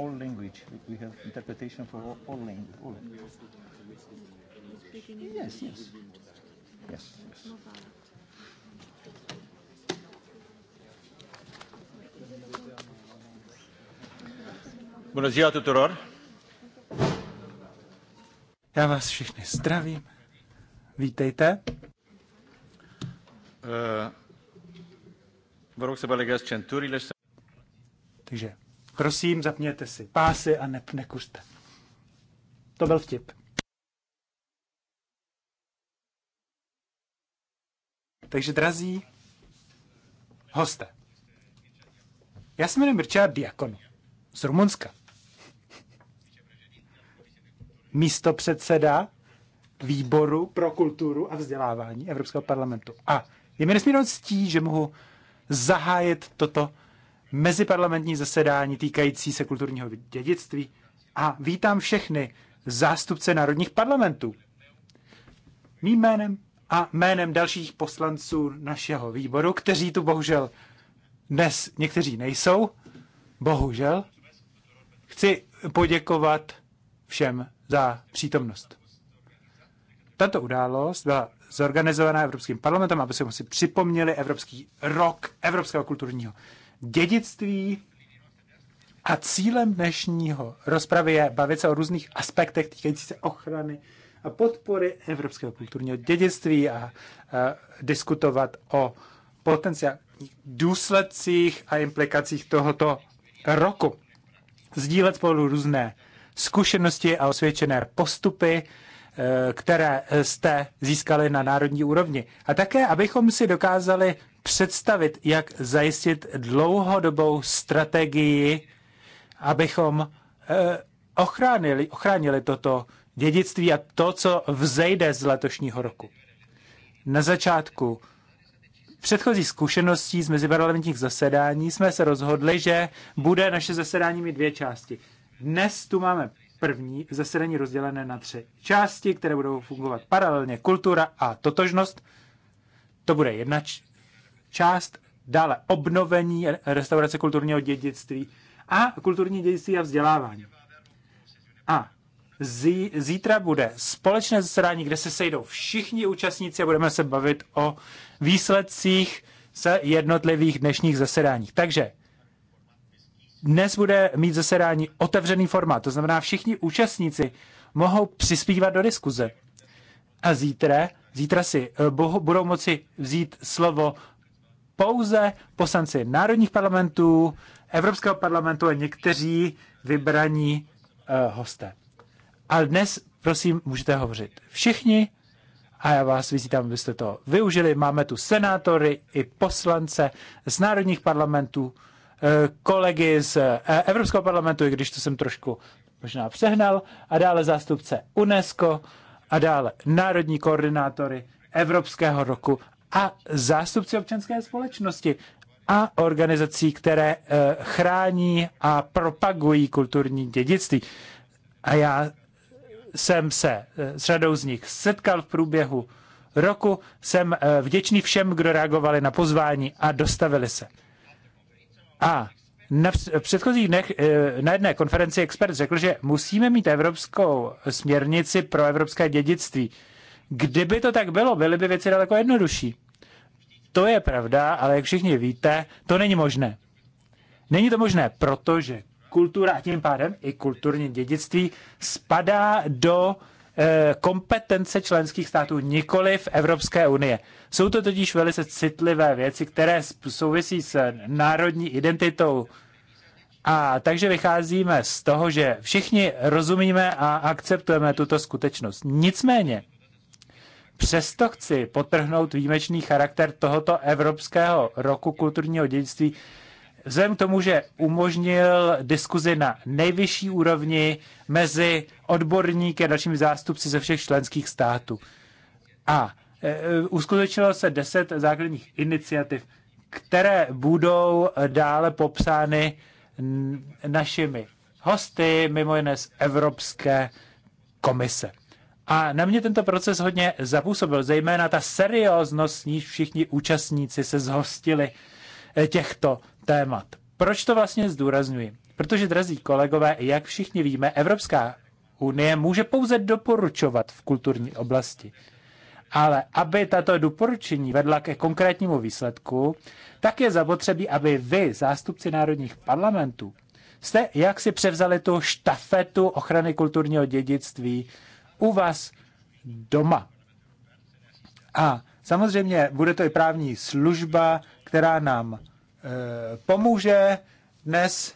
all language. We have interpretation for all, all language. All. Yes, yes. Yes, yes. Bună ziua tuturor! Já vás všichni zdravím. Vítejte. Uh, eh, vă rog să vă legați centurile. Takže Prosím, zapněte si pásy a nep nekuřte. To byl vtip. Takže drazí hosté. Já se jmenuji Richard diakon z Rumunska. Místo předseda výboru pro kulturu a vzdělávání Evropského parlamentu. A je mi nesmírnou ctí, že mohu zahájit toto meziparlamentní zasedání týkající se kulturního dědictví a vítám všechny zástupce národních parlamentů. Mým jménem a jménem dalších poslanců našeho výboru, kteří tu bohužel dnes někteří nejsou, bohužel, chci poděkovat všem za přítomnost. Tato událost byla zorganizovaná Evropským parlamentem, aby se si připomněli Evropský rok evropského kulturního dědictví a cílem dnešního rozpravy je bavit se o různých aspektech týkající se ochrany a podpory evropského kulturního dědictví a, a diskutovat o potenciálních důsledcích a implikacích tohoto roku. Sdílet spolu různé zkušenosti a osvědčené postupy, e, které jste získali na národní úrovni. A také, abychom si dokázali představit, jak zajistit dlouhodobou strategii, abychom eh, ochránili, ochránili toto dědictví a to, co vzejde z letošního roku. Na začátku předchozí zkušeností z meziparlamentních zasedání jsme se rozhodli, že bude naše zasedání mít dvě části. Dnes tu máme první zasedání rozdělené na tři části, které budou fungovat paralelně. Kultura a totožnost, to bude jedna část dále obnovení restaurace kulturního dědictví a kulturní dědictví a vzdělávání. A zí, zítra bude společné zasedání, kde se sejdou všichni účastníci a budeme se bavit o výsledcích se jednotlivých dnešních zasedáních. Takže dnes bude mít zasedání otevřený formát, to znamená všichni účastníci mohou přispívat do diskuze. A zítra, zítra si eh, bohu, budou moci vzít slovo pouze poslanci národních parlamentů, Evropského parlamentu a někteří vybraní uh, hosté. Ale dnes, prosím, můžete hovořit všichni a já vás vyzývám, abyste to využili. Máme tu senátory i poslance z národních parlamentů, eh, kolegy z eh, Evropského parlamentu, i když to jsem trošku možná přehnal, a dále zástupce UNESCO a dále národní koordinátory Evropského roku a zástupci občanské společnosti a organizací, které eh, chrání a propagují kulturní dědictví. A já jsem se eh, s řadou z nich setkal v průběhu roku. Jsem eh, vděčný všem, kdo reagovali na pozvání a dostavili se. A na, v předchozích dnech na jedné konferenci expert řekl, že musíme mít evropskou směrnici pro evropské dědictví. Kdyby to tak bylo, byly by věci daleko jednodušší. To je pravda, ale jak všichni víte, to není možné. Není to možné, protože kultura a tím pádem i kulturní dědictví spadá do eh, kompetence členských států, nikoli v Evropské unie. Jsou to totiž velice citlivé věci, které souvisí s národní identitou. A takže vycházíme z toho, že všichni rozumíme a akceptujeme tuto skutečnost. Nicméně, Přesto chci potrhnout výjimečný charakter tohoto Evropského roku kulturního dědictví, vzhledem k tomu, že umožnil diskuzi na nejvyšší úrovni mezi odborníky a dalšími zástupci ze všech členských států. A e, e, uskutečnilo se deset základních iniciativ, které budou dále popsány našimi hosty, mimo jiné z Evropské komise. A na mě tento proces hodně zapůsobil, zejména ta serióznost, s níž všichni účastníci se zhostili eh, těchto témat. Proč to vlastně zdůrazňuji? Protože, drazí kolegové, jak všichni víme, Evropská unie může pouze doporučovat v kulturní oblasti. Ale aby tato doporučení vedla ke konkrétnímu výsledku, tak je zapotřebí, aby vy, zástupci národních parlamentů, jste jaksi převzali tu štafetu ochrany kulturního dědictví u vás doma. A samozřejmě bude to i právní služba, která nám e, pomůže dnes,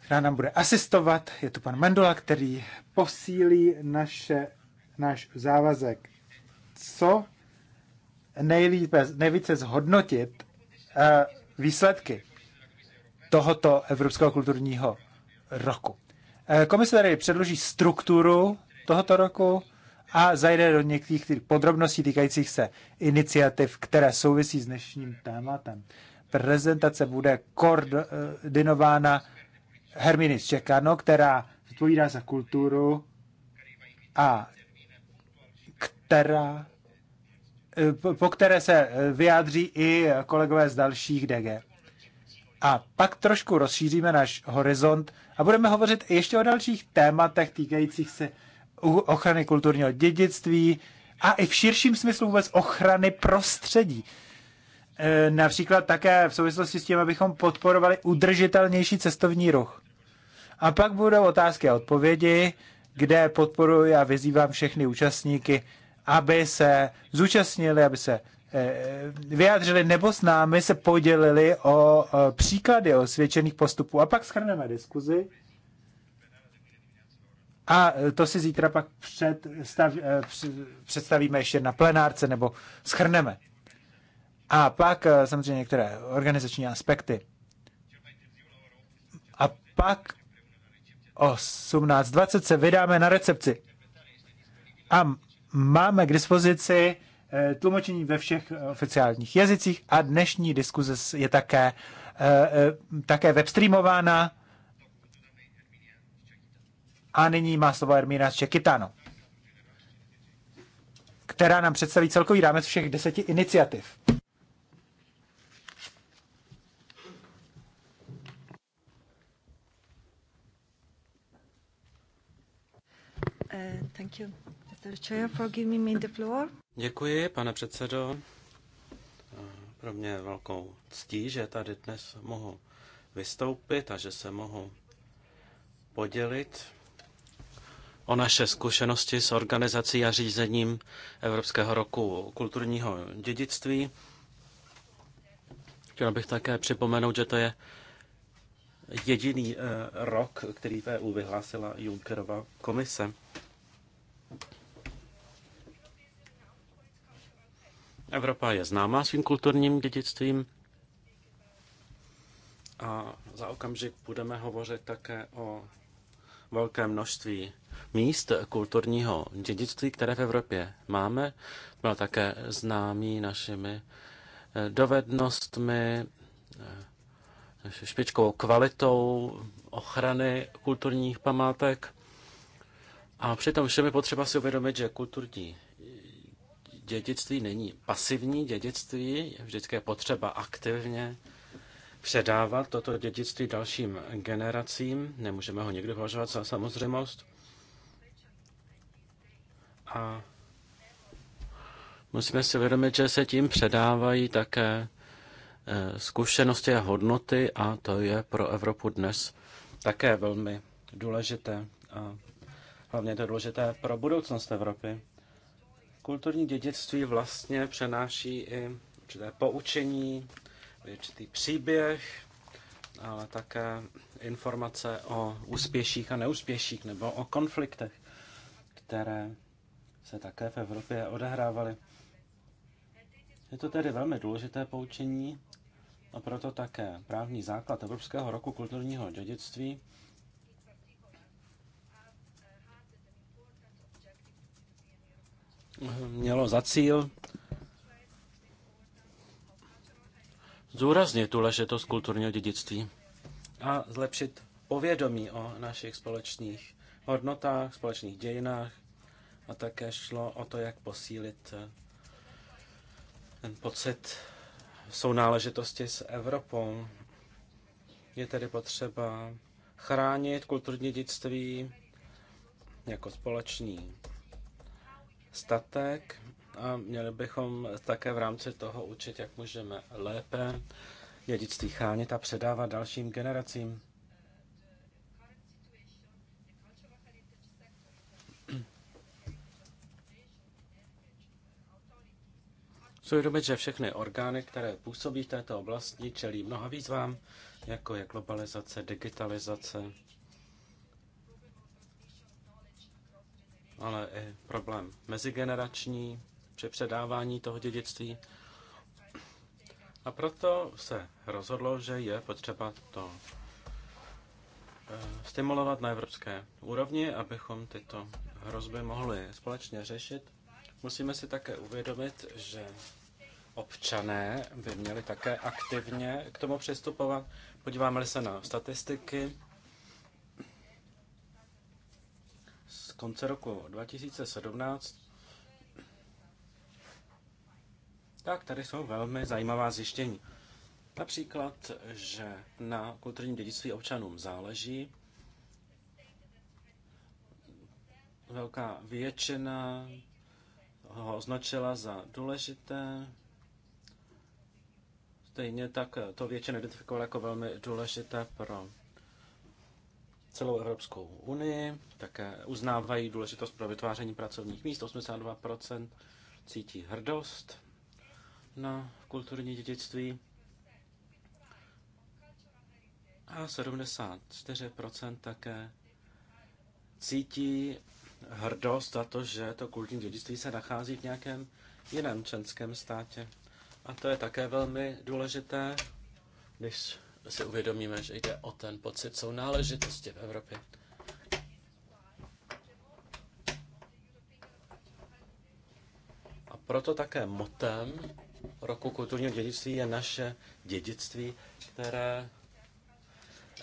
která nám bude asistovat. Je tu pan Mendula, který posílí naše, náš závazek. Co nejlípe, nejvíce zhodnotit e, výsledky tohoto Evropského kulturního roku. Eh, komise tady předloží strukturu tohoto roku a zajde do některých podrobností týkajících se iniciativ, které souvisí s dnešním tématem. Prezentace bude koordinována Herminy Čekano, která odpovídá za kulturu a která, eh, po které se eh, vyjádří i kolegové z dalších DG. A pak trošku rozšíříme náš horizont a budeme hovořit ještě o dalších tématech týkajících se ochrany kulturního dědictví a i v širším smyslu vůbec ochrany prostředí. E, například také v souvislosti s tím, abychom podporovali udržitelnější cestovní ruch. A pak budou otázky a odpovědi, kde podporuji a vyzývám všechny účastníky, aby se zúčastnili, aby se Eh, vyjádřili nebo s námi se podělili o příklady osvědčených postupů. A pak schrneme diskuzi. A to si zítra pak představ, eh, představíme ještě na plenárce nebo schrneme. A pak eh, samozřejmě některé organizační aspekty. A pak o 18.20 se vydáme na recepci. A máme k dispozici Eh, tlumočení ve všech eh, oficiálních jazycích a dnešní diskuze je také, eh, také webstreamována. A nyní má slovo Ermína Čekitano, která nám představí celkový rámec všech deseti iniciativ. Uh, thank you, Mr. Chair, for giving me the floor. Děkuji, pane předsedo. Pro mě je velkou ctí, že tady dnes mohu vystoupit a že se mohu podělit o naše zkušenosti s organizací a řízením Evropského roku kulturního dědictví. Chtěl bych také připomenout, že to je jediný eh, rok, který v EU vyhlásila Junckerova komise. Evropa je známá svým kulturním dědictvím a za okamžik budeme hovořit také o velké množství míst kulturního dědictví, které v Evropě máme. Byl také známý našimi eh, dovednostmi, eh, špičkovou kvalitou ochrany kulturních památek. A přitom všem je potřeba si uvědomit, že kulturní dědictví není pasivní dědictví, je vždycky je potřeba aktivně předávat toto dědictví dalším generacím. Nemůžeme ho nikdy považovat za samozřejmost. A musíme si uvědomit, že se tím předávají také eh, zkušenosti a hodnoty a to je pro Evropu dnes také velmi důležité a hlavně to důležité pro budoucnost Evropy kulturní dědictví vlastně přenáší i určité poučení, určitý příběh, ale také informace o úspěších a neúspěších nebo o konfliktech, které se také v Evropě odehrávaly. Je to tedy velmi důležité poučení a proto také právní základ Evropského roku kulturního dědictví mělo za cíl zúraznit ležitost kulturního dědictví a zlepšit povědomí o našich společných hodnotách, společných dějinách a také šlo o to, jak posílit eh, ten pocit sounáležitosti s Evropou. Je tedy potřeba chránit kulturní dědictví jako společný statek a měli bychom také v rámci toho učit, jak můžeme lépe dědictví chránit a předávat dalším generacím. Chci uvědomit, že všechny orgány, které působí v této oblasti, čelí mnoha výzvám, jako je globalizace, digitalizace, ale i problém mezigenerační přepředávání toho dědictví. A proto se rozhodlo, že je potřeba to eh, stimulovat na evropské úrovni, abychom tyto hrozby mohli společně řešit. Musíme si také uvědomit, že občané by měli také aktivně k tomu přistupovat. Podíváme-li se na statistiky, konce roku 2017, tak tady jsou velmi zajímavá zjištění. Například, že na kulturním dědictví občanům záleží. Velká většina ho označila za důležité. Stejně tak to většina identifikovala jako velmi důležité pro celou Evropskou unii, také uznávají důležitost pro vytváření pracovních míst, 82% cítí hrdost na kulturní dědictví a 74% také cítí hrdost za to, že to kulturní dědictví se nachází v nějakém jiném členském státě. A to je také velmi důležité, když si uvědomíme, že jde o ten pocit sounáležitosti v Evropě. A proto také motem roku kulturního dědictví je naše dědictví, které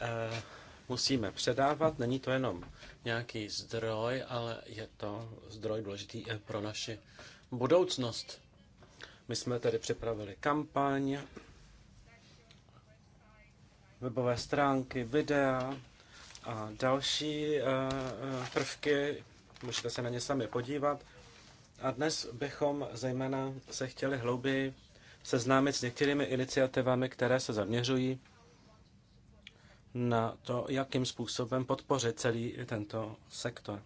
eh, musíme předávat. Není to jenom nějaký zdroj, ale je to zdroj důležitý i pro naši budoucnost. My jsme tedy připravili kampaň, webové stránky, videa a další eh, eh, prvky. Můžete se na ně sami podívat. A dnes bychom zejména se chtěli hlouběji seznámit s některými iniciativami, které se zaměřují na to, jakým způsobem podpořit celý tento sektor.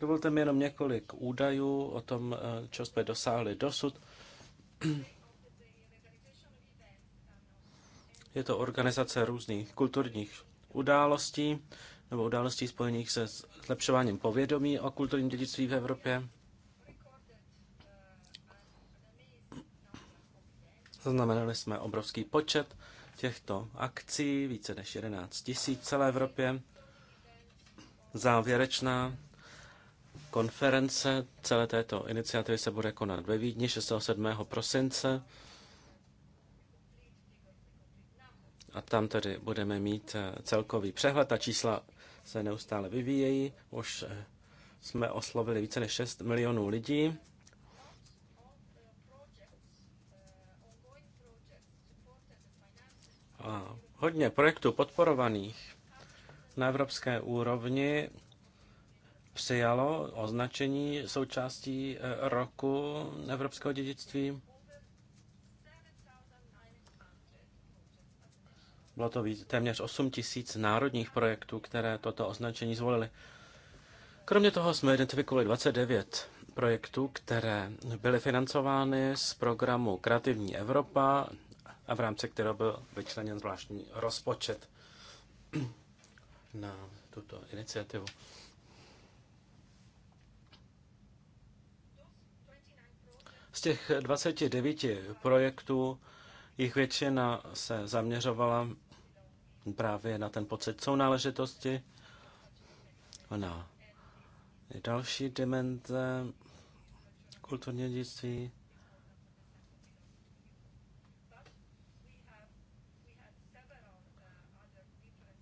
Dovolte mi jenom několik údajů o tom, eh, co jsme dosáhli dosud. Je to organizace různých kulturních událostí nebo událostí spojených se zlepšováním povědomí o kulturním dědictví v Evropě. Zaznamenali jsme obrovský počet těchto akcí, více než 11 tisíc v celé Evropě. Závěrečná konference celé této iniciativy se bude konat ve Vídni 6. 7. prosince. A tam tedy budeme mít eh, celkový přehled. Ta čísla se neustále vyvíjejí. Už eh, jsme oslovili více než 6 milionů lidí. A hodně projektů podporovaných na evropské úrovni přijalo označení součástí eh, roku evropského dědictví. Bylo to víc, téměř 8 tisíc národních projektů, které toto označení zvolili. Kromě toho jsme identifikovali 29 projektů, které byly financovány z programu Kreativní Evropa a v rámci kterého byl vyčleněn zvláštní rozpočet na tuto iniciativu. Z těch 29 projektů jich většina se zaměřovala právě na ten pocit sounáležitosti, na další dimenze kulturního dědictví.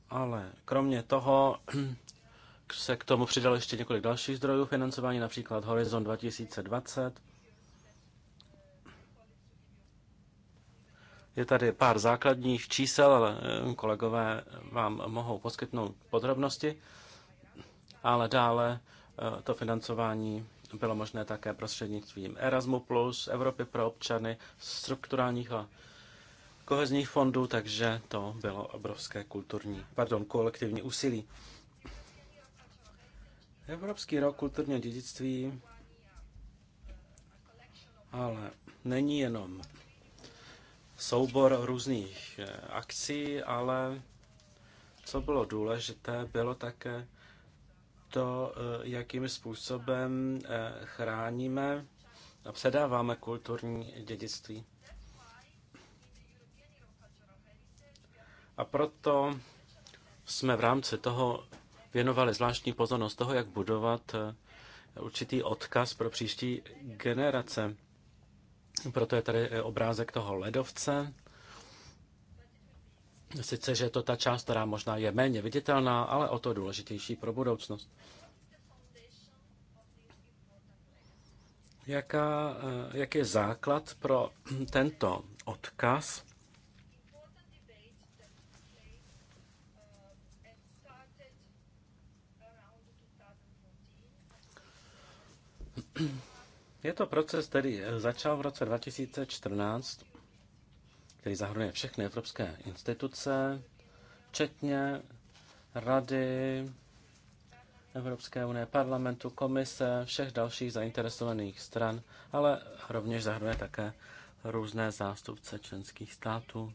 Ale kromě toho se k tomu přidalo ještě několik dalších zdrojů financování, například Horizon 2020, Je tady pár základních čísel, ale eh, kolegové vám mohou poskytnout podrobnosti, ale dále eh, to financování bylo možné také prostřednictvím Erasmus, Evropy pro občany, strukturálních a kohezních fondů, takže to bylo obrovské kulturní, pardon, kolektivní úsilí. Evropský rok kulturního dědictví ale není jenom soubor různých eh, akcí, ale co bylo důležité, bylo také to, eh, jakým způsobem eh, chráníme a předáváme kulturní dědictví. A proto jsme v rámci toho věnovali zvláštní pozornost toho, jak budovat určitý odkaz pro příští generace. Proto je tady eh, obrázek toho ledovce. Sice, že je to ta část, která možná je méně viditelná, ale o to důležitější pro budoucnost. Jaká, eh, jaký je základ pro tento odkaz? Mm-hmm. Je to proces, který eh, začal v roce 2014, který zahrnuje všechny evropské instituce, včetně Rady Evropské unie, parlamentu, komise, všech dalších zainteresovaných stran, ale rovněž zahrnuje také různé zástupce členských států.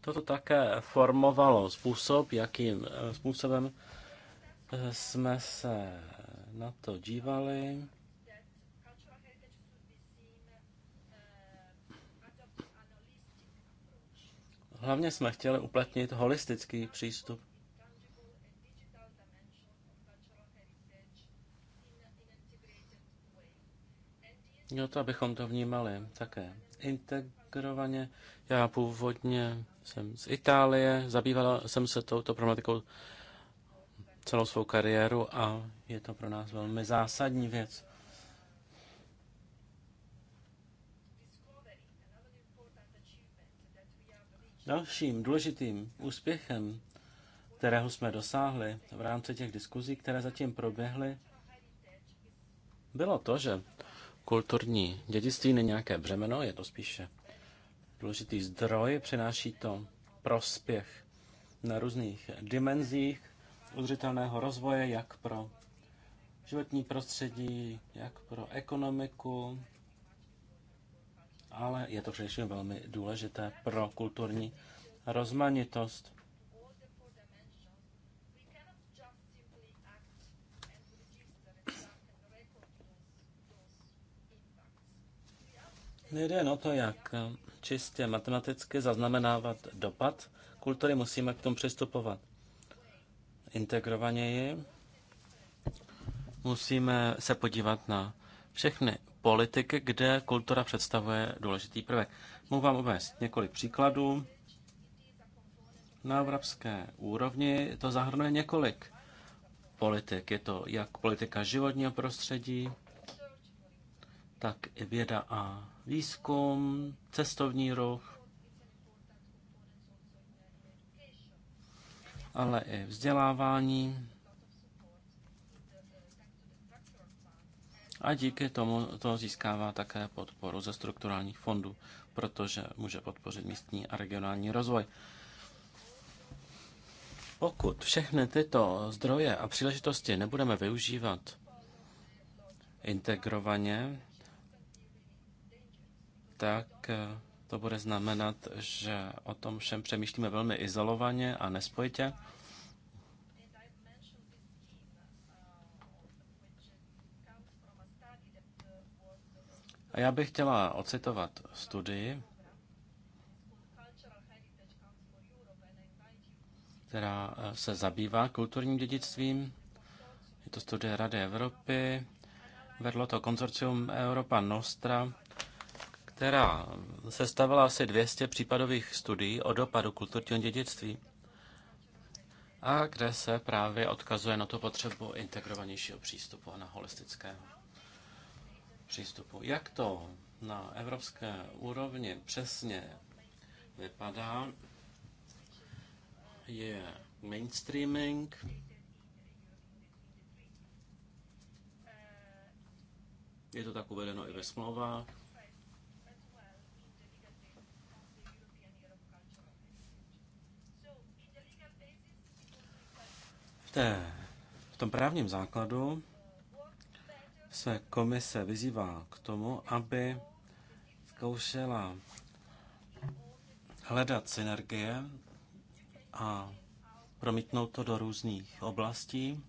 Toto také formovalo způsob, jakým eh, způsobem jsme se na to dívali. Hlavně jsme chtěli uplatnit holistický přístup. No to, abychom to vnímali také integrovaně. Já původně jsem z Itálie, zabývala jsem se touto problematikou celou svou kariéru a je to pro nás velmi zásadní věc. Dalším důležitým úspěchem, kterého jsme dosáhli v rámci těch diskuzí, které zatím proběhly, bylo to, že kulturní dědictví není nějaké břemeno, je to spíše důležitý zdroj, přináší to prospěch na různých dimenzích, udržitelného rozvoje jak pro životní prostředí, jak pro ekonomiku, ale je to především velmi důležité pro kulturní rozmanitost. Nejde jen o to, jak čistě matematicky zaznamenávat dopad kultury, musíme k tomu přistupovat integrovaněji. Musíme se podívat na všechny politiky, kde kultura představuje důležitý prvek. Mohu vám uvést několik příkladů. Na evropské úrovni to zahrnuje několik politik. Je to jak politika životního prostředí, tak i věda a výzkum, cestovní ruch, ale i vzdělávání. A díky tomu to získává také podporu ze strukturálních fondů, protože může podpořit místní a regionální rozvoj. Pokud všechny tyto zdroje a příležitosti nebudeme využívat integrovaně, tak eh, to bude znamenat, že o tom všem přemýšlíme velmi izolovaně a nespojitě. A já bych chtěla ocitovat studii, která eh, se zabývá kulturním dědictvím. Je to studie Rady Evropy. Vedlo to konzorcium Europa Nostra která sestavila asi 200 případových studií o dopadu kulturního dědictví a kde se právě odkazuje na tu potřebu integrovanějšího přístupu a na holistického přístupu. Jak to na evropské úrovni přesně vypadá, je mainstreaming, je to tak uvedeno i ve smlouvách, té, v tom právním základu se komise vyzývá k tomu, aby zkoušela hledat synergie a promítnout to do různých oblastí.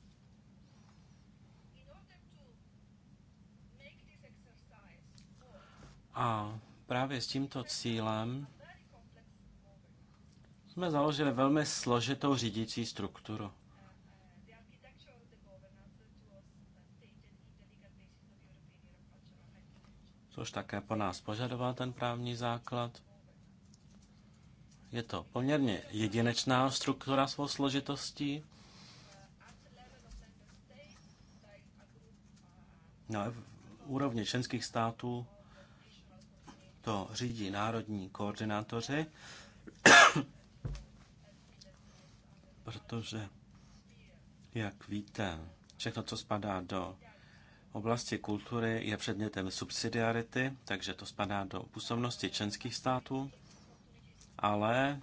A právě s tímto cílem jsme založili velmi složitou řídící strukturu. což také po nás požadoval ten právní základ. Je to poměrně jedinečná struktura svou složitostí. Na no úrovni členských států to řídí národní koordinátoři, protože, jak víte, všechno, co spadá do oblasti kultury je předmětem subsidiarity, takže to spadá do působnosti členských států, ale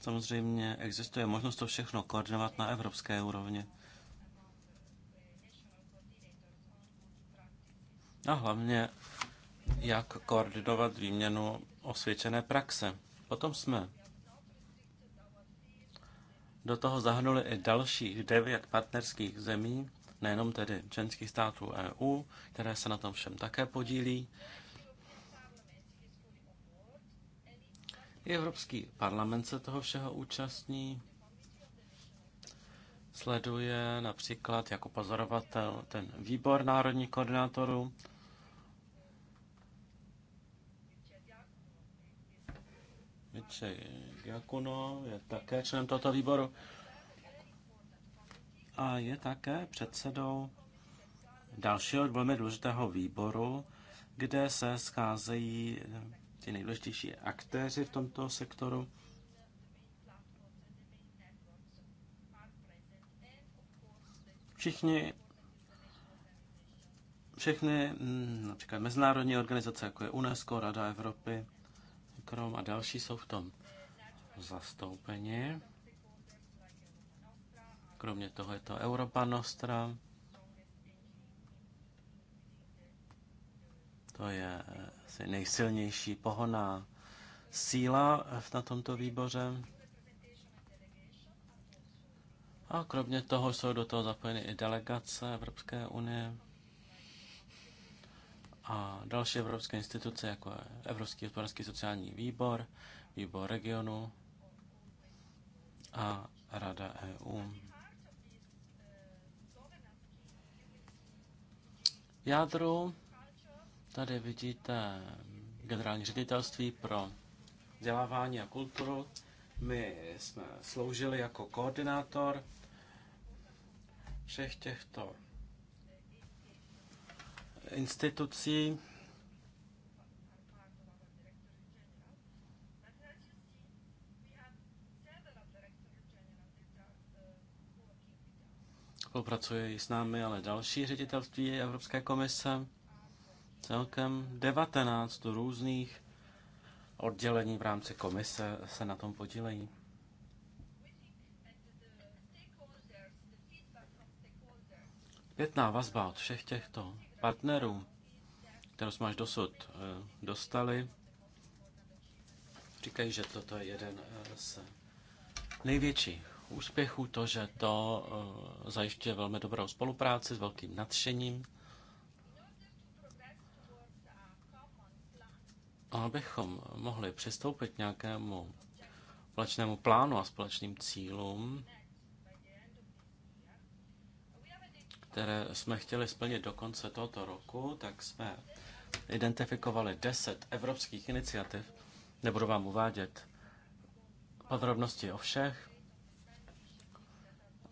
samozřejmě existuje možnost to všechno koordinovat na evropské úrovni. A hlavně, jak koordinovat výměnu osvědčené praxe. Potom jsme do toho zahrnuli i dalších devět partnerských zemí, nejenom tedy členských států EU, které se na tom všem také podílí. I Evropský parlament se toho všeho účastní. Sleduje například jako pozorovatel ten výbor národních koordinátorů. Miče Jakuno je také členem tohoto výboru a je také předsedou dalšího velmi důležitého výboru, kde se scházejí eh, ti nejdůležitější aktéři v tomto sektoru. Všichni všechny, mm, například mezinárodní organizace, jako je UNESCO, Rada Evropy, Krom a další jsou v tom zastoupeni. Kromě toho je to Europa Nostra. To je asi nejsilnější pohoná síla na tomto výboře. A kromě toho jsou do toho zapojeny i delegace Evropské unie a další evropské instituce, jako je Evropský hospodářský sociální výbor, výbor regionu a Rada EU. jádru. Tady vidíte generální ředitelství pro vzdělávání a kulturu. My jsme sloužili jako koordinátor všech těchto institucí. Spolupracuje s námi ale další ředitelství Evropské komise. Celkem 19 různých oddělení v rámci komise se na tom podílejí. Pětná vazba od všech těchto partnerů, kterou jsme až dosud eh, dostali, říkají, že toto je jeden eh, z největších úspěchu to, že to eh, zajišťuje velmi dobrou spolupráci s velkým nadšením. A abychom mohli přistoupit k nějakému společnému plánu a společným cílům, které jsme chtěli splnit do konce tohoto roku, tak jsme identifikovali 10 evropských iniciativ. Nebudu vám uvádět podrobnosti o všech,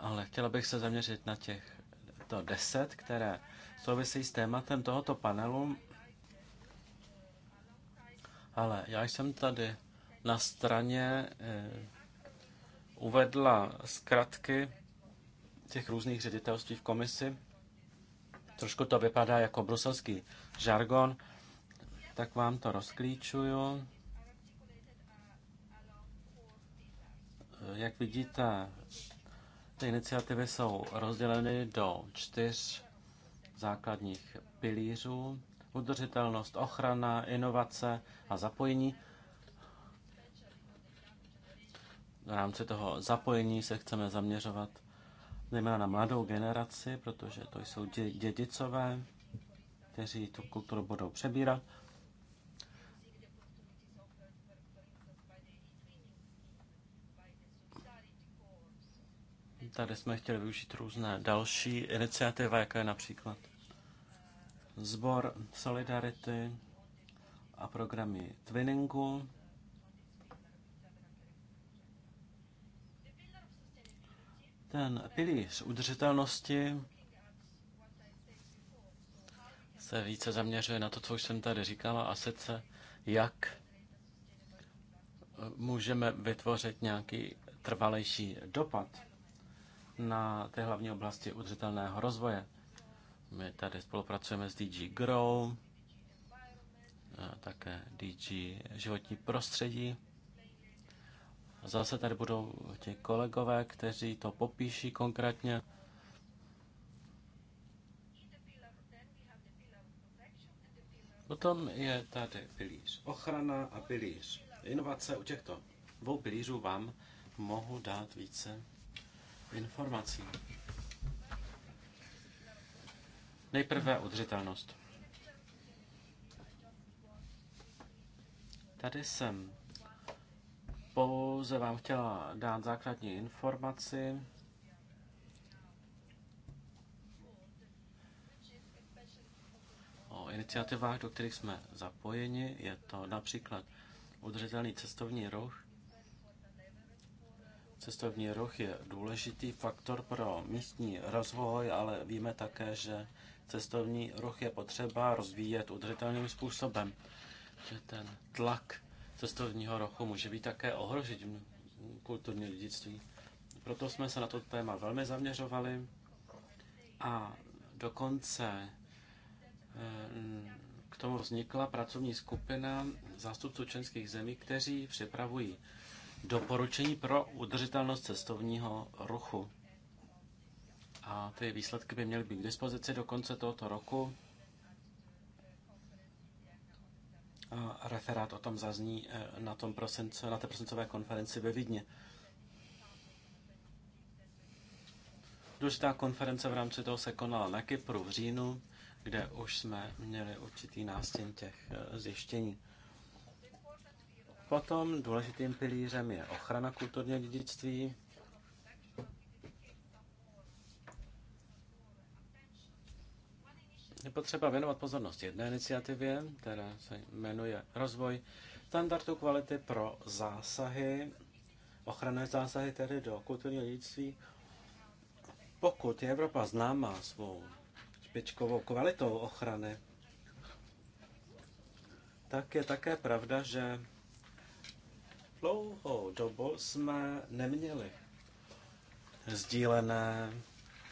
ale chtěla bych se zaměřit na těch to deset, které souvisí s tématem tohoto panelu. Ale já jsem tady na straně eh, uvedla zkratky těch různých ředitelství v komisi. Trošku to vypadá jako bruselský žargon, tak vám to rozklíčuju. Eh, jak vidíte, ty iniciativy jsou rozděleny do čtyř základních pilířů. Udržitelnost, ochrana, inovace a zapojení. V rámci toho zapojení se chceme zaměřovat zejména na mladou generaci, protože to jsou dědicové, kteří tu kulturu budou přebírat. Tady jsme chtěli využít různé další iniciativy, jako je například Zbor Solidarity a programy Twinningu. Ten pilíř udržitelnosti se více zaměřuje na to, co už jsem tady říkala, a sice jak můžeme vytvořit nějaký trvalejší dopad na té hlavní oblasti udržitelného rozvoje. My tady spolupracujeme s DG Grow, eh, také DG životní prostředí. Zase tady budou ti kolegové, kteří to popíší konkrétně. Potom je tady pilíř ochrana a pilíř inovace. U těchto dvou pilířů vám mohu dát více informací. Nejprve udržitelnost. Tady jsem pouze vám chtěla dát základní informaci. o iniciativách, do kterých jsme zapojeni. Je to například udržitelný cestovní ruch, Cestovní ruch je důležitý faktor pro místní rozvoj, ale víme také, že cestovní ruch je potřeba rozvíjet udržitelným způsobem. Že ten tlak cestovního ruchu může být také ohrožit kulturní dědictví. Proto jsme se na to téma velmi zaměřovali a dokonce eh, k tomu vznikla pracovní skupina zástupců členských zemí, kteří připravují doporučení pro udržitelnost cestovního ruchu. A ty výsledky by měly být k dispozici do konce tohoto roku. A referát o tom zazní eh, na, tom prosince, na té prosincové konferenci ve Vidně. Důležitá konference v rámci toho se konala na Kypru v říjnu, kde už jsme měli určitý nástěn těch eh, zjištění. Potom důležitým pilířem je ochrana kulturního dědictví. Je potřeba věnovat pozornost jedné iniciativě, která se jmenuje Rozvoj standardu kvality pro zásahy, ochranné zásahy tedy do kulturního dědictví. Pokud je Evropa známá svou špičkovou kvalitou ochrany, tak je také pravda, že dlouhou dobu jsme neměli sdílené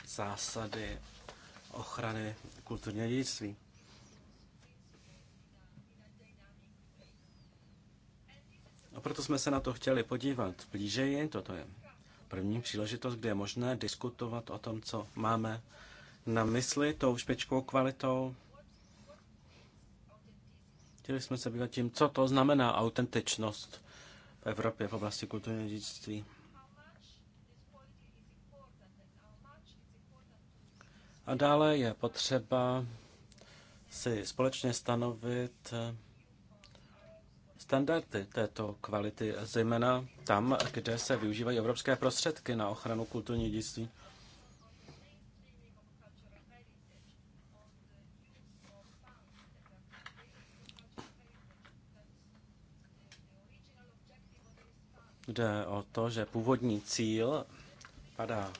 zásady ochrany kulturního dědictví. A proto jsme se na to chtěli podívat blížeji. Toto je první příležitost, kde je možné diskutovat o tom, co máme na mysli tou špičkou kvalitou. Chtěli jsme se bývat tím, co to znamená autentičnost v Evropě v oblasti kulturního dědictví. A dále je potřeba si společně stanovit eh, standardy této kvality, zejména tam, kde se využívají evropské prostředky na ochranu kulturního dědictví. Jde o to, že původní cíl padá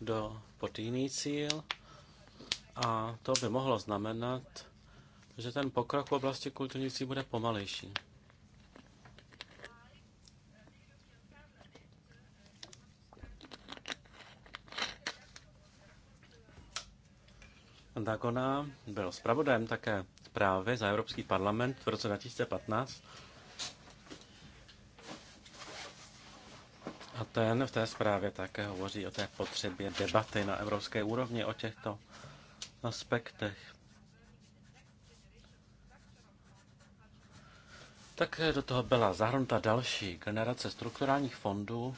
do pod jiný cíl a to by mohlo znamenat, že ten pokrok v oblasti kulturnictví bude pomalejší. Dagona byl zpravodajem také zprávy za Evropský parlament v roce 2015 A ten v té zprávě také hovoří o té potřebě debaty na evropské úrovni o těchto aspektech. Tak do toho byla zahrnuta další generace strukturálních fondů,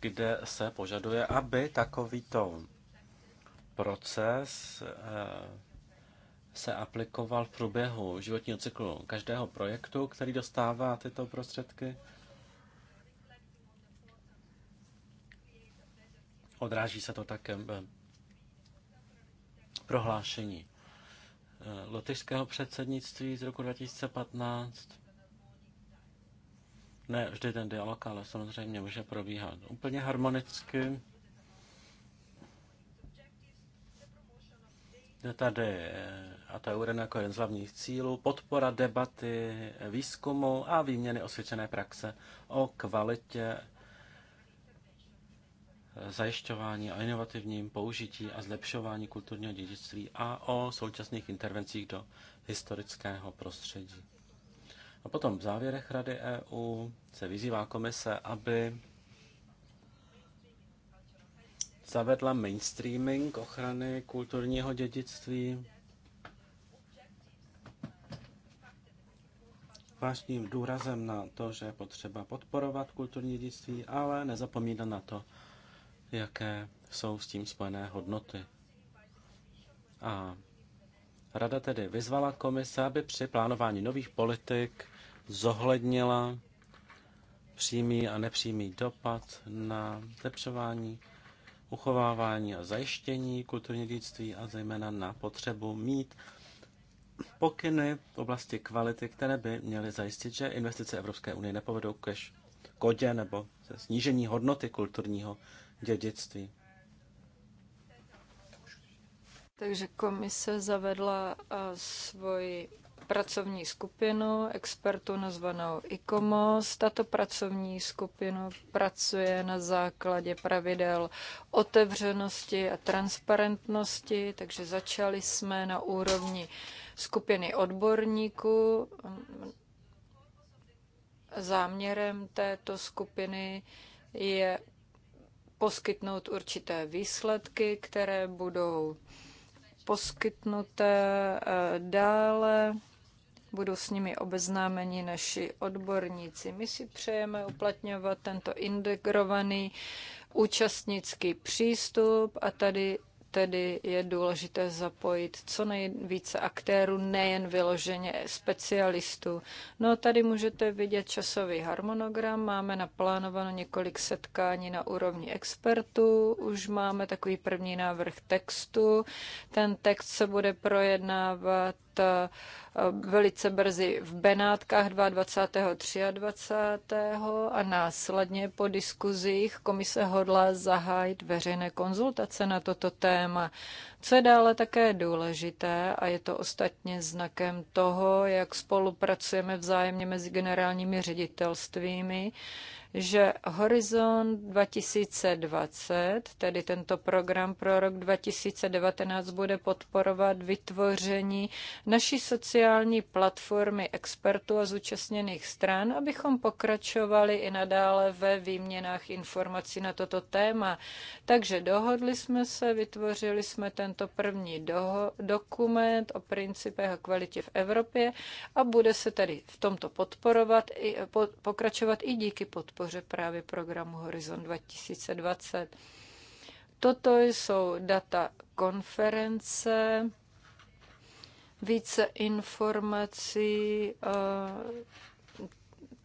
kde se požaduje, aby takovýto proces eh, se aplikoval v průběhu životního cyklu každého projektu, který dostává tyto prostředky. Odráží se to také v eh, prohlášení eh, lotyšského předsednictví z roku 2015. Ne vždy ten dialog, ale samozřejmě může probíhat úplně harmonicky. tady, eh, a to je uvedeno jako jeden z hlavních cílů, podpora debaty, výzkumu a výměny osvědčené praxe o kvalitě zajišťování a inovativním použití a zlepšování kulturního dědictví a o současných intervencích do historického prostředí. A potom v závěrech Rady EU se vyzývá komise, aby zavedla mainstreaming ochrany kulturního dědictví. Vážným důrazem na to, že je potřeba podporovat kulturní dědictví, ale nezapomínat na to, jaké jsou s tím spojené hodnoty. A Rada tedy vyzvala komise, aby při plánování nových politik zohlednila přímý a nepřímý dopad na zlepšování, uchovávání a zajištění kulturní dědictví a zejména na potřebu mít pokyny v oblasti kvality, které by měly zajistit, že investice Evropské unie nepovedou ke škodě nebo snížení hodnoty kulturního dědictví. Takže komise zavedla svoji pracovní skupinu expertů nazvanou ICOMOS. Tato pracovní skupina pracuje na základě pravidel otevřenosti a transparentnosti, takže začali jsme na úrovni skupiny odborníků. Záměrem této skupiny je poskytnout určité výsledky, které budou poskytnuté eh, dále. Budou s nimi obeznámeni naši odborníci. My si přejeme uplatňovat tento integrovaný účastnický přístup a tady tedy je důležité zapojit co nejvíce aktérů, nejen vyloženě specialistů. No tady můžete vidět časový harmonogram, máme naplánováno několik setkání na úrovni expertů, už máme takový první návrh textu. Ten text se bude projednávat Eh, velice brzy v Benátkách 22. 23. a následně po diskuzích komise hodlá zahájit veřejné konzultace na toto téma. Co je dále také důležité, a je to ostatně znakem toho, jak spolupracujeme vzájemně mezi generálními ředitelstvími, že Horizont 2020, tedy tento program pro rok 2019, bude podporovat vytvoření naší sociální platformy expertů a zúčastněných stran, abychom pokračovali i nadále ve výměnách informací na toto téma. Takže dohodli jsme se, vytvořili jsme tento první doho- dokument o principech a kvalitě v Evropě a bude se tedy v tomto podporovat i, po, pokračovat i díky podpoře podpoře právě programu Horizon 2020. Toto jsou data konference, více informací, eh,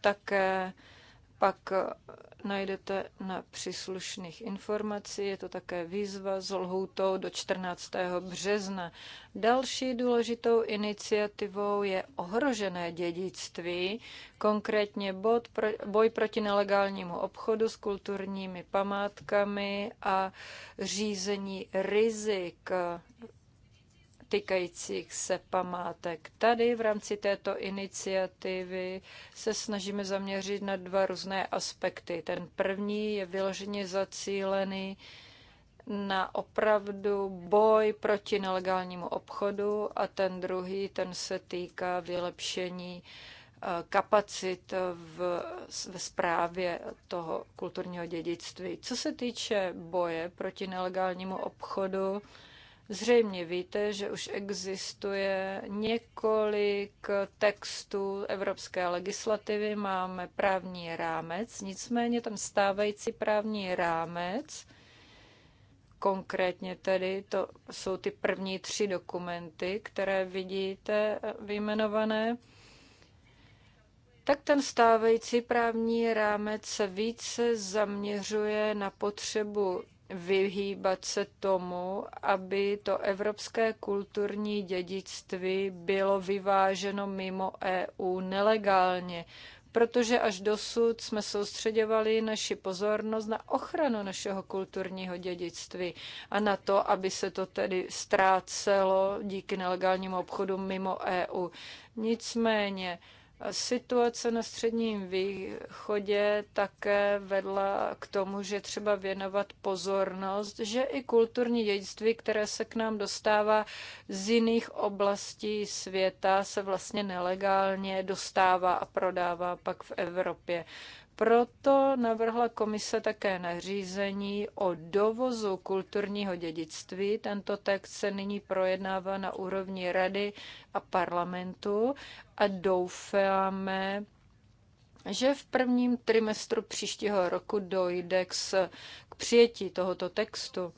také pak najdete na příslušných informací. Je to také výzva s lhoutou do 14. března. Další důležitou iniciativou je ohrožené dědictví, konkrétně bod pro, boj proti nelegálnímu obchodu s kulturními památkami a řízení rizik týkajících se památek. Tady v rámci této iniciativy se snažíme zaměřit na dva různé aspekty. Ten první je vyloženě zacílený na opravdu boj proti nelegálnímu obchodu a ten druhý, ten se týká vylepšení eh, kapacit v, ve správě toho kulturního dědictví. Co se týče boje proti nelegálnímu obchodu, Zřejmě víte, že už existuje několik textů evropské legislativy, máme právní rámec, nicméně ten stávající právní rámec, konkrétně tedy, to jsou ty první tři dokumenty, které vidíte eh, vyjmenované, tak ten stávající právní rámec se více zaměřuje na potřebu vyhýbat se tomu, aby to evropské kulturní dědictví bylo vyváženo mimo EU nelegálně, protože až dosud jsme soustředěvali naši pozornost na ochranu našeho kulturního dědictví a na to, aby se to tedy ztrácelo díky nelegálnímu obchodu mimo EU. Nicméně, Situace na středním východě také vedla k tomu, že třeba věnovat pozornost, že i kulturní dědictví, které se k nám dostává z jiných oblastí světa, se vlastně nelegálně dostává a prodává pak v Evropě. Proto navrhla komise také nařízení o dovozu kulturního dědictví. Tento text se nyní projednává na úrovni rady a parlamentu a doufáme, že v prvním trimestru příštího roku dojde k, k přijetí tohoto textu.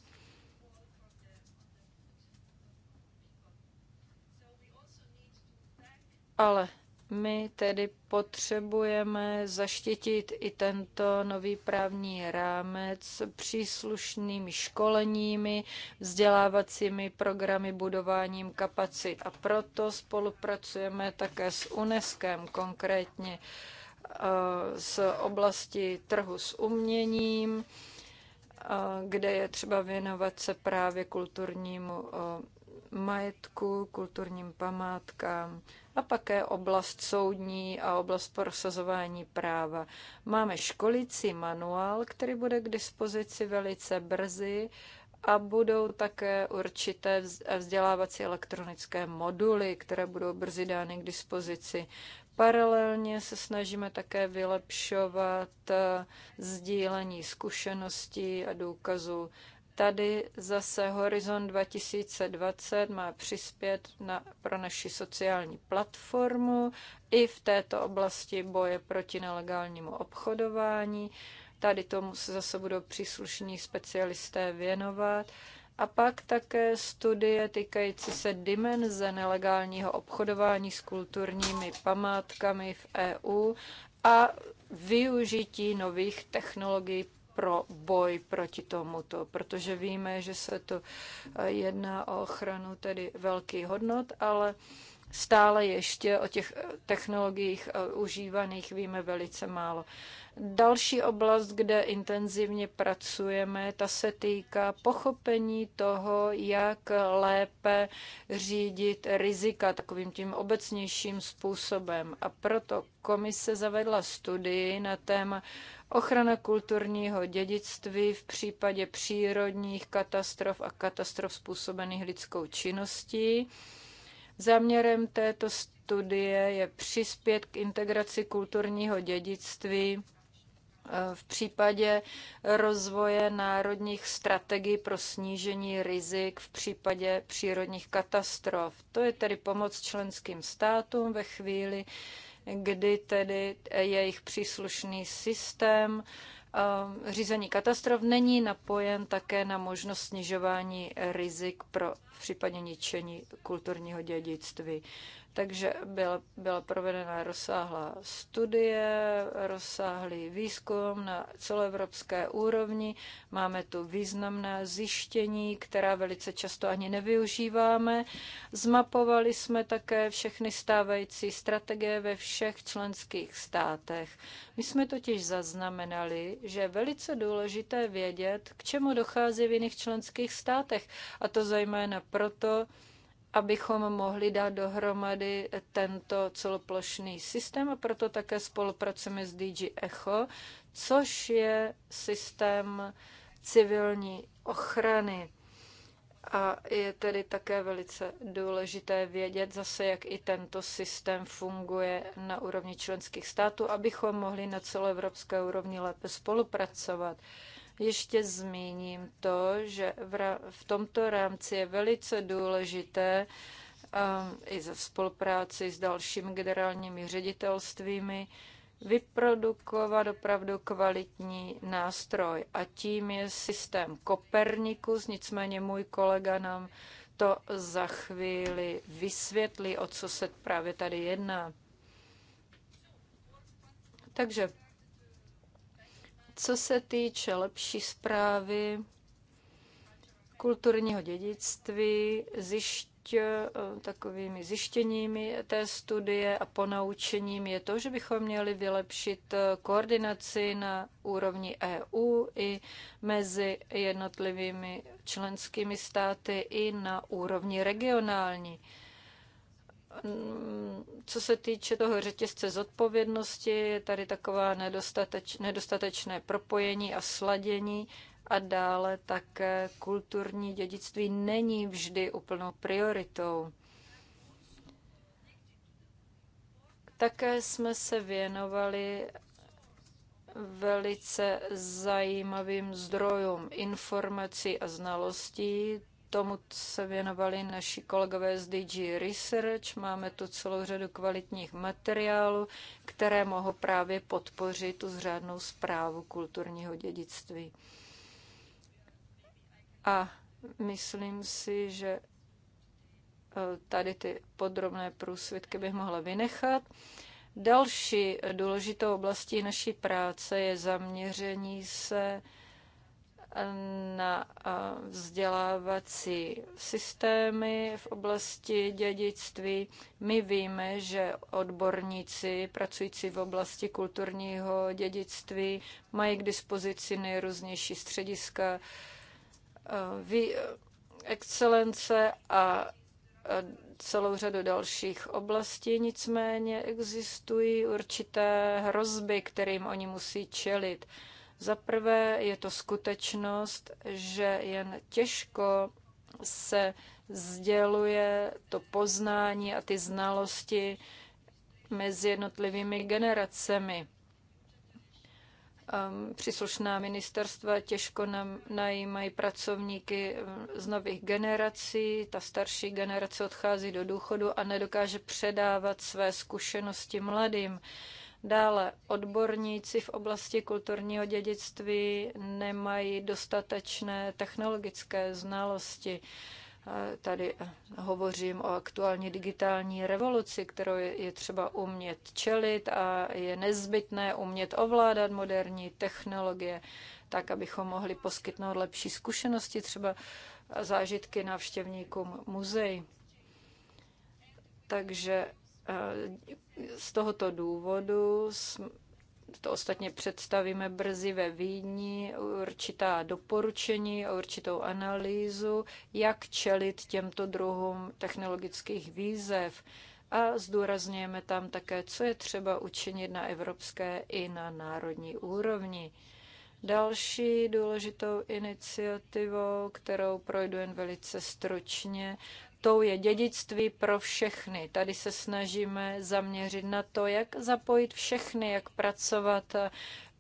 Ale my tedy potřebujeme zaštětit i tento nový právní rámec příslušnými školeními, vzdělávacími programy, budováním kapacit. A proto spolupracujeme také s UNESCO, konkrétně eh, z oblasti trhu s uměním, eh, kde je třeba věnovat se právě kulturnímu eh, majetku, kulturním památkám a také oblast soudní a oblast prosazování práva. Máme školící manuál, který bude k dispozici velice brzy a budou také určité vzdělávací elektronické moduly, které budou brzy dány k dispozici. Paralelně se snažíme také vylepšovat eh, sdílení zkušeností a důkazů tady zase Horizon 2020 má přispět na, pro naši sociální platformu i v této oblasti boje proti nelegálnímu obchodování. Tady tomu se zase budou příslušní specialisté věnovat. A pak také studie týkající se dimenze nelegálního obchodování s kulturními památkami v EU a využití nových technologií pro boj proti tomuto, protože víme, že se to eh, jedná o ochranu tedy velkých hodnot, ale stále ještě o těch eh, technologiích eh, užívaných víme velice málo. Další oblast, kde intenzivně pracujeme, ta se týká pochopení toho, jak lépe řídit rizika takovým tím obecnějším způsobem. A proto komise zavedla studii na téma Ochrana kulturního dědictví v případě přírodních katastrof a katastrof způsobených lidskou činností. Záměrem této studie je přispět k integraci kulturního dědictví eh, v případě rozvoje národních strategií pro snížení rizik v případě přírodních katastrof. To je tedy pomoc členským státům ve chvíli, kdy tedy jejich příslušný systém eh, řízení katastrof není napojen také na možnost snižování rizik pro případně ničení kulturního dědictví. Takže byla, byla provedena rozsáhlá studie, rozsáhlý výzkum na celoevropské úrovni. Máme tu významná zjištění, která velice často ani nevyužíváme. Zmapovali jsme také všechny stávající strategie ve všech členských státech. My jsme totiž zaznamenali, že je velice důležité vědět, k čemu dochází v jiných členských státech. A to zejména proto, abychom mohli dát dohromady tento celoplošný systém a proto také spolupracujeme s DG Echo, což je systém civilní ochrany. A je tedy také velice důležité vědět zase, jak i tento systém funguje na úrovni členských států, abychom mohli na celoevropské úrovni lépe spolupracovat. Ještě zmíním to, že v tomto rámci je velice důležité um, i za spolupráci s dalšími generálními ředitelstvími vyprodukovat opravdu kvalitní nástroj. A tím je systém Kopernikus, nicméně můj kolega nám to za chvíli vysvětlí, o co se právě tady jedná. Takže co se týče lepší zprávy kulturního dědictví, zjišť eh, takovými zjištěními té studie a ponaučením je to, že bychom měli vylepšit eh, koordinaci na úrovni EU i mezi jednotlivými členskými státy i na úrovni regionální. Mm, co se týče toho řetězce zodpovědnosti, je tady taková nedostateč, nedostatečné propojení a sladění a dále také kulturní dědictví není vždy úplnou prioritou. Také jsme se věnovali velice zajímavým zdrojům informací a znalostí tomu se věnovali naši kolegové z DG Research. Máme tu celou řadu kvalitních materiálů, které mohou právě podpořit tu zřádnou zprávu kulturního dědictví. A myslím si, že eh, tady ty podrobné průsvědky bych mohla vynechat. Další důležitou oblastí naší práce je zaměření se na eh, vzdělávací systémy v oblasti dědictví. My víme, že odborníci pracující v oblasti kulturního dědictví mají k dispozici nejrůznější střediska eh, eh, excelence a celou řadu dalších oblastí, nicméně existují určité hrozby, kterým oni musí čelit. Za prvé je to skutečnost, že jen těžko se sděluje to poznání a ty znalosti mezi jednotlivými generacemi. Ehm, příslušná ministerstva těžko najímají pracovníky ehm, z nových generací, ta starší generace odchází do důchodu a nedokáže předávat své zkušenosti mladým. Dále odborníci v oblasti kulturního dědictví nemají dostatečné technologické znalosti. Tady hovořím o aktuální digitální revoluci, kterou je třeba umět čelit a je nezbytné umět ovládat moderní technologie, tak abychom mohli poskytnout lepší zkušenosti, třeba zážitky návštěvníkům muzeí. Takže Eh, z tohoto důvodu to ostatně představíme brzy ve Vídni, určitá doporučení, určitou analýzu, jak čelit těmto druhům technologických výzev. A zdůrazňujeme tam také, co je třeba učinit na evropské i na národní úrovni. Další důležitou iniciativou, kterou projdu jen velice stručně, tou je dědictví pro všechny. Tady se snažíme zaměřit na to, jak zapojit všechny, jak pracovat eh,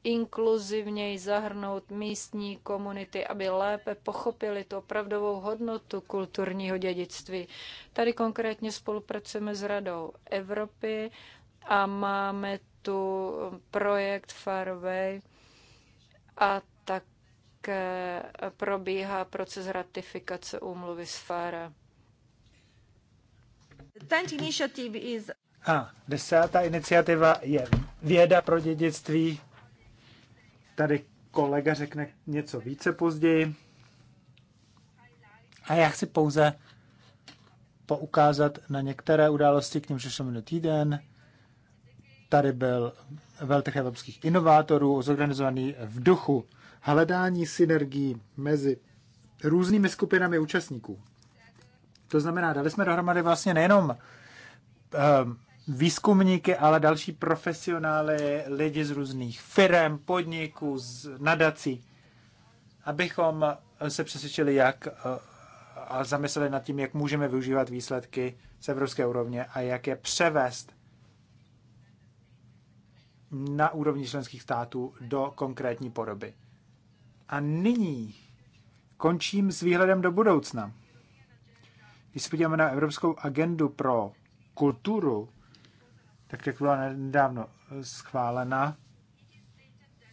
inkluzivněji zahrnout místní komunity, aby lépe pochopili tu opravdovou hodnotu kulturního dědictví. Tady konkrétně spolupracujeme s Radou Evropy a máme tu projekt Farway a tak probíhá proces ratifikace úmluvy s Fara. A desátá iniciativa je věda pro dědictví. Tady kolega řekne něco více později. A já chci pouze poukázat na některé události, k němž došlo minulý týden. Tady byl veltrh evropských inovátorů, zorganizovaný v duchu hledání synergií mezi různými skupinami účastníků. To znamená, dali jsme dohromady vlastně nejenom ehm, výzkumníky, ale další profesionály, lidi z různých firm, podniků, z nadací, abychom se přesvědčili, jak eh, a zamysleli nad tím, jak můžeme využívat výsledky z evropské úrovně a jak je převést na úrovni členských států do konkrétní podoby. A nyní končím s výhledem do budoucna. Když se podíváme na Evropskou agendu pro kulturu, tak jak byla nedávno schválena,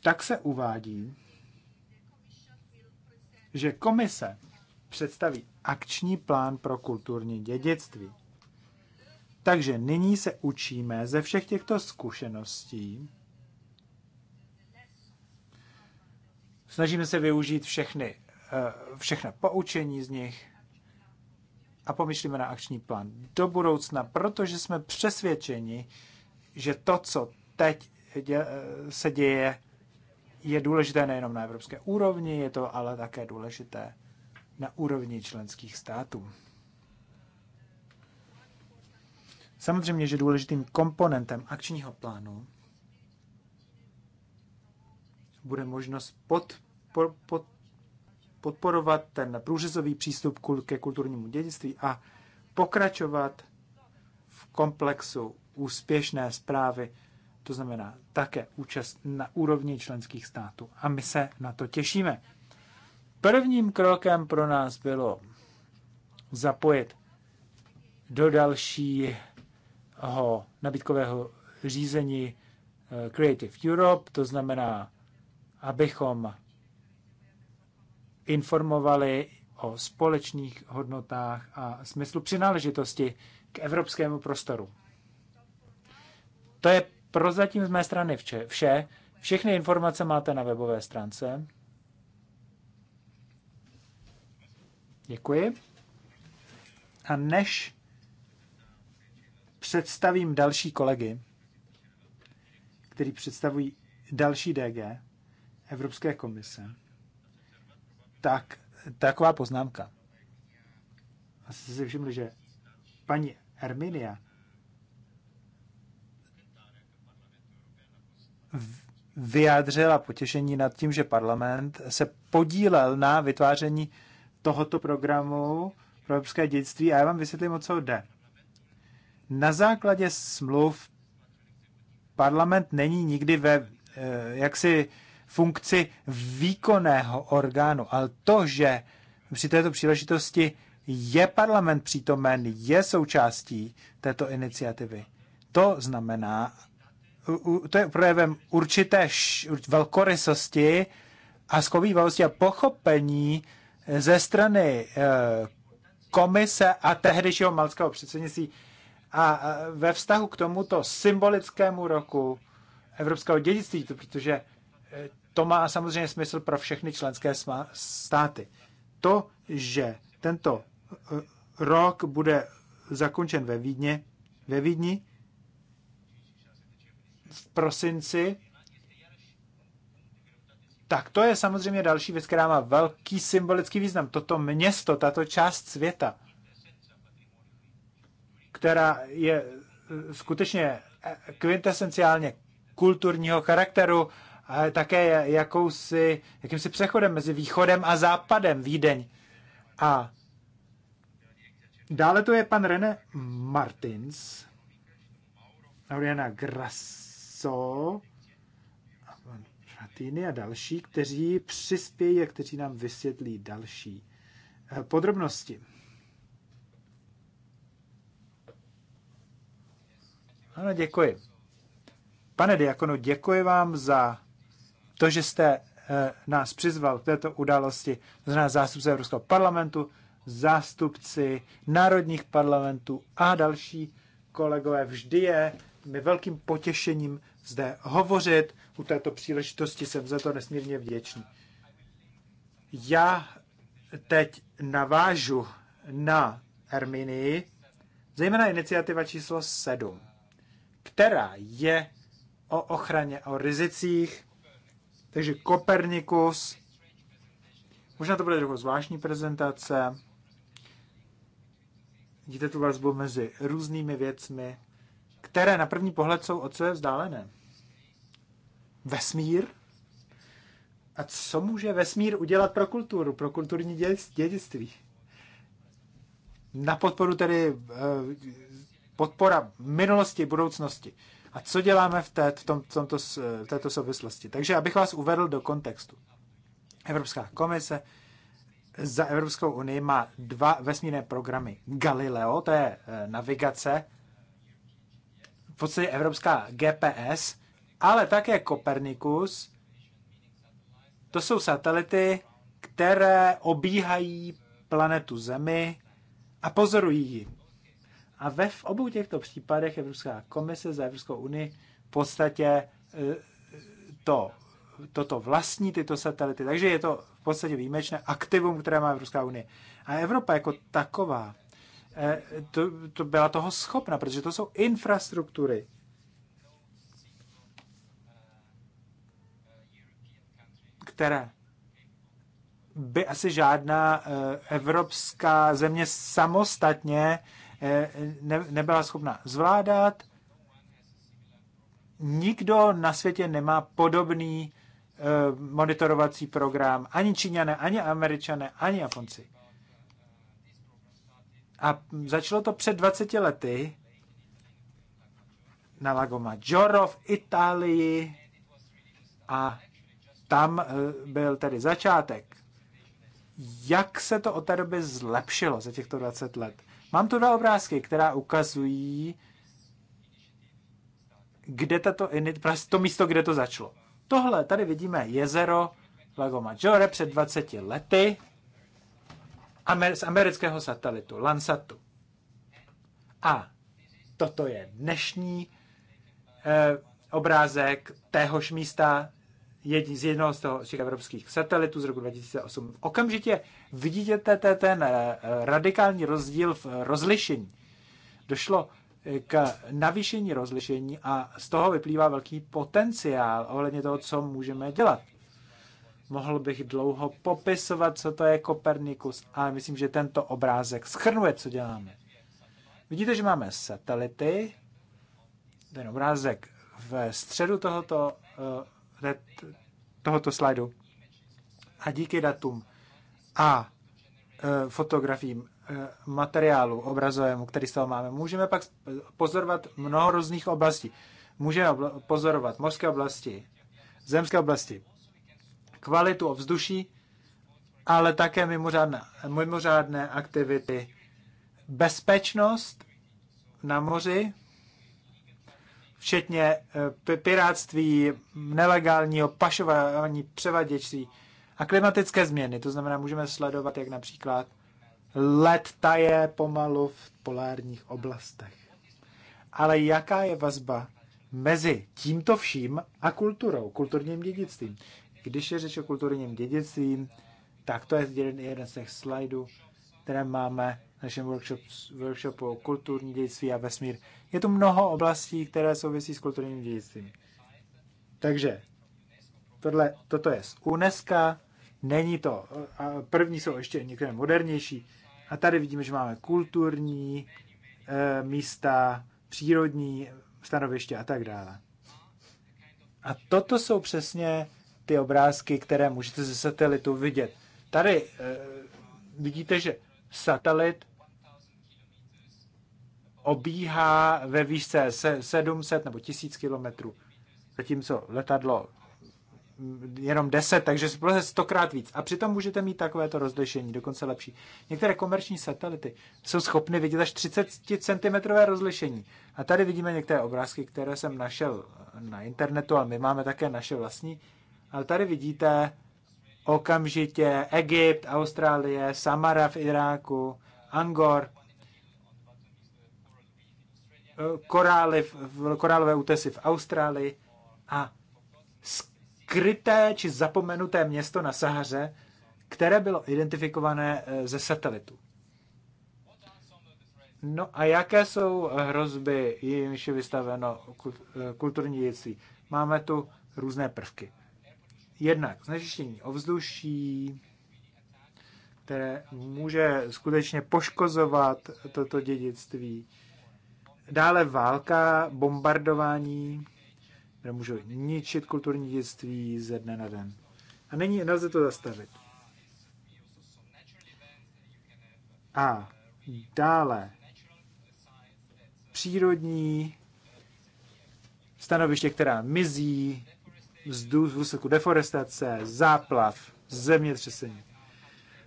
tak se uvádí, že komise představí akční plán pro kulturní dědictví. Takže nyní se učíme ze všech těchto zkušeností. Snažíme se využít všechny, eh, všechna poučení z nich a pomyšlíme na akční plán do budoucna, protože jsme přesvědčeni, že to, co teď dě, se děje, je důležité nejenom na evropské úrovni, je to ale také důležité na úrovni členských států. Samozřejmě, že důležitým komponentem akčního plánu bude možnost pod, pod, pod, podporovat ten průřezový přístup ke kulturnímu dědictví a pokračovat v komplexu úspěšné zprávy, to znamená také účast na úrovni členských států. A my se na to těšíme. Prvním krokem pro nás bylo zapojit do dalšího nabídkového řízení eh, Creative Europe, to znamená, abychom informovali o společných hodnotách a smyslu přináležitosti k evropskému prostoru. To je prozatím z mé strany vše. vše. Všechny informace máte na webové stránce. Děkuji. A než představím další kolegy, který představují další DG Evropské komise, tak, taková poznámka. A jste si všimli, že paní Herminia vyjádřila potěšení nad tím, že parlament se podílel na vytváření tohoto programu pro evropské dědictví a já vám vysvětlím, o co jde. Na základě smluv parlament není nikdy ve eh, jaksi funkci výkonného orgánu. Ale to, že při této příležitosti je parlament přítomen, je součástí této iniciativy, to znamená, to je projevem určité velkorysosti a schovývalosti a pochopení eh, ze strany eh, komise a tehdejšího malského předsednictví a eh, ve vztahu k tomuto symbolickému roku evropského dědictví, protože to má samozřejmě smysl pro všechny členské státy. To, že tento eh, rok bude zakončen ve Vídně, ve Vídni v prosinci, tak to je samozřejmě další věc, která má velký symbolický význam. Toto město, tato část světa, která je eh, skutečně eh, kvintesenciálně kulturního charakteru, ale také jakousi, jakýmsi přechodem mezi východem a západem Vídeň. A dále tu je pan René Martins, Auriana Grasso, a pan Fratini a další, kteří přispějí a kteří nám vysvětlí další eh, podrobnosti. Ano, děkuji. Pane Diakonu, děkuji vám za to, že jste eh, nás přizval k této události, to znamená zástupce Evropského parlamentu, zástupci národních parlamentů a další kolegové, vždy je mi velkým potěšením zde hovořit. U této příležitosti jsem za to nesmírně vděčný. Já teď navážu na Erminii, zejména iniciativa číslo 7, která je o ochraně, o rizicích takže Kopernikus, možná to bude trochu zvláštní prezentace. Vidíte tu vazbu mezi různými věcmi, které na první pohled jsou od sebe vzdálené. Vesmír? A co může vesmír udělat pro kulturu, pro kulturní dědictví? Na podporu tedy eh, podpora minulosti, budoucnosti. A co děláme v, té, v, tom, v, tomto, v eh, této souvislosti? Takže abych vás uvedl do kontextu. Evropská komise za Evropskou unii má dva vesmírné programy. Galileo, to je eh, navigace, v podstatě evropská GPS, ale také Copernicus, to jsou satelity, které obíhají planetu Zemi a pozorují ji. A ve v obou těchto případech Evropská komise za Evropskou unii v podstatě e, to, toto vlastní tyto satelity. Takže je to v podstatě výjimečné aktivum, které má Evropská unie. A Evropa jako taková e, to, to byla toho schopna, protože to jsou infrastruktury. Které by asi žádná e, evropská země samostatně Eh, ne, nebyla schopna zvládat. Nikdo na světě nemá podobný eh, monitorovací program, ani Číňané, ani Američané, ani Japonci. A začalo to před 20 lety na Lagoma Gioro v Itálii a tam eh, byl tedy začátek. Jak se to od té doby zlepšilo za těchto 20 let? Mám tu dva obrázky, která ukazují, kde tato, prostě to místo, kde to začalo. Tohle, tady vidíme jezero Lago Maggiore před 20 lety z amerického satelitu, Landsatu. A toto je dnešní eh, obrázek téhož místa jedin, z jednoho z, toho, z těch evropských satelitů z roku 2008. Okamžitě vidíte ten, ten eh, radikální rozdíl v rozlišení. Došlo eh, k navýšení rozlišení a z toho vyplývá velký potenciál ohledně toho, co můžeme dělat. Mohl bych dlouho popisovat, co to je Kopernikus, ale myslím, že tento obrázek schrnuje, co děláme. Vidíte, že máme satelity. Ten obrázek ve středu tohoto eh, tohoto slajdu. A díky datům a e, fotografiím, e, materiálu obrazovému, který z toho máme, můžeme pak pozorovat mnoho různých oblastí. Můžeme pozorovat mořské oblasti, zemské oblasti, kvalitu ovzduší, ale také mimořádné, mimořádné aktivity, bezpečnost na moři, včetně eh, piráctví, nelegálního pašování, převaděčství a klimatické změny. To znamená, můžeme sledovat, jak například led taje pomalu v polárních oblastech. Ale jaká je vazba mezi tímto vším a kulturou, kulturním dědictvím? Když je řeč o kulturním dědictvím, tak to je jeden z těch slajdů, které máme našem workshop, workshopu o kulturní dědictví a vesmír. Je tu mnoho oblastí, které souvisí s kulturním dědictvím. Takže tohle, toto je z UNESCO, není to, a první jsou ještě některé modernější, a tady vidíme, že máme kulturní e, místa, přírodní stanoviště a tak dále. A toto jsou přesně ty obrázky, které můžete ze satelitu vidět. Tady e, vidíte, že satelit obíhá ve výšce 700 nebo 1000 kilometrů, zatímco letadlo mm, jenom 10, takže prostě stokrát víc. A přitom můžete mít takovéto rozlišení, dokonce lepší. Některé komerční satelity jsou schopny vidět až 30 cm rozlišení. A tady vidíme některé obrázky, které jsem našel na internetu, ale my máme také naše vlastní. Ale tady vidíte okamžitě Egypt, Austrálie, Samara v Iráku, Angor, korály, korálové útesy v Austrálii a skryté či zapomenuté město na Sahaře, které bylo identifikované eh, ze satelitu. No a jaké jsou hrozby, jimž je vystaveno eh, kulturní dědictví? Máme tu různé prvky. Jednak znečištění ovzduší, které může skutečně poškozovat toto dědictví. Dále válka, bombardování, které můžou ničit kulturní dědictví ze dne na den. A není, nelze to zastavit. A dále přírodní stanoviště, která mizí vzdu, v důsledku deforestace, záplav, zemětřesení.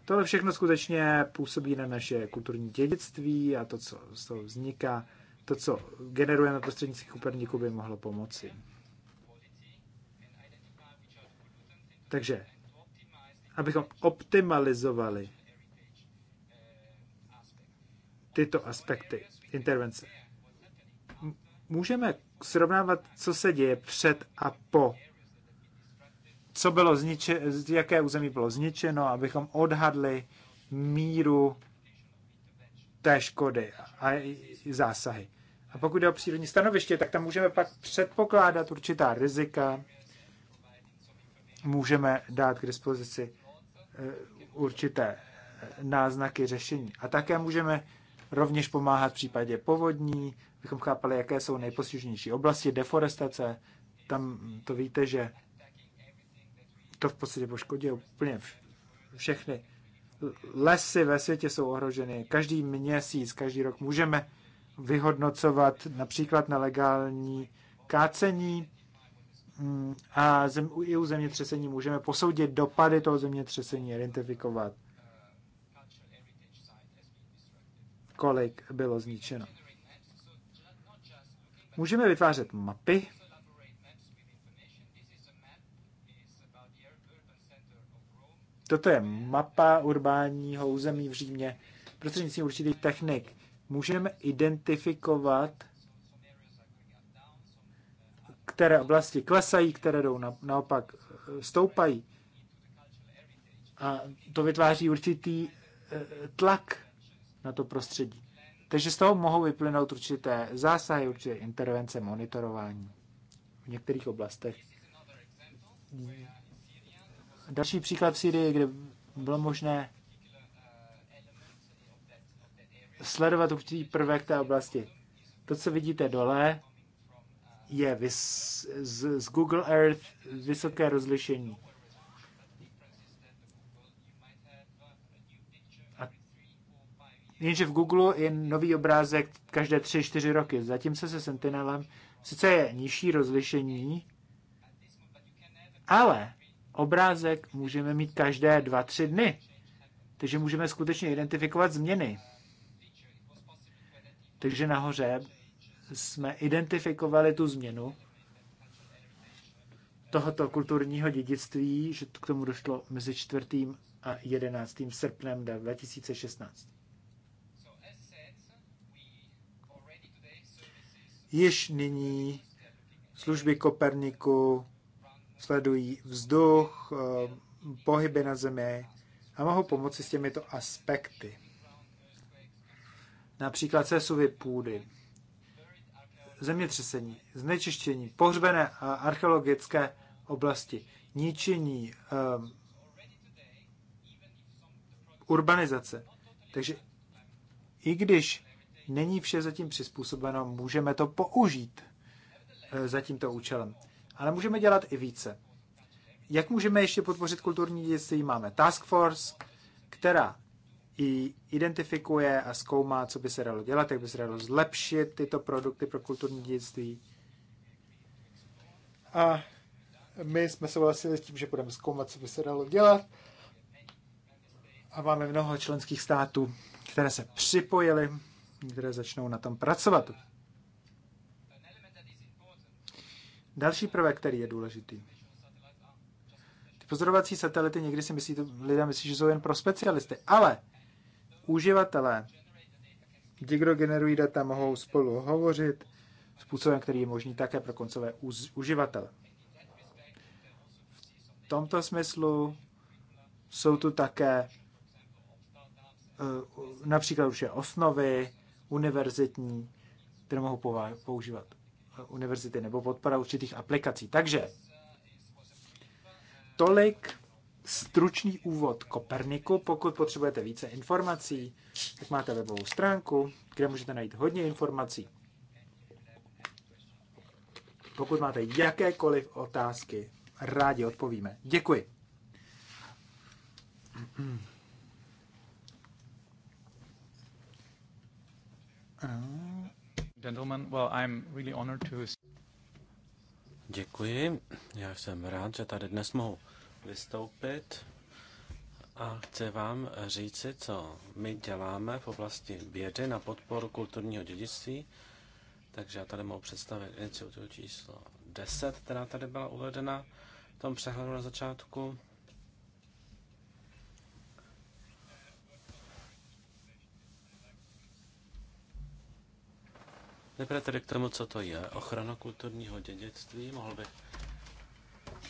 Tohle všechno skutečně působí na naše kulturní dědictví a to, co z toho vzniká to, co generujeme prostřednictvím Kuperníku, by mohlo pomoci. Takže, abychom optimalizovali tyto aspekty intervence, můžeme srovnávat, co se děje před a po. Co bylo zniče, jaké území bylo zničeno, abychom odhadli míru té škody a zásahy. A pokud jde o přírodní stanoviště, tak tam můžeme pak předpokládat určitá rizika, můžeme dát k dispozici eh, určité eh, náznaky řešení. A také můžeme rovněž pomáhat v případě povodní, bychom chápali, jaké jsou nejpostižnější oblasti deforestace. Tam to víte, že to v podstatě poškodí úplně všechny lesy ve světě jsou ohroženy. Každý měsíc, každý rok můžeme vyhodnocovat například legální kácení mm, a zem, i u zemětřesení můžeme posoudit dopady toho zemětřesení, identifikovat, kolik bylo zničeno. Můžeme vytvářet mapy Toto je mapa urbáního území v Římě. Prostřednictvím určitých technik můžeme identifikovat, které oblasti klesají, které jdou na, naopak eh, stoupají. A to vytváří určitý eh, tlak na to prostředí. Takže z toho mohou vyplynout určité zásahy, určité intervence, monitorování v některých oblastech. Další příklad v Syrii, kde bylo možné sledovat určitý prvek té oblasti. To, co vidíte dole, je vys- z, Google Earth vysoké rozlišení. A jenže v Google je nový obrázek každé 3-4 roky. Zatímco se Sentinelem sice je nižší rozlišení, ale obrázek můžeme mít každé dva, tři dny. Takže můžeme skutečně identifikovat změny. Takže nahoře jsme identifikovali tu změnu tohoto kulturního dědictví, že k tomu došlo mezi 4. a 11. srpnem 2016. Již nyní služby Koperniku sledují vzduch, eh, pohyby na zemi a mohou pomoci s těmito aspekty. Například sesuvy půdy, zemětřesení, znečištění, pohřbené archeologické oblasti, ničení, um, urbanizace. Takže i když není vše zatím přizpůsobeno, můžeme to použít eh, za tímto účelem ale můžeme dělat i více. Jak můžeme ještě podpořit kulturní dědictví? Máme task force, která i identifikuje a zkoumá, co by se dalo dělat, jak by se dalo zlepšit tyto produkty pro kulturní dědictví. A my jsme souhlasili s tím, že budeme zkoumat, co by se dalo dělat. A máme mnoho členských států, které se připojily, které začnou na tom pracovat. Další prvek, který je důležitý. Ty pozorovací satelity někdy si myslí, lidé myslí, že jsou jen pro specialisty, ale uživatelé, ti, kdo generují data, mohou spolu hovořit způsobem, který je možný také pro koncové uživatele. V tomto smyslu jsou tu také eh, například už je osnovy univerzitní, které mohou používat univerzity nebo podpora určitých aplikací. Takže tolik stručný úvod Koperniku. Pokud potřebujete více informací, tak máte webovou stránku, kde můžete najít hodně informací. Pokud máte jakékoliv otázky, rádi odpovíme. Děkuji. Ano, Děkuji. Já jsem rád, že tady dnes mohu vystoupit a chci vám říci, co my děláme v oblasti vědy na podporu kulturního dědictví. Takže já tady mohu představit iniciativu číslo 10, která tady byla uvedena v tom přehledu na začátku. Nejprve tedy k tomu, co to je. Ochrana kulturního dědictví. Mohl bych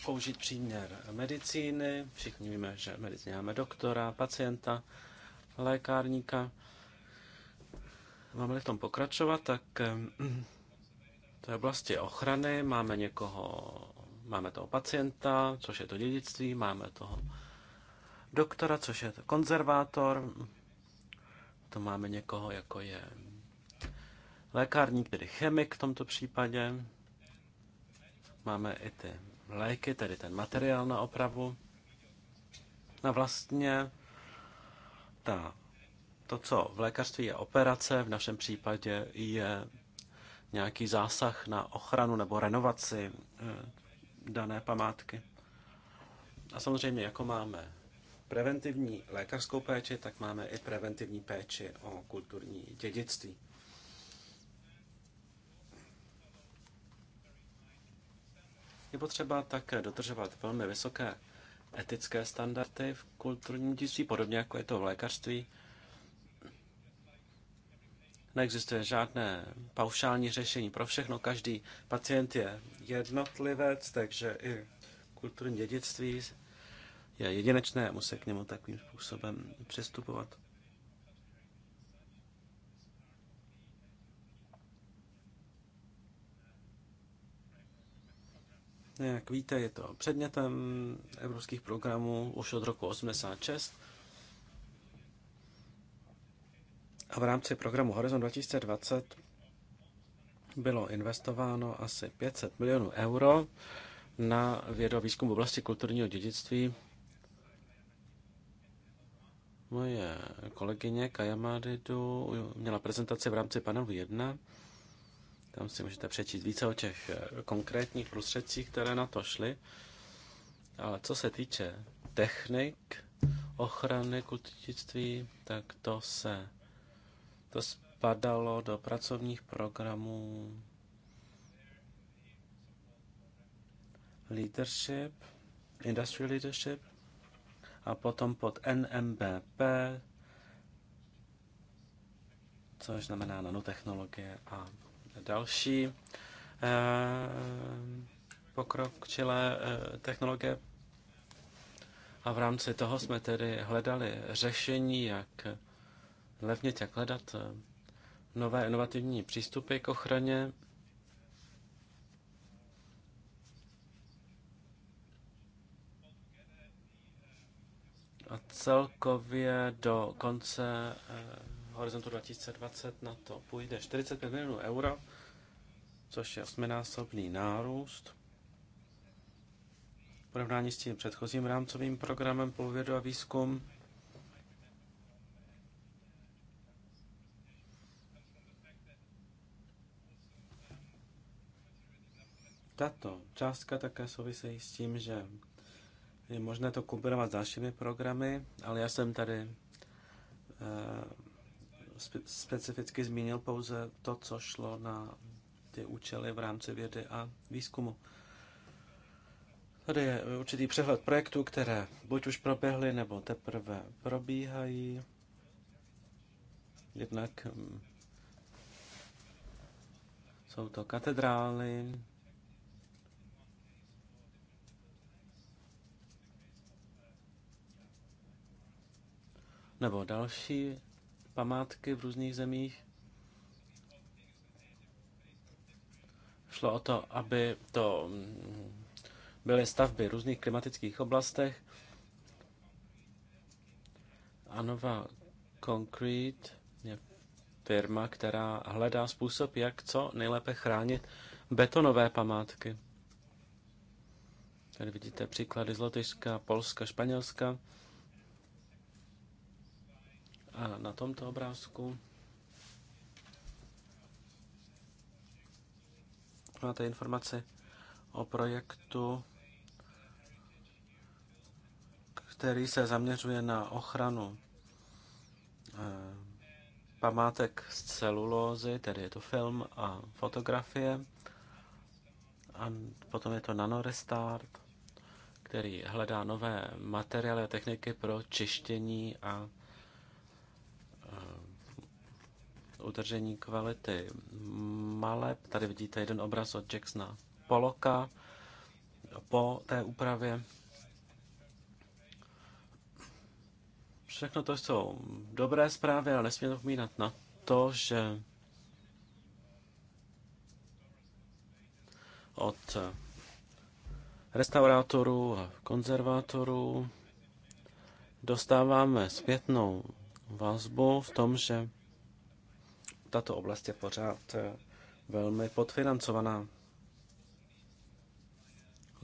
použít příměr medicíny. Všichni víme, že medicíně máme doktora, pacienta, lékárníka. Máme v tom pokračovat, tak v ehm, té oblasti ochrany máme někoho, máme toho pacienta, což je to dědictví, máme toho doktora, což je to konzervátor, to máme někoho, jako je lékárník, tedy chemik v tomto případě. Máme i ty léky, tedy ten materiál na opravu. A vlastně ta, to, co v lékařství je operace, v našem případě je nějaký zásah na ochranu nebo renovaci eh, dané památky. A samozřejmě, jako máme preventivní lékařskou péči, tak máme i preventivní péči o kulturní dědictví. Je potřeba také dodržovat velmi vysoké etické standardy v kulturním dědictví, podobně jako je to v lékařství. Neexistuje žádné paušální řešení pro všechno. Každý pacient je jednotlivec, takže i kulturní dědictví je jedinečné a musí k němu takovým způsobem přistupovat. Jak víte, je to předmětem evropských programů už od roku 86. A v rámci programu Horizon 2020 bylo investováno asi 500 milionů euro na vědu a výzkum v oblasti kulturního dědictví. Moje kolegyně Kaja Madidu měla prezentaci v rámci panelu 1 tam si můžete přečíst více o těch eh, konkrétních prostředcích, které na to šly. Ale co se týče technik ochrany kultictví, tak to se to spadalo do pracovních programů leadership, industrial leadership a potom pod NMBP, což znamená nanotechnologie a další eh, pokrok čile eh, technologie. A v rámci toho jsme tedy hledali řešení, jak levně jak hledat eh, nové inovativní přístupy k ochraně. A celkově do konce horizontu 2020 na to půjde 45 milionů euro, což je osminásobný nárůst. V porovnání s tím předchozím rámcovým programem pro a výzkum Tato částka také souvisí s tím, že je možné to kombinovat s dalšími programy, ale já jsem tady eh, specificky zmínil pouze to, co šlo na ty účely v rámci vědy a výzkumu. Tady je určitý přehled projektů, které buď už proběhly, nebo teprve probíhají. Jednak mm, jsou to katedrály, nebo další památky v různých zemích. Šlo o to, aby to mm, byly stavby v různých klimatických oblastech. Anova Concrete je firma, která hledá způsob, jak co nejlépe chránit betonové památky. Tady vidíte příklady z Lotyšska, Polska, Španělska. A na tomto obrázku máte informaci o projektu, který se zaměřuje na ochranu eh, památek z celulózy, tedy je to film a fotografie. A potom je to nanorestart, který hledá nové materiály a techniky pro čištění a udržení kvality maleb. Tady vidíte jeden obraz od Jacksona Poloka po té úpravě. Všechno to jsou dobré zprávy, ale nesmíme zapomínat na to, že od restaurátorů a konzervátorů dostáváme zpětnou vazbu v tom, že tato oblast je pořád eh, velmi podfinancovaná.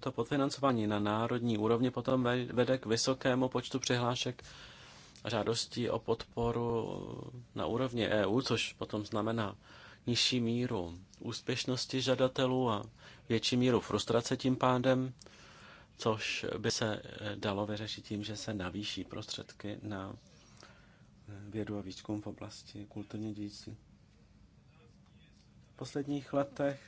To podfinancování na národní úrovni potom vede k vysokému počtu přihlášek a žádostí o podporu na úrovni EU, což potom znamená nižší míru úspěšnosti žadatelů a větší míru frustrace tím pádem, což by se eh, dalo vyřešit tím, že se navýší prostředky na eh, vědu a výzkum v oblasti kulturní dědictví posledních letech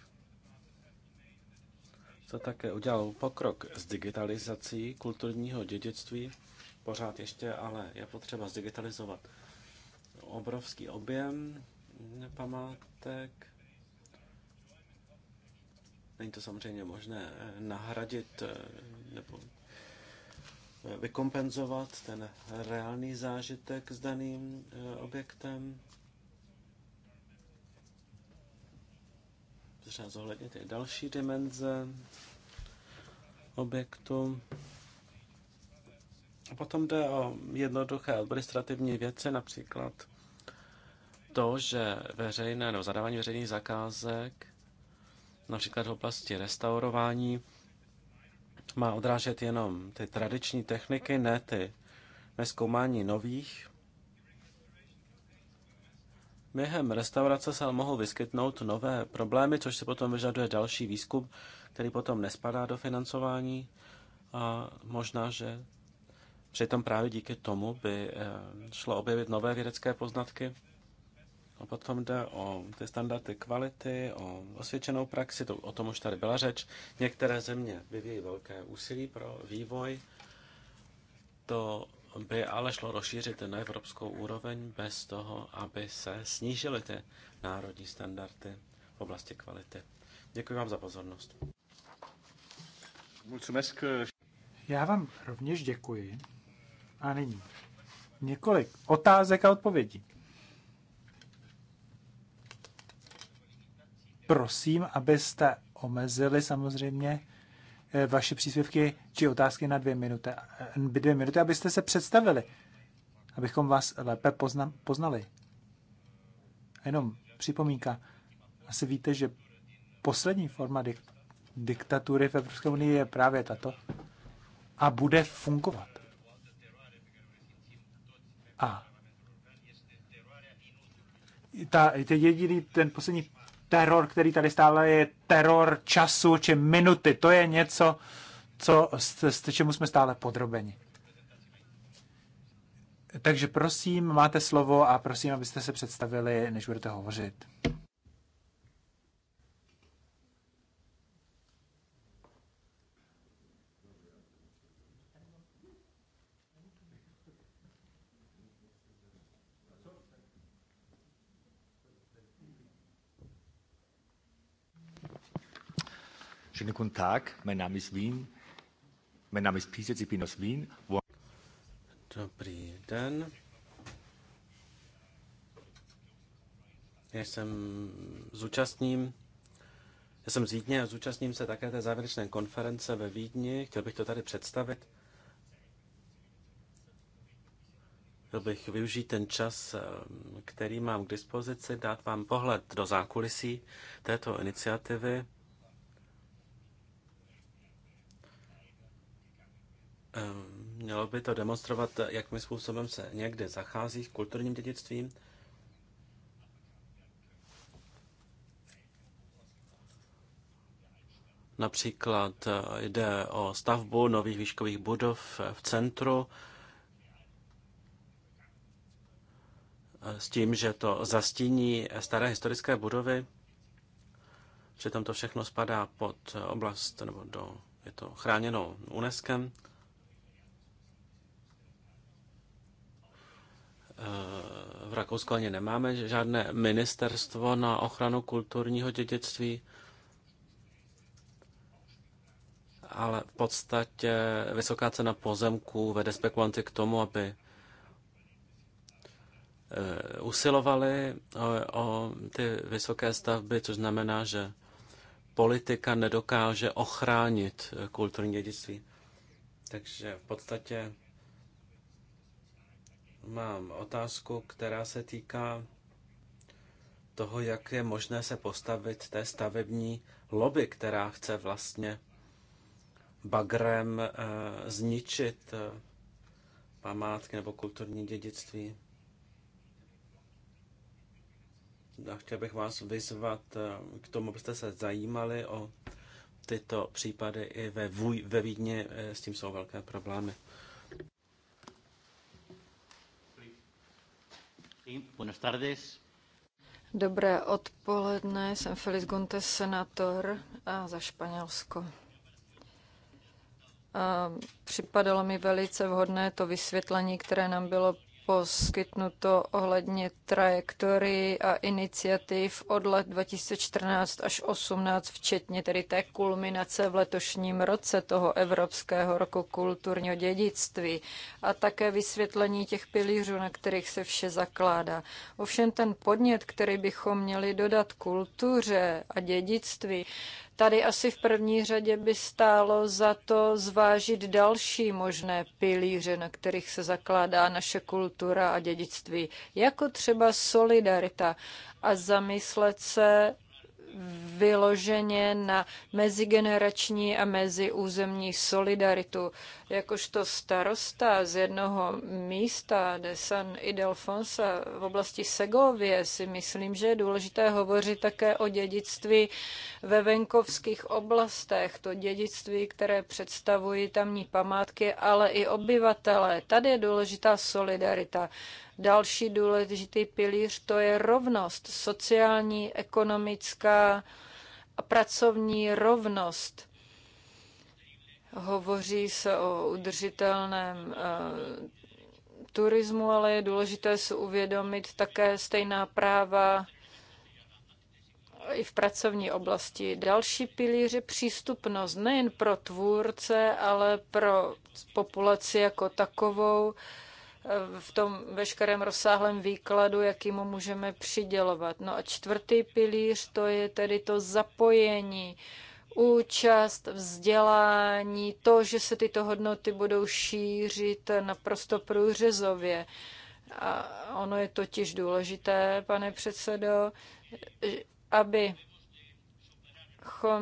se také udělal pokrok s digitalizací kulturního dědictví. Pořád ještě ale je potřeba zdigitalizovat obrovský objem památek. Není to samozřejmě možné eh, nahradit eh, nebo eh, vykompenzovat ten reálný zážitek s daným objektem. třeba zohlednit i další dimenze objektu. A potom jde o jednoduché administrativní věci, například to, že veřejné, no, zadávání veřejných zakázek, například v oblasti restaurování, má odrážet jenom ty tradiční techniky, ne ty neskoumání nových. Během restaurace se mohou vyskytnout nové problémy, což se potom vyžaduje další výzkum, který potom nespadá do financování a možná, že přitom právě díky tomu by eh, šlo objevit nové vědecké poznatky. A potom jde o ty standardy kvality, o osvědčenou praxi, to, o tom už tady byla řeč. Některé země vyvíjí velké úsilí pro vývoj. To by ale šlo rozšířit na evropskou úroveň bez toho, aby se snížily ty národní standardy v oblasti kvality. Děkuji vám za pozornost. Já vám rovněž děkuji. A nyní několik otázek a odpovědí. Prosím, abyste omezili samozřejmě Eh, vaše příspěvky či otázky na dvě minuty, eh, dvě minuty abyste se představili, abychom vás lépe pozna, poznali. A jenom připomínka. Asi víte, že poslední forma dik, diktatury v Evropské unii je právě tato a bude fungovat. A ta, ten jediný, ten poslední teror, který tady stále je teror času či minuty. To je něco, co, s, s čemu jsme stále podrobeni. Takže prosím, máte slovo a prosím, abyste se představili, než budete hovořit. Schönen guten Tag, mein Name ist Wien. Mein Name ist Pisec, ich bin aus Wien. Dobrý den. Já jsem zúčastním, já jsem z Vídně a zúčastním se také té závěrečné konference ve Vídni. Chtěl bych to tady představit. Chtěl bych využít ten čas, eh, který mám k dispozici, dát vám pohled do zákulisí této iniciativy. Mělo by to demonstrovat, jakým způsobem se někde zachází s kulturním dědictvím. Například eh, jde o stavbu nových výškových budov v centru eh, s tím, že to zastíní staré historické budovy. Přitom to všechno spadá pod oblast, nebo do, je to chráněno UNESCO. Eh, v Rakousku ani nemáme žádné ministerstvo na ochranu kulturního dědictví, ale v podstatě vysoká cena pozemků vede spekulanty k tomu, aby eh, usilovali o, o ty vysoké stavby, což znamená, že politika nedokáže ochránit kulturní dědictví. Takže v podstatě Mám otázku, která se týká toho, jak je možné se postavit té stavební lobby, která chce vlastně bagrem eh, zničit eh, památky nebo kulturní dědictví. A chtěl bych vás vyzvat eh, k tomu, abyste se zajímali o tyto případy i ve, Vůj, ve Vídně, s tím jsou velké problémy. Dobré odpoledne, jsem Feliz Gontes, senátor a za Španělsko. A připadalo mi velice vhodné to vysvětlení, které nám bylo poskytnuto ohledně trajektorii a iniciativ od let 2014 až 2018, včetně tedy té kulminace v letošním roce toho Evropského roku kulturního dědictví a také vysvětlení těch pilířů, na kterých se vše zakládá. Ovšem ten podnět, který bychom měli dodat kultuře a dědictví, Tady asi v první řadě by stálo za to zvážit další možné pilíře, na kterých se zakládá naše kultura a dědictví, jako třeba solidarita a zamyslet se vyloženě na mezigenerační a meziúzemní solidaritu jakožto starosta z jednoho místa de San Idelfonsa v oblasti Segovie si myslím, že je důležité hovořit také o dědictví ve venkovských oblastech, to dědictví, které představují tamní památky, ale i obyvatele. Tady je důležitá solidarita. Další důležitý pilíř to je rovnost, sociální, ekonomická a pracovní rovnost Hovoří se o udržitelném eh, turismu, ale je důležité si uvědomit také stejná práva i v pracovní oblasti. Další pilíř je přístupnost nejen pro tvůrce, ale pro populaci jako takovou eh, v tom veškerém rozsáhlém výkladu, jaký mu můžeme přidělovat. No a čtvrtý pilíř, to je tedy to zapojení uh, účast, vzdělání, to, že se tyto hodnoty budou šířit naprosto průřezově. A ono je totiž důležité, pane předsedo, aby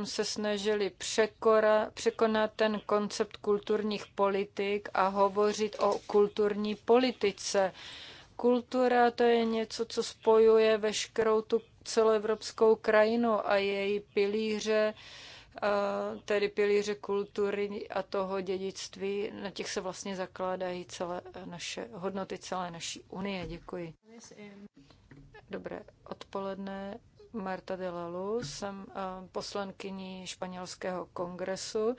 se snažili překora, překonat ten koncept kulturních politik a hovořit o kulturní politice. Kultura to je něco, co spojuje veškerou tu celoevropskou krajinu a její pilíře tedy pilíře kultury a toho dědictví, na těch se vlastně zakládají celé naše hodnoty, celé naší unie. Děkuji. Dobré odpoledne. Marta de Lalu, jsem poslankyní španělského kongresu.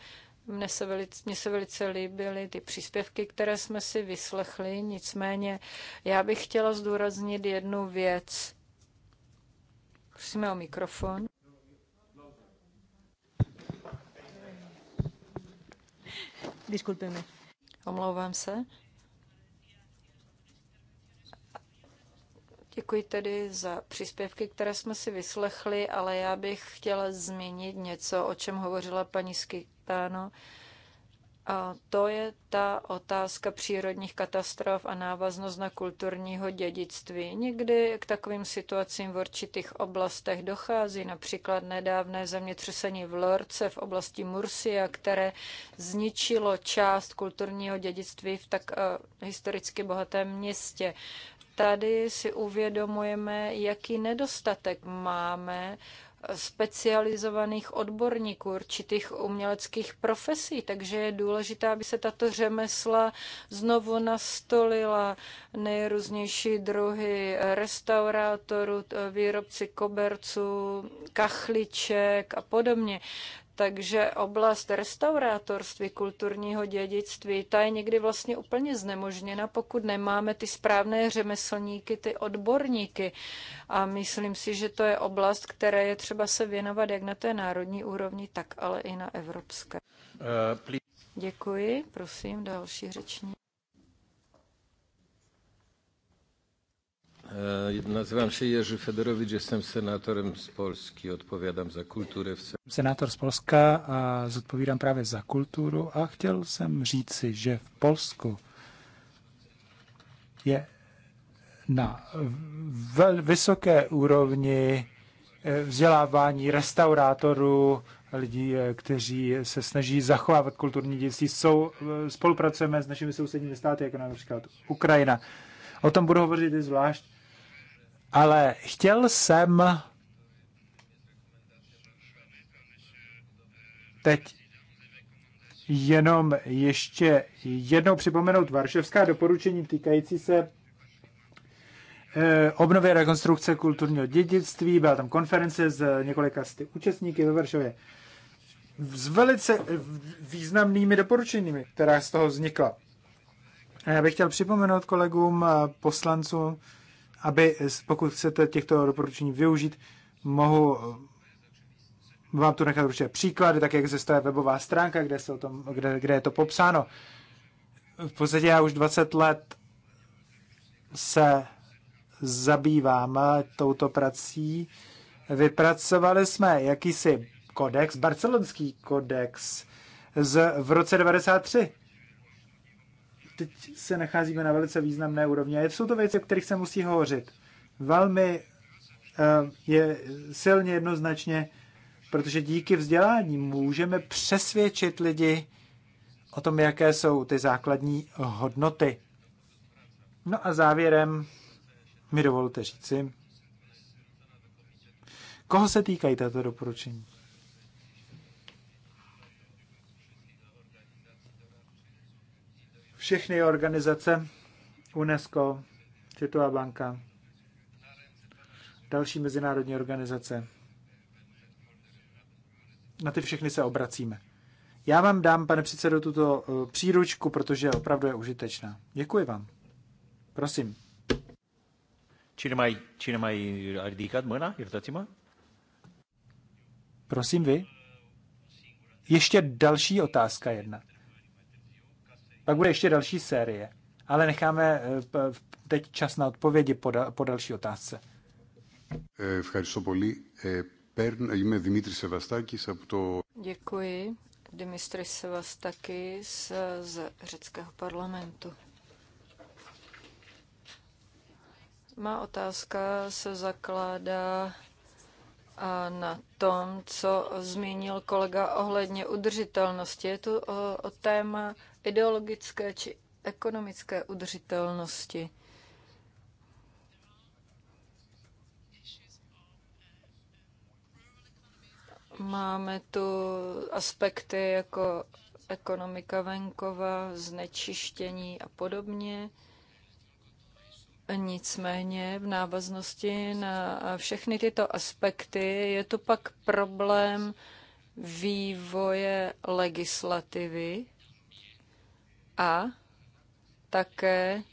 Mně se, velice, mně se velice líbily ty příspěvky, které jsme si vyslechli, nicméně já bych chtěla zdůraznit jednu věc. Prosíme o mikrofon. Disculpeme. Omlouvám se. Děkuji tedy za příspěvky, které jsme si vyslechli, ale já bych chtěla změnit něco, o čem hovořila paní Skytáno. A to je ta otázka přírodních katastrof a návaznost na kulturního dědictví. Někdy k takovým situacím v určitých oblastech dochází, například nedávné zemětřesení v Lorce v oblasti Mursia, které zničilo část kulturního dědictví v tak eh, historicky bohatém městě. Tady si uvědomujeme, jaký nedostatek máme specializovaných odborníků, určitých uměleckých profesí, takže je důležité, aby se tato řemesla znovu nastolila. Nejrůznější druhy restaurátorů, výrobci koberců, kachliček a podobně. Takže oblast restaurátorství, kulturního dědictví, ta je někdy vlastně úplně znemožněna, pokud nemáme ty správné řemeslníky, ty odborníky. A myslím si, že to je oblast, které je třeba se věnovat jak na té národní úrovni, tak ale i na evropské. Uh, Děkuji, prosím, další řečník. E, nazywam się Jerzy Federowicz, jestem senatorem z Polski, odpowiadam za kulturę Senacie. Senátor z Polska a zodpovídám právě za kulturu a chtěl jsem říci, že v Polsku je na wysokiej vysoké úrovni e, vzdělávání restaurátorů, lidí, e, kteří se snaží zachovávat kulturní dědictví. Jsou, spolupracujeme s našimi sousedními státy, jako například Ukrajina. O tom budu hovořit i zvlášť ale chtěl jsem teď jenom ještě jednou připomenout varševská doporučení týkající se eh, obnově rekonstrukce kulturního dědictví. Byla tam konference s několika z účastníky ve Varšově s velice významnými doporučeními, která z toho vznikla. A já bych chtěl připomenout kolegům poslancům, aby, eh, pokud chcete těchto doporučení využít, mohu eh, vám tu nechat určitě příklady, tak jak existuje webová stránka, kde, se o tom, kde, kde je to popsáno. V podstatě já už 20 let se zabývám eh, touto prací. Vypracovali jsme jakýsi kodex, barcelonský kodex z, v roce 93 teď se nacházíme na velice významné úrovni. A jsou to věci, o kterých se musí hovořit. Velmi eh, je silně jednoznačně, protože díky vzdělání můžeme přesvědčit lidi o tom, jaké jsou ty základní hodnoty. No a závěrem mi dovolte říci, koho se týkají tato doporučení? všechny organizace UNESCO, Světová banka, další mezinárodní organizace. Na ty všechny se obracíme. Já vám dám, pane předsedo, tuto eh, příručku, protože opravdu je užitečná. Děkuji vám. Prosím. Cine mai, cine mai a ridicat mâna? Iertați-mă. Prosím vy. Ještě další otázka jedna. Pak bude ještě další série, ale necháme eh, teď čas na odpovědi po, da, po další otázce. Eh, Děkuji. Dimitris Sevastakis eh, z řeckého parlamentu. Má otázka se zakládá na tom, co zmínil kolega ohledně udržitelnosti. Je to o, o téma ideologické či ekonomické udržitelnosti. Máme tu aspekty jako ekonomika venkova, znečištění a podobně. Nicméně v návaznosti na všechny tyto aspekty je tu pak problém vývoje legislativy, a také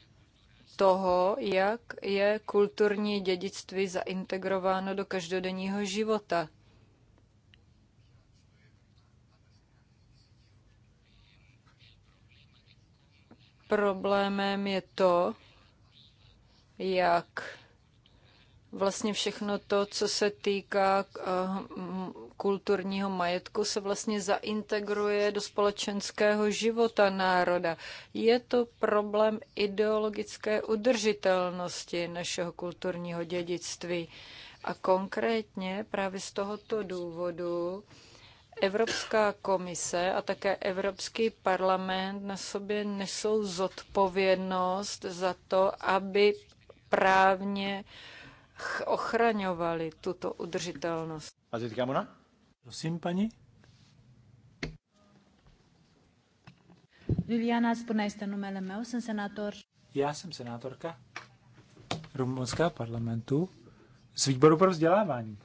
toho, jak je kulturní dědictví zaintegrováno do každodenního života. Problémem je to, jak vlastně všechno to, co se týká eh, kulturního majetku se vlastně zaintegruje do společenského života národa. Je to problém ideologické udržitelnosti našeho kulturního dědictví. A konkrétně právě z tohoto důvodu Evropská komise a také Evropský parlament na sobě nesou zodpovědnost za to, aby právně ochraňovali tuto udržitelnost. A Prosím, paní. Juliana, spunea este numele meu, sunt senator. Já jsem senátorka rumunského parlamentu z výboru pro vzdělávání.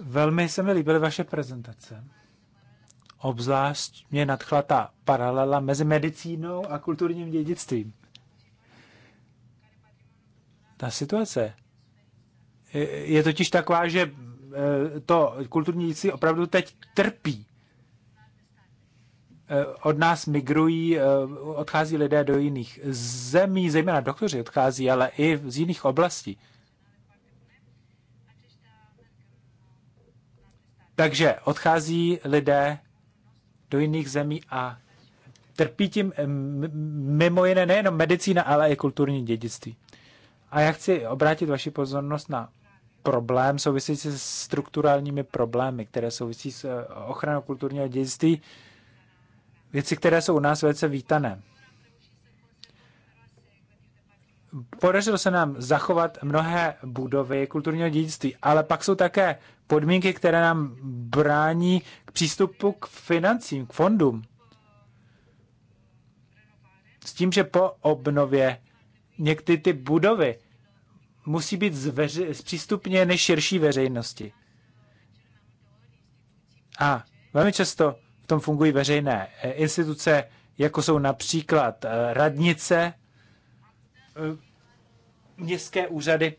Velmi se mi líbily vaše prezentace. Obzvlášť mě nadchla ta paralela mezi medicínou a kulturním dědictvím. Ta situace, Eh, je totiž taková, že eh, to kulturní dědictví opravdu teď trpí. Eh, od nás migrují, odchází lidé do jiných zemí, zejména doktoři odchází, ale i z jiných oblastí. Takže odchází lidé do jiných zemí a trpí tím mimo jiné nejenom medicína, ale i kulturní dědictví. A já chci obrátit vaši pozornost na problém související se strukturálními problémy, které souvisí s eh, ochranou kulturního dědictví, věci, které jsou u nás velice vítané. Podařilo se nám zachovat mnohé budovy kulturního dědictví, ale pak jsou také podmínky, které nám brání k přístupu k financím, k fondům. S tím, že po obnově někdy ty budovy musí být zveři- zpřístupněny širší veřejnosti. A velmi často v tom fungují veřejné eh, instituce, jako jsou například eh, radnice, eh, městské úřady.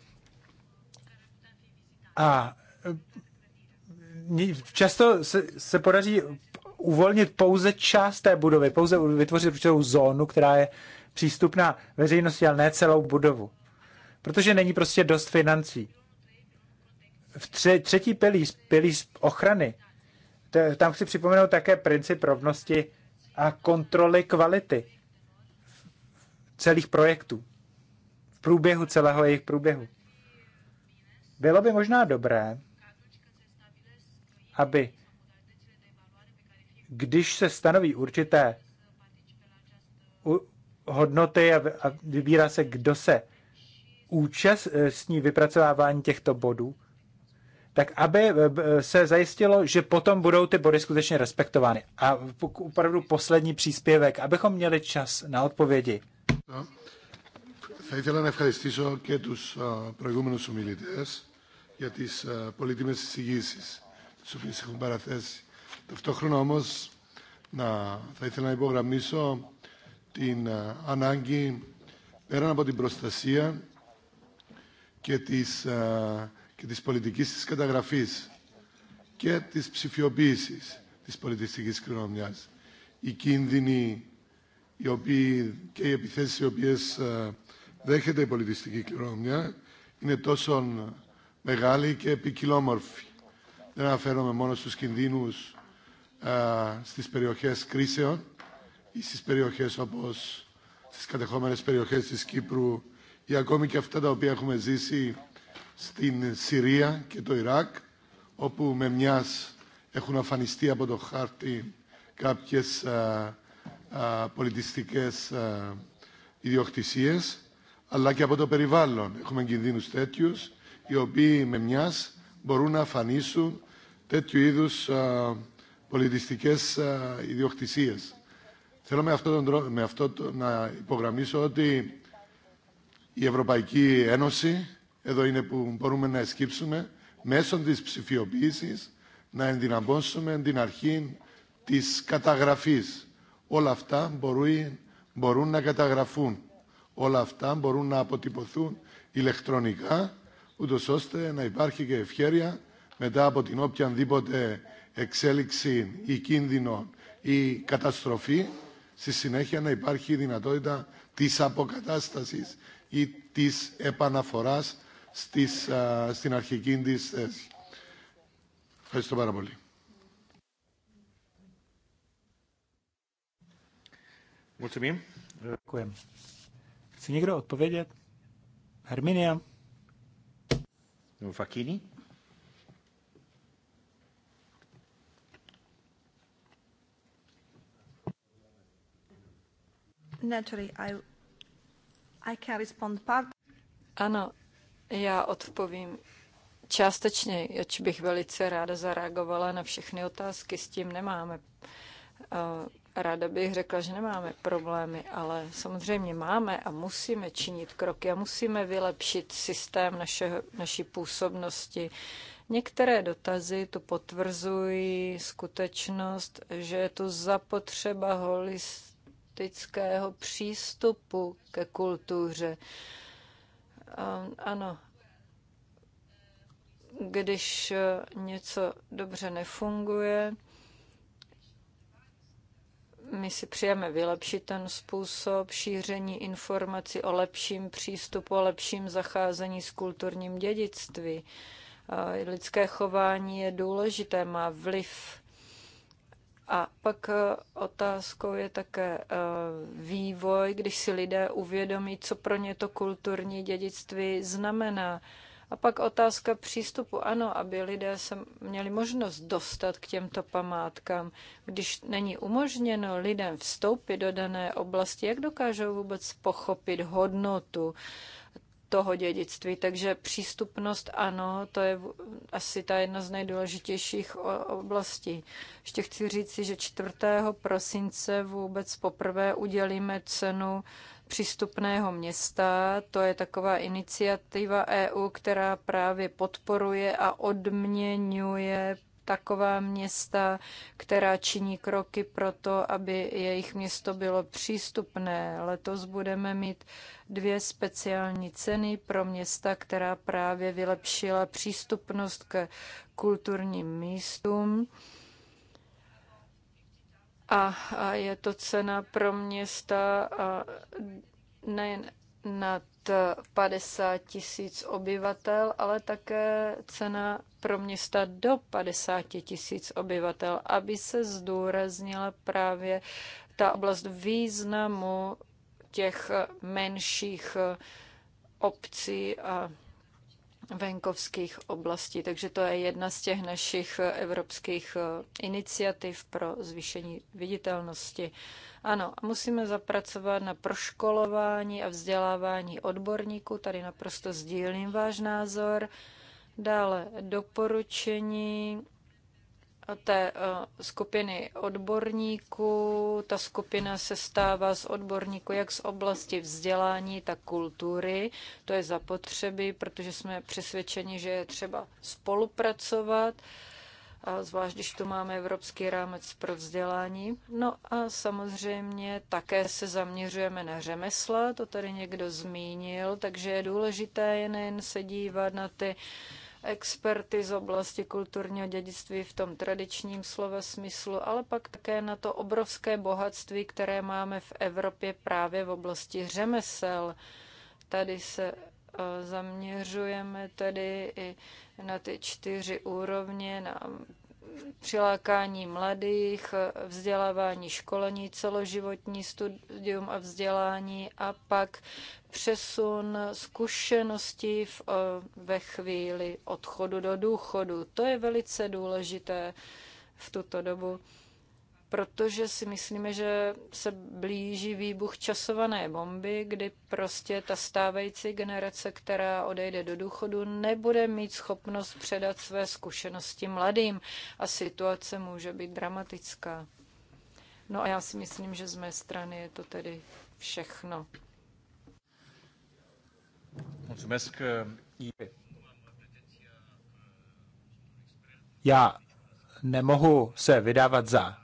A často se, se podaří uvolnit pouze část té budovy, pouze vytvořit určitou zónu, která je přístupná veřejnosti, ale ne celou budovu. Protože není prostě dost financí. V tře- třetí pilíř, pilíř ochrany, t- tam chci připomenout také princip rovnosti a kontroly kvality celých projektů v průběhu celého jejich průběhu. Bylo by možná dobré, aby když se stanoví určité hodnoty a vybírá se, kdo se účastní vypracovávání těchto bodů, tak aby eh, se zajistilo, že potom budou ty body skutečně respektovány. A opravdu poslední příspěvek, abychom měli čas na odpovědi. Θα ήθελα να ευχαριστήσω και τους προηγούμενους ομιλητές για τις πολύτιμες εισηγήσεις τις οποίες έχουν παραθέσει. Ταυτόχρονα όμως να, θα ήθελα να υπογραμμίσω την ανάγκη πέραν από την προστασία και της, και της πολιτικής της καταγραφής και της ψηφιοποίησης της πολιτιστικής κληρονομιάς. Οι κίνδυνοι οι οποίοι, και οι επιθέσεις οι οποίες δέχεται η πολιτιστική κληρονομιά είναι τόσο μεγάλοι και επικοινόμορφη. Δεν αναφέρομαι μόνο στους κινδύνους στις περιοχές κρίσεων, ή στις περιοχές όπως στις κατεχόμενες περιοχές της Κύπρου ή ακόμη και αυτά τα οποία έχουμε ζήσει στην Συρία και το Ιράκ όπου με μιας έχουν αφανιστεί από το χάρτη κάποιες α, α, πολιτιστικές α, ιδιοκτησίες αλλά και από το περιβάλλον. Έχουμε κινδύνους τέτοιου, οι οποίοι με μιας μπορούν να αφανίσουν τέτοιου είδους α, πολιτιστικές α, ιδιοκτησίες. Θέλω με αυτό, τον, με αυτό το, να υπογραμμίσω ότι η Ευρωπαϊκή Ένωση, εδώ είναι που μπορούμε να εσκύψουμε, μέσω της ψηφιοποίησης να ενδυναμώσουμε την αρχή της καταγραφής. Όλα αυτά μπορούν, μπορούν να καταγραφούν. Όλα αυτά μπορούν να αποτυπωθούν ηλεκτρονικά, ούτω ώστε να υπάρχει και ευχέρεια μετά από την οποιαδήποτε εξέλιξη ή κίνδυνο ή καταστροφή στη συνέχεια να υπάρχει η δυνατότητα της αποκατάστασης ή της επαναφοράς στις, α, στην αρχική της θέση. Ευχαριστώ πάρα πολύ. Mulțumim. Ευχαριστώ. Chce někdo odpovědět? Ano, já odpovím částečně, ač bych velice ráda zareagovala na všechny otázky, s tím nemáme. Eh, ráda bych řekla, že nemáme problémy, ale samozřejmě máme a musíme činit kroky a musíme vylepšit systém našeho, naší působnosti. Některé dotazy tu potvrzují skutečnost, že je tu zapotřeba holist autentického přístupu ke kultuře. Ano, když e, něco dobře nefunguje, my si přejeme vylepšit ten způsob šíření informací o lepším přístupu, o lepším zacházení s kulturním dědictví. Lidské chování je důležité, má vliv a pak eh, otázkou je také eh, vývoj, když si lidé uvědomí, co pro ně to kulturní dědictví znamená. A pak otázka přístupu. Ano, aby lidé se měli možnost dostat k těmto památkám. Když není umožněno lidem vstoupit do dané oblasti, jak dokážou vůbec pochopit hodnotu toho dědictví. Takže přístupnost, ano, to je asi ta jedna z nejdůležitějších oblastí. Ještě chci říci, že 4. prosince vůbec poprvé udělíme cenu přístupného města. To je taková iniciativa EU, která právě podporuje a odměňuje taková města, která činí kroky pro to, aby jejich město bylo přístupné. Letos budeme mít dvě speciální ceny pro města, která právě vylepšila přístupnost k kulturním místům. A, je to cena pro města nejen na 50 tisíc obyvatel, ale také cena pro města do 50 tisíc obyvatel, aby se zdůraznila právě ta oblast významu těch menších obcí a venkovských oblastí. Takže to je jedna z těch našich eh, evropských eh, iniciativ pro zvýšení viditelnosti. Ano, musíme zapracovat na proškolování a vzdělávání odborníků. Tady naprosto sdílím váš názor. Dále doporučení té eh, skupiny odborníků. Ta skupina se stává z odborníků jak z oblasti vzdělání, tak kultury. To je zapotřebí, protože jsme přesvědčeni, že je třeba spolupracovat, a zvlášť když tu máme Evropský rámec pro vzdělání. No a samozřejmě také se zaměřujeme na řemesla, to tady někdo zmínil, takže je důležité jen se dívat na ty uh, experty z oblasti kulturního dědictví v tom tradičním slova smyslu, ale pak také na to obrovské bohatství, které máme v Evropě právě v oblasti řemesel. Tady se eh, zaměřujeme tedy i na ty čtyři úrovně, na přilákání mladých, vzdělávání školení, celoživotní studium a vzdělání a pak přesun zkušeností v, ve chvíli odchodu do důchodu. To je velice důležité v tuto dobu protože si myslíme, že se blíží výbuch časované bomby, kdy prostě ta stávající generace, která odejde do důchodu, nebude mít schopnost předat své zkušenosti mladým a situace může být dramatická. No a já si myslím, že z mé strany je to tedy všechno. Eh, já nemohu se vydávat za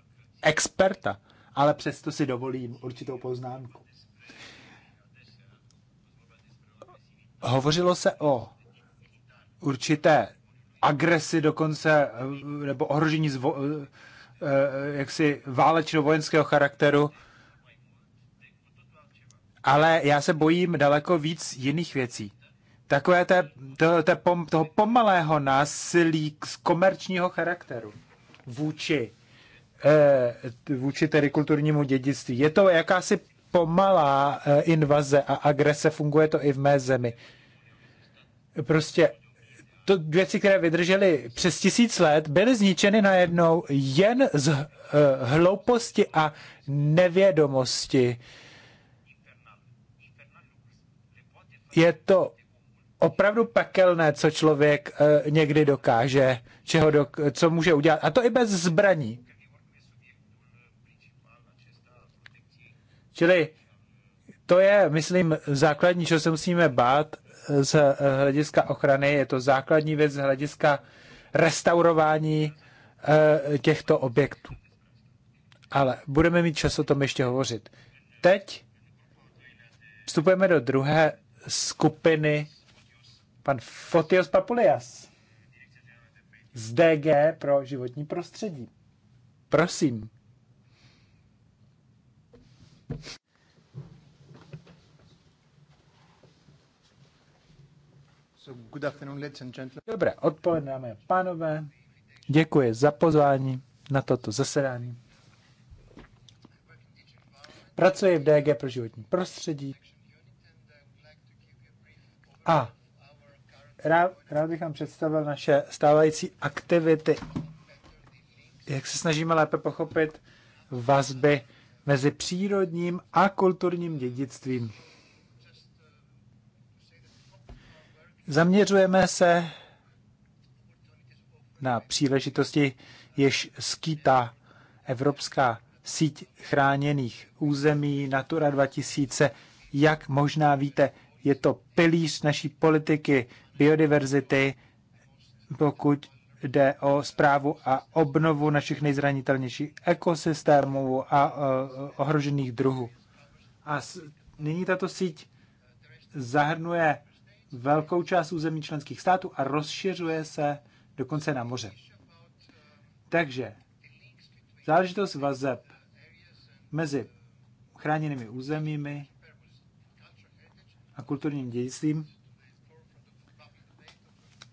experta, ale přesto si dovolím určitou poznámku. Hovořilo se o určité agresi dokonce, nebo ohrožení zvo, eh, eh, jaksi válečného vojenského charakteru, ale já se bojím daleko víc jiných věcí. Takové té, to, té pom, toho pomalého násilí z komerčního charakteru vůči Eh, vůči tedy kulturnímu dědictví. Je to jakási pomalá eh, invaze a agrese, funguje to i v mé zemi. Prostě to věci, které vydržely přes tisíc let, byly zničeny najednou jen z eh, hlouposti a nevědomosti. Je to opravdu pekelné, co člověk někdy dokáže, čeho dok- co může udělat. A to i bez zbraní. Čili to je, myslím, základní, co se musíme bát z hlediska ochrany. Je to základní věc z hlediska restaurování eh, těchto objektů. Ale budeme mít čas o tom ještě hovořit. Teď vstupujeme do druhé skupiny. Pan Fotios Papulias z DG pro životní prostředí. Prosím. Dobré odpoledne, dámy a pánové. Děkuji za pozvání na toto zasedání. Pracuji v DG pro životní prostředí a rád, rád bych vám představil naše stávající aktivity, jak se snažíme lépe pochopit vazby mezi přírodním a kulturním dědictvím. Zaměřujeme se na příležitosti, jež skýtá Evropská síť chráněných území Natura 2000. Jak možná víte, je to pilíř naší politiky biodiverzity, pokud jde o zprávu a obnovu našich nejzranitelnějších ekosystémů a e, ohrožených druhů. A nyní tato síť zahrnuje velkou část území členských států a rozšiřuje se dokonce na moře. Takže záležitost vazeb mezi chráněnými územími a kulturním dědictvím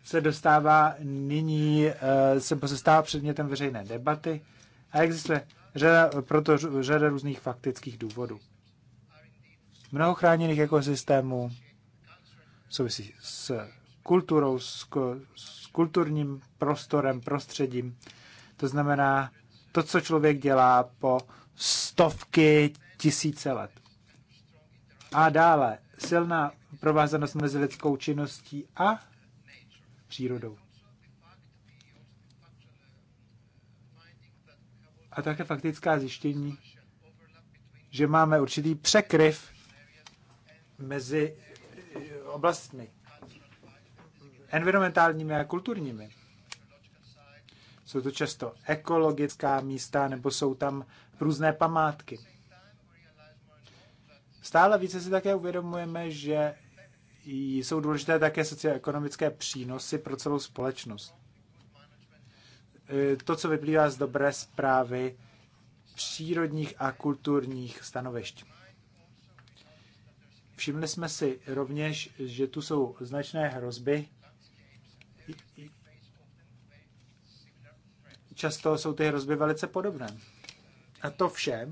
se dostává nyní, eh, se stává předmětem veřejné debaty a existuje řada, proto řada různých faktických důvodů. Mnoho chráněných ekosystémů souvisí s kulturou, s, s kulturním prostorem, prostředím. To znamená to, co člověk dělá po stovky tisíce let. A dále silná provázanost mezi lidskou činností a přírodou. A také faktická zjištění, že máme určitý překryv mezi eh, oblastmi environmentálními a kulturními. Jsou to často ekologická místa nebo jsou tam různé památky. Stále více si také uvědomujeme, že jsou důležité také socioekonomické přínosy pro celou společnost. E, to, co vyplývá z dobré zprávy přírodních a kulturních stanovišť. Všimli jsme si rovněž, že tu jsou značné hrozby. Často jsou ty hrozby velice podobné. A to vše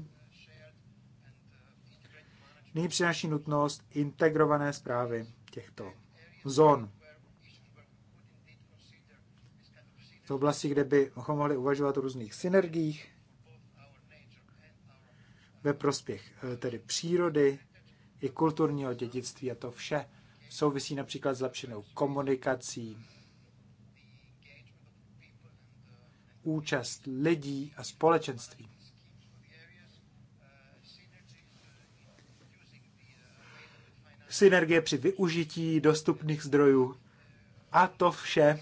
nyní přináší nutnost integrované zprávy těchto zón. V oblasti, kde bychom mohli uvažovat o různých synergiích ve prospěch eh, tedy přírody i kulturního dědictví a to vše souvisí například s zlepšenou komunikací, účast lidí a společenství. synergie při využití dostupných zdrojů a to vše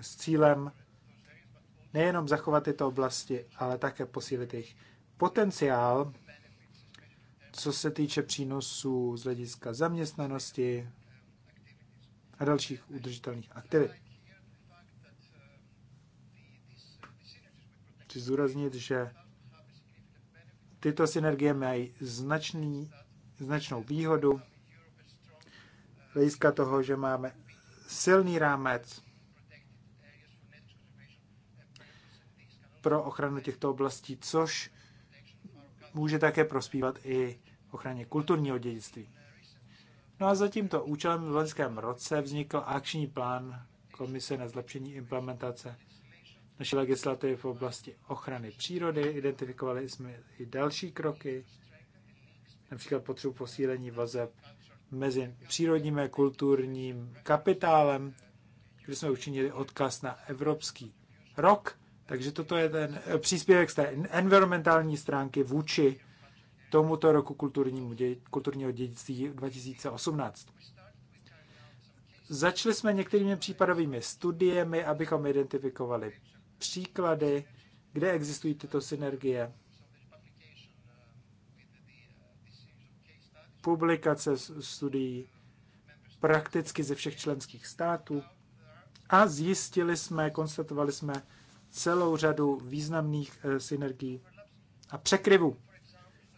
s cílem nejenom zachovat tyto oblasti, ale také posílit jejich potenciál, co se týče přínosů z hlediska zaměstnanosti a dalších udržitelných aktivit. Chci zúraznit, že Tyto synergie mají značný, značnou výhodu hlediska toho, že máme silný rámec pro ochranu těchto oblastí, což může také prospívat i ochraně kulturního dědictví. No a za tímto účelem v loňském roce vznikl akční plán Komise na zlepšení implementace naší legislativy v oblasti ochrany přírody. Identifikovali jsme i další kroky, například potřebu posílení vazeb mezi přírodním a kulturním kapitálem, kde jsme učinili odkaz na Evropský rok. Takže toto je ten příspěvek z té environmentální stránky vůči tomuto roku kulturnímu, kulturního dědictví 2018. Začali jsme některými případovými studiemi, abychom identifikovali příklady, kde existují tyto synergie. Publikace studií prakticky ze všech členských států a zjistili jsme, konstatovali jsme celou řadu významných eh, synergií a překryvů.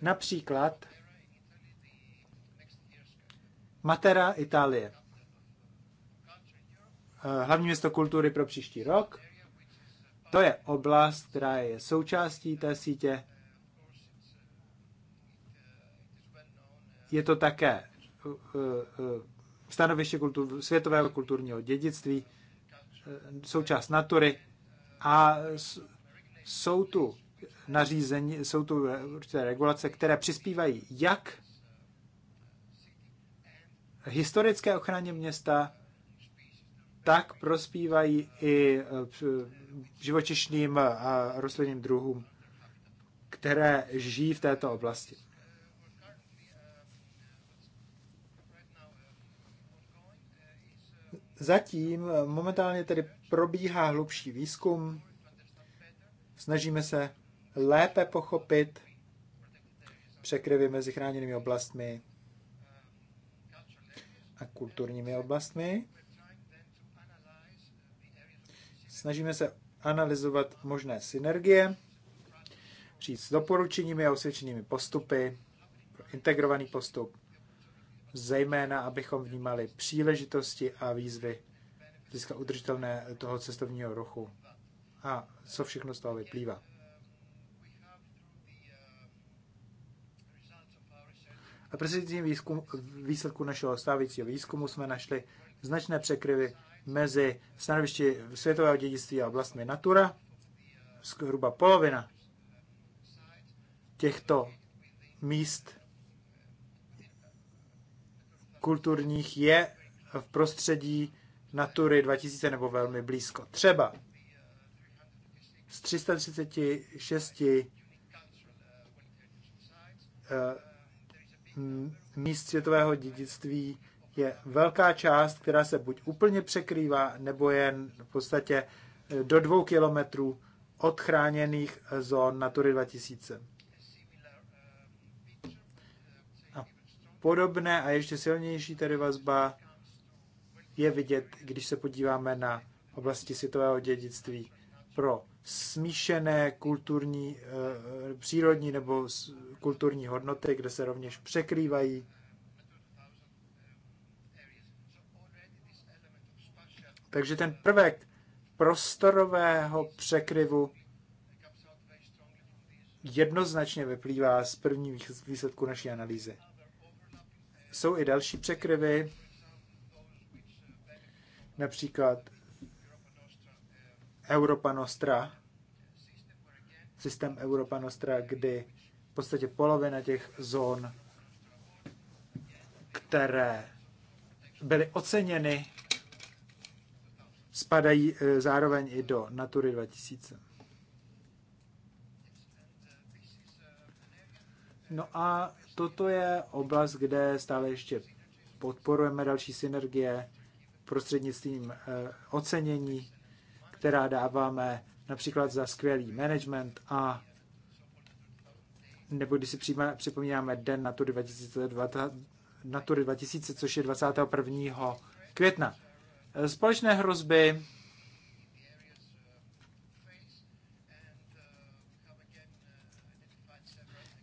Například Matera Itálie. Eh, hlavní město kultury pro příští rok. To je oblast, která je součástí té sítě. Je to také uh, uh, stanoviště kultur, světového kulturního dědictví, uh, součást natury a jsou tu nařízení, jsou tu eh, určité regulace, které přispívají jak historické ochraně města, tak prospívají i eh, živočišným a rostlinným druhům, které žijí v této oblasti. Zatím eh, momentálně tedy probíhá hlubší výzkum. Snažíme se lépe pochopit překryvy mezi chráněnými oblastmi a kulturními oblastmi. Snažíme se analyzovat možné synergie, přijít s doporučeními a osvědčenými postupy pro integrovaný postup, zejména abychom vnímali příležitosti a výzvy získa udržitelné toho cestovního ruchu a co všechno z toho vyplývá. A prostřednictvím výzkum, výsledku našeho stávajícího výzkumu jsme našli značné překryvy mezi stanovišti světového dědictví a oblastmi Natura. Zhruba polovina těchto míst kulturních je v prostředí Natury 2000 nebo velmi blízko. Třeba z 336 eh, míst světového dědictví je velká část, která se buď úplně překrývá, nebo je v podstatě eh, do dvou kilometrů od chráněných eh, zón Natury 2000. A podobné a ještě silnější tedy vazba je vidět, když se podíváme na oblasti světového dědictví pro smíšené kulturní, eh, přírodní nebo kulturní hodnoty, kde se rovněž překrývají Takže ten prvek prostorového překryvu jednoznačně vyplývá z prvních výsledků naší analýzy. Jsou i další překryvy, například Europa Nostra, systém Europa Nostra, kdy v podstatě polovina těch zón, které byly oceněny spadají eh, zároveň i do Natury 2000. No a toto je oblast, kde stále ještě podporujeme další synergie prostřednictvím eh, ocenění, která dáváme například za skvělý management a nebo když si připomínáme Den Natury 2020, Natury 2000, což je 21. května. Společné hrozby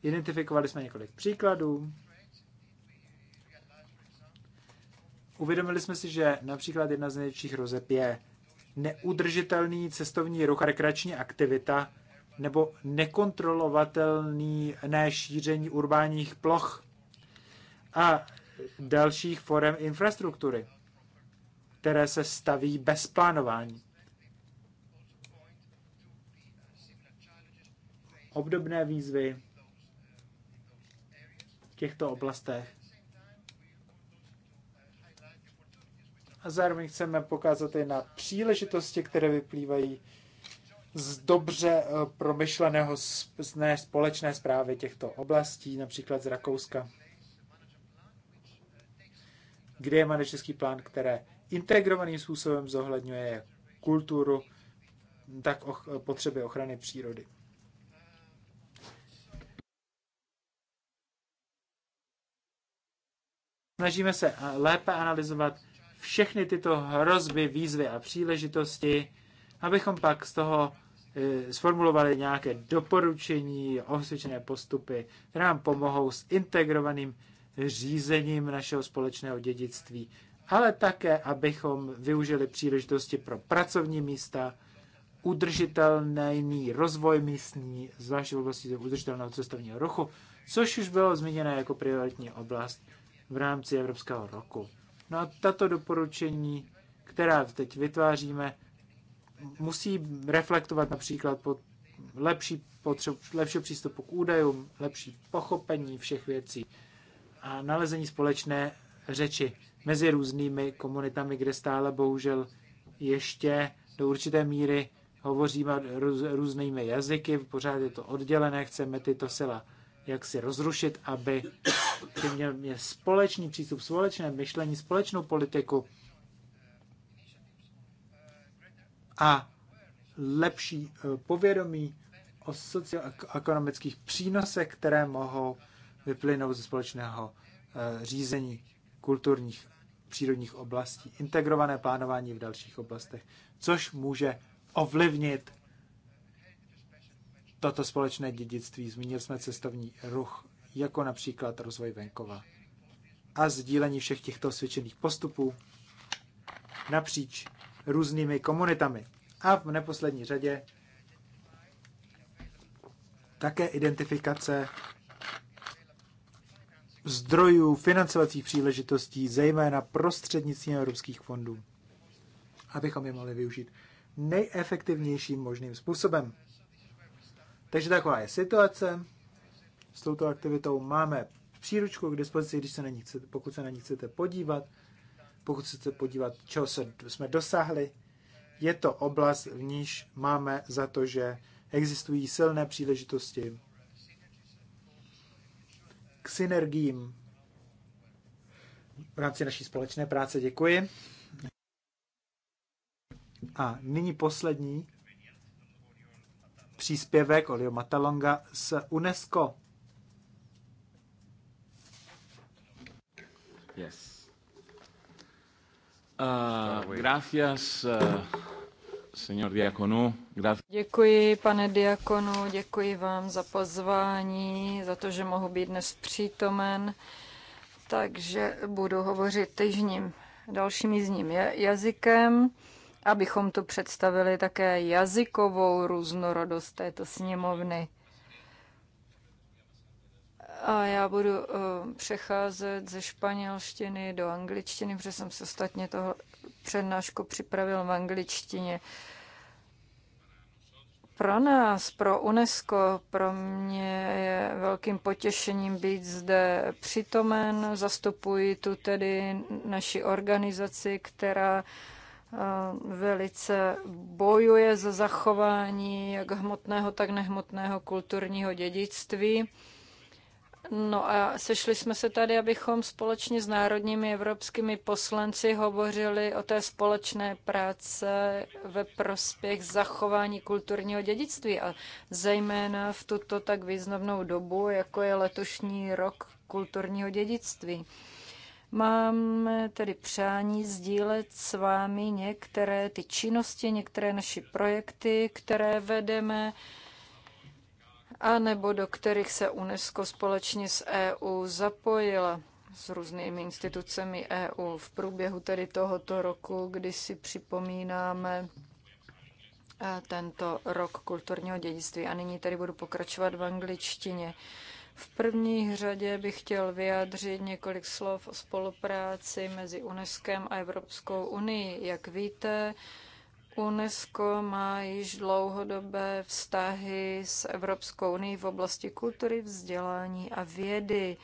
Identifikovali jsme několik příkladů. Uvědomili jsme si, že například jedna z největších hrozeb je neudržitelný cestovní ruch a rekreační aktivita nebo nekontrolovatelný nešíření urbánních ploch a dalších forem infrastruktury které se staví bez plánování. Obdobné výzvy v těchto oblastech. A zároveň chceme pokázat i na příležitosti, které vyplývají z dobře eh, promyšleného společné zprávy těchto oblastí, například z Rakouska, kde je manažerský plán, které, integrovaným způsobem zohledňuje jak kulturu, tak och- potřeby ochrany přírody. Snažíme se lépe analyzovat všechny tyto hrozby, výzvy a příležitosti, abychom pak z toho eh, sformulovali nějaké doporučení, osvědčené postupy, které nám pomohou s integrovaným řízením našeho společného dědictví ale také, abychom využili příležitosti pro pracovní místa, udržitelný rozvoj místní, zvláště v oblasti udržitelného cestovního ruchu, což už bylo zmíněno jako prioritní oblast v rámci Evropského roku. No a tato doporučení, která teď vytváříme, musí reflektovat například pod lepší potřebu, lepší přístupu k údajům, lepší pochopení všech věcí a nalezení společné řeči mezi různými komunitami, kde stále bohužel ještě do určité míry hovoříme růz, různými jazyky, pořád je to oddělené, chceme tyto sila jak si rozrušit, aby měl mě společný přístup, společné myšlení, společnou politiku a lepší eh, povědomí o socioekonomických přínosech, které mohou vyplynout ze společného eh, řízení kulturních přírodních oblastí, integrované plánování v dalších oblastech, což může ovlivnit toto společné dědictví. Zmínili jsme cestovní ruch, jako například rozvoj venkova a sdílení všech těchto osvědčených postupů napříč různými komunitami. A v neposlední řadě také identifikace zdrojů, financovacích příležitostí, zejména prostřednictvím evropských fondů, abychom je mohli využít nejefektivnějším možným způsobem. Takže taková je situace. S touto aktivitou máme příručku k dispozici, když se na ní chcete, pokud se na ní chcete podívat, pokud chcete podívat, čeho se, jsme dosáhli. Je to oblast, v níž máme za to, že existují silné příležitosti k synergiím v rámci naší společné práce. Děkuji. A nyní poslední příspěvek Olio Matalonga z UNESCO. Yes. Uh, gracias. Uh señor Diakonu. Děkuji, pane Diakonu, děkuji vám za pozvání, za to, že mohu být dnes přítomen. Takže budu hovořit jižním, dalším jízdním jazykem, abychom tu představili také jazykovou různorodost této sněmovny. A já budu uh, přecházet ze španělštiny do angličtiny, protože jsem se ostatně toho přednášku připravil v angličtině. Pro nás, pro UNESCO, pro mě je velkým potěšením být zde přitomen. Zastupuji tu tedy naši organizaci, která eh, velice bojuje za zachování jak hmotného, tak nehmotného kulturního dědictví. No a sešli jsme se tady, abychom společně s národními evropskými poslanci hovořili o té společné práce ve prospěch zachování kulturního dědictví a zejména v tuto tak významnou dobu, jako je letošní rok kulturního dědictví. Mám tedy přání sdílet s vámi některé ty činnosti, některé naše projekty, které vedeme, a nebo do kterých se UNESCO společně s EU zapojila s různými institucemi EU v průběhu tedy tohoto roku, kdy si připomínáme eh, tento rok kulturního dědictví. A nyní tedy budu pokračovat v angličtině. V první řadě bych chtěl vyjádřit několik slov o spolupráci mezi UNESCO a Evropskou unii. Jak víte, UNESCO má již dlouhodobé vztahy s Evropskou unii v oblasti kultury, vzdělání a vědy.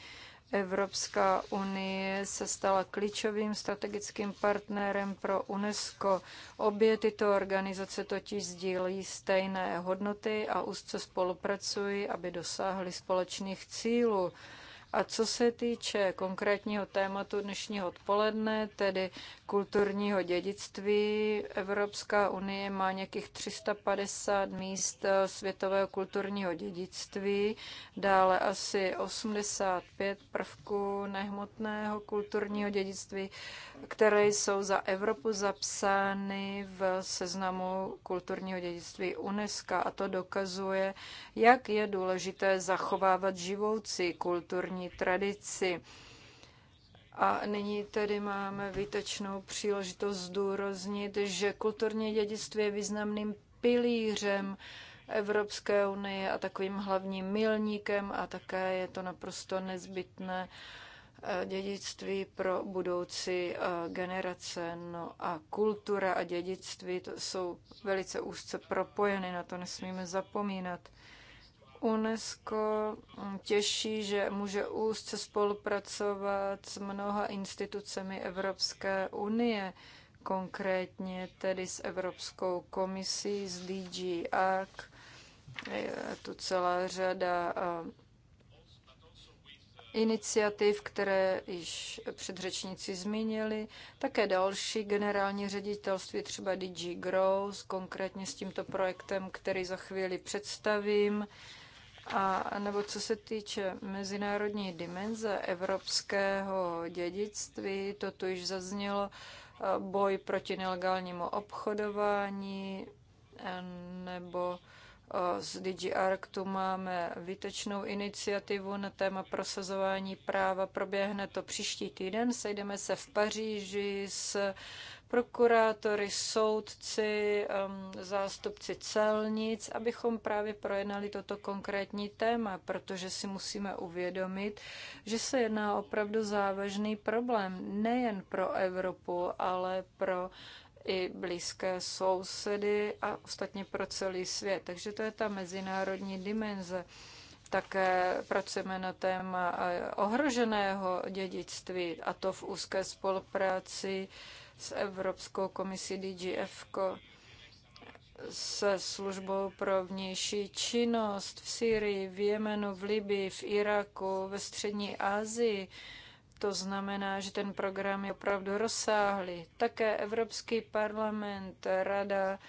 Evropská unie se stala klíčovým strategickým partnerem pro UNESCO. Obě tyto organizace totiž sdílí stejné hodnoty a úzce spolupracují, aby dosáhly společných cílů. A co se týče konkrétního tématu dnešního odpoledne, tedy kulturního dědictví, Evropská unie má nějakých 350 míst světového kulturního dědictví, dále asi 85 prvků nehmotného kulturního dědictví, které jsou za Evropu zapsány v seznamu kulturního dědictví UNESCO. A to dokazuje, jak je důležité zachovávat živoucí kulturní kulturní tradici. A nyní tedy máme výtečnou příležitost zdůraznit, že kulturní dědictví je významným pilířem Evropské unie a takovým hlavním milníkem a také je to naprosto nezbytné eh, dědictví pro budoucí eh, generace. No a kultura a dědictví to jsou velice úzce propojeny, na to nesmíme zapomínat. UNESCO těší, že může úzce spolupracovat s mnoha institucemi Evropské unie, konkrétně tedy s Evropskou komisí, s DG AC, je tu celá řada iniciativ, které již předřečníci zmínili, také další generální ředitelství, třeba DG Growth, konkrétně s tímto projektem, který za chvíli představím, a nebo co se týče mezinárodní dimenze evropského dědictví, to tu již zaznělo, e, boj proti nelegálnímu obchodování e, nebo z e, DG Arctu máme výtečnou iniciativu na téma prosazování práva. Proběhne to příští týden. Sejdeme se v Paříži s prokurátory, soudci, zástupci celnic, abychom právě projednali toto konkrétní téma, protože si musíme uvědomit, že se jedná opravdu závažný problém nejen pro Evropu, ale pro i blízké sousedy a ostatně pro celý svět. Takže to je ta mezinárodní dimenze. Také pracujeme na téma eh, ohroženého dědictví, a to v úzké spolupráci s Evropskou komisí DGF, se službou pro vnější činnost v Syrii, v Jemenu, v Libii, v Iraku, ve střední Asii. To znamená, že ten program je opravdu rozsáhlý. Také Evropský parlament, Rada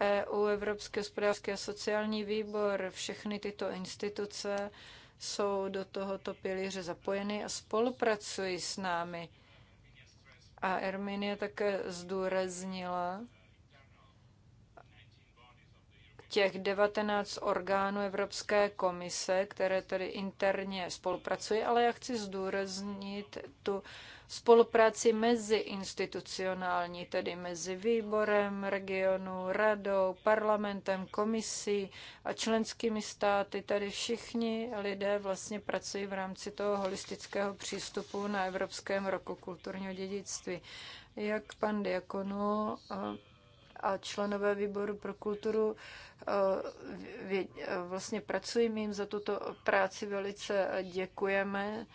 EU, Evropský hospodářský a sociální výbor, všechny tyto instituce jsou do tohoto pilíře zapojeny a spolupracují s námi. A Erminie také zdůraznila těch 19 orgánů Evropské komise, které tedy interně spolupracují, ale já chci zdůraznit tu spolupráci meziinstitucionální, tedy mezi výborem regionu, radou, parlamentem, komisí a členskými státy. Tady všichni lidé vlastně pracují v rámci toho holistického přístupu na Evropském roku kulturního dědictví. Jak pan Diakonu eh, a členové výboru pro kulturu eh, eh, vlastně pracují, my jim za tuto práci velice děkujeme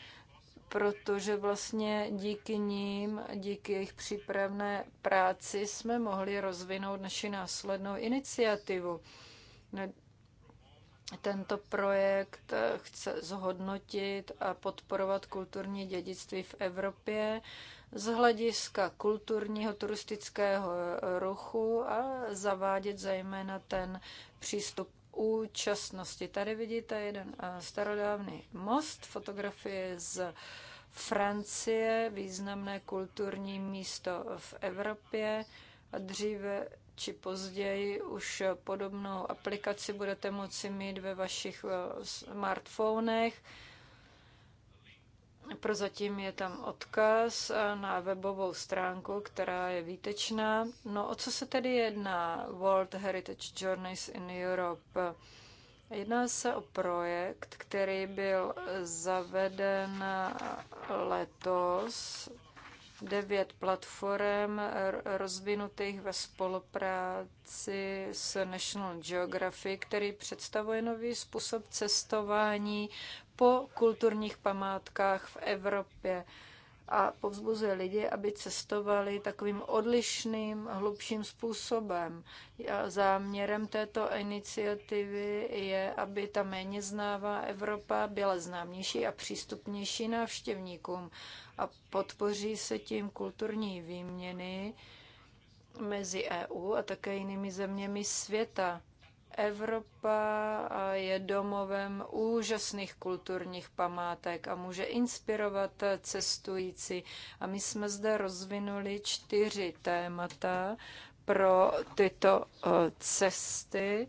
protože vlastně díky ním, díky jejich přípravné práci jsme mohli rozvinout naši následnou iniciativu. Tento projekt eh, chce zhodnotit a podporovat kulturní dědictví v Evropě z hlediska kulturního turistického eh, ruchu a zavádět zejména ten přístup účastnosti. Tady vidíte jeden eh, starodávný most, fotografie z Francie, významné kulturní místo v Evropě a dříve či později už podobnou aplikaci budete moci mít ve vašich eh, smartfonech Prozatím je tam odkaz eh, na webovou stránku, která je výtečná. No o co se tedy jedná World Heritage Journeys in Europe? Jedná se o projekt, který byl zaveden letos. Devět platform rozvinutých ve spolupráci s National Geographic, který představuje nový způsob cestování po kulturních památkách v Evropě a povzbuzuje lidi, aby cestovali takovým odlišným, hlubším způsobem. A záměrem této iniciativy je, aby ta méně známá Evropa byla známější a přístupnější návštěvníkům a podpoří se tím kulturní výměny mezi EU a také jinými zeměmi světa. Evropa je domovem úžasných kulturních památek a může inspirovat cestující. A my jsme zde rozvinuli čtyři témata pro tyto eh, cesty.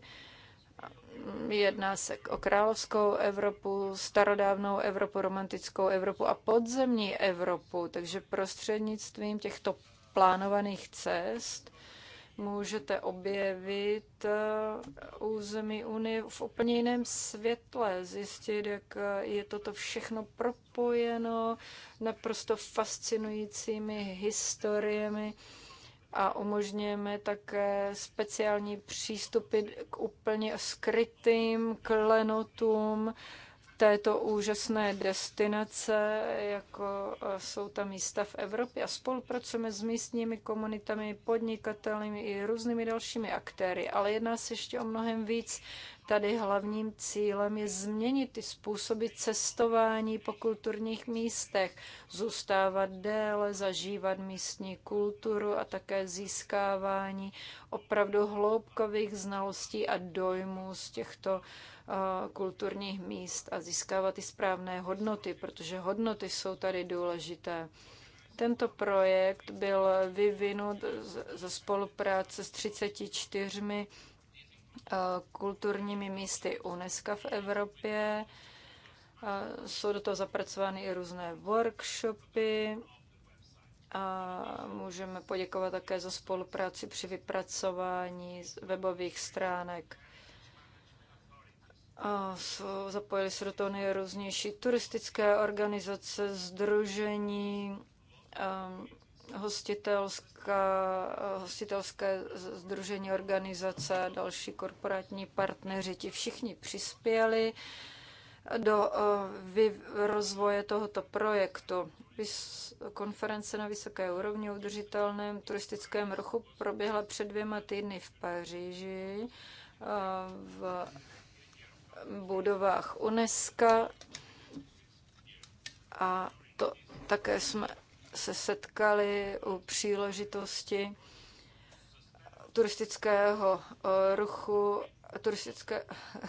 Jedná se o královskou Evropu, starodávnou Evropu, romantickou Evropu a podzemní Evropu. Takže prostřednictvím těchto plánovaných cest můžete objevit eh, území Unie v úplně jiném světle, zjistit, jak je toto všechno propojeno naprosto fascinujícími historiemi a umožňujeme také speciální přístupy k úplně skrytým klenotům, této úžasné destinace, jako e, jsou tam místa v Evropě. A spolupracujeme s místními komunitami, podnikateli i různými dalšími aktéry. Ale jedná se ještě o mnohem víc. Tady hlavním cílem je změnit ty způsoby cestování po kulturních místech, zůstávat déle, zažívat místní kulturu a také získávání opravdu hloubkových znalostí a dojmů z těchto uh, kulturních míst a získávat i správné hodnoty, protože hodnoty jsou tady důležité. Tento projekt byl vyvinut za spolupráce s 34 Eh, kulturními místy UNESCO v Evropě. Eh, jsou do toho zapracovány i různé workshopy. A můžeme poděkovat také za spolupráci při vypracování webových stránek. A zapojili se do toho nejrůznější turistické organizace, združení, ehm, hostitelská, hostitelské združení organizace další korporátní partneři, ti všichni přispěli do eh, rozvoje tohoto projektu. Konference na vysoké úrovni o udržitelném turistickém ruchu proběhla před dvěma týdny v Paříži eh, v budovách UNESCO a to také jsme se setkali u příležitosti turistického eh, ruchu, turistické,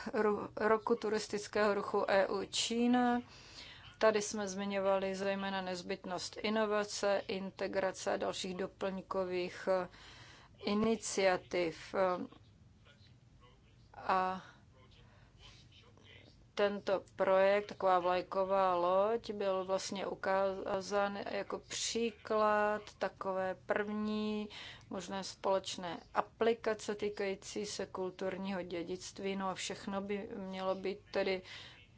roku turistického ruchu EU Čína. Tady jsme zmiňovali zejména nezbytnost inovace, integrace a dalších doplňkových eh, iniciativ. Eh, a tento projekt, taková vlajková loď, byl vlastně ukázán jako příklad takové první možné společné aplikace týkající se kulturního dědictví. No a všechno by mělo být tedy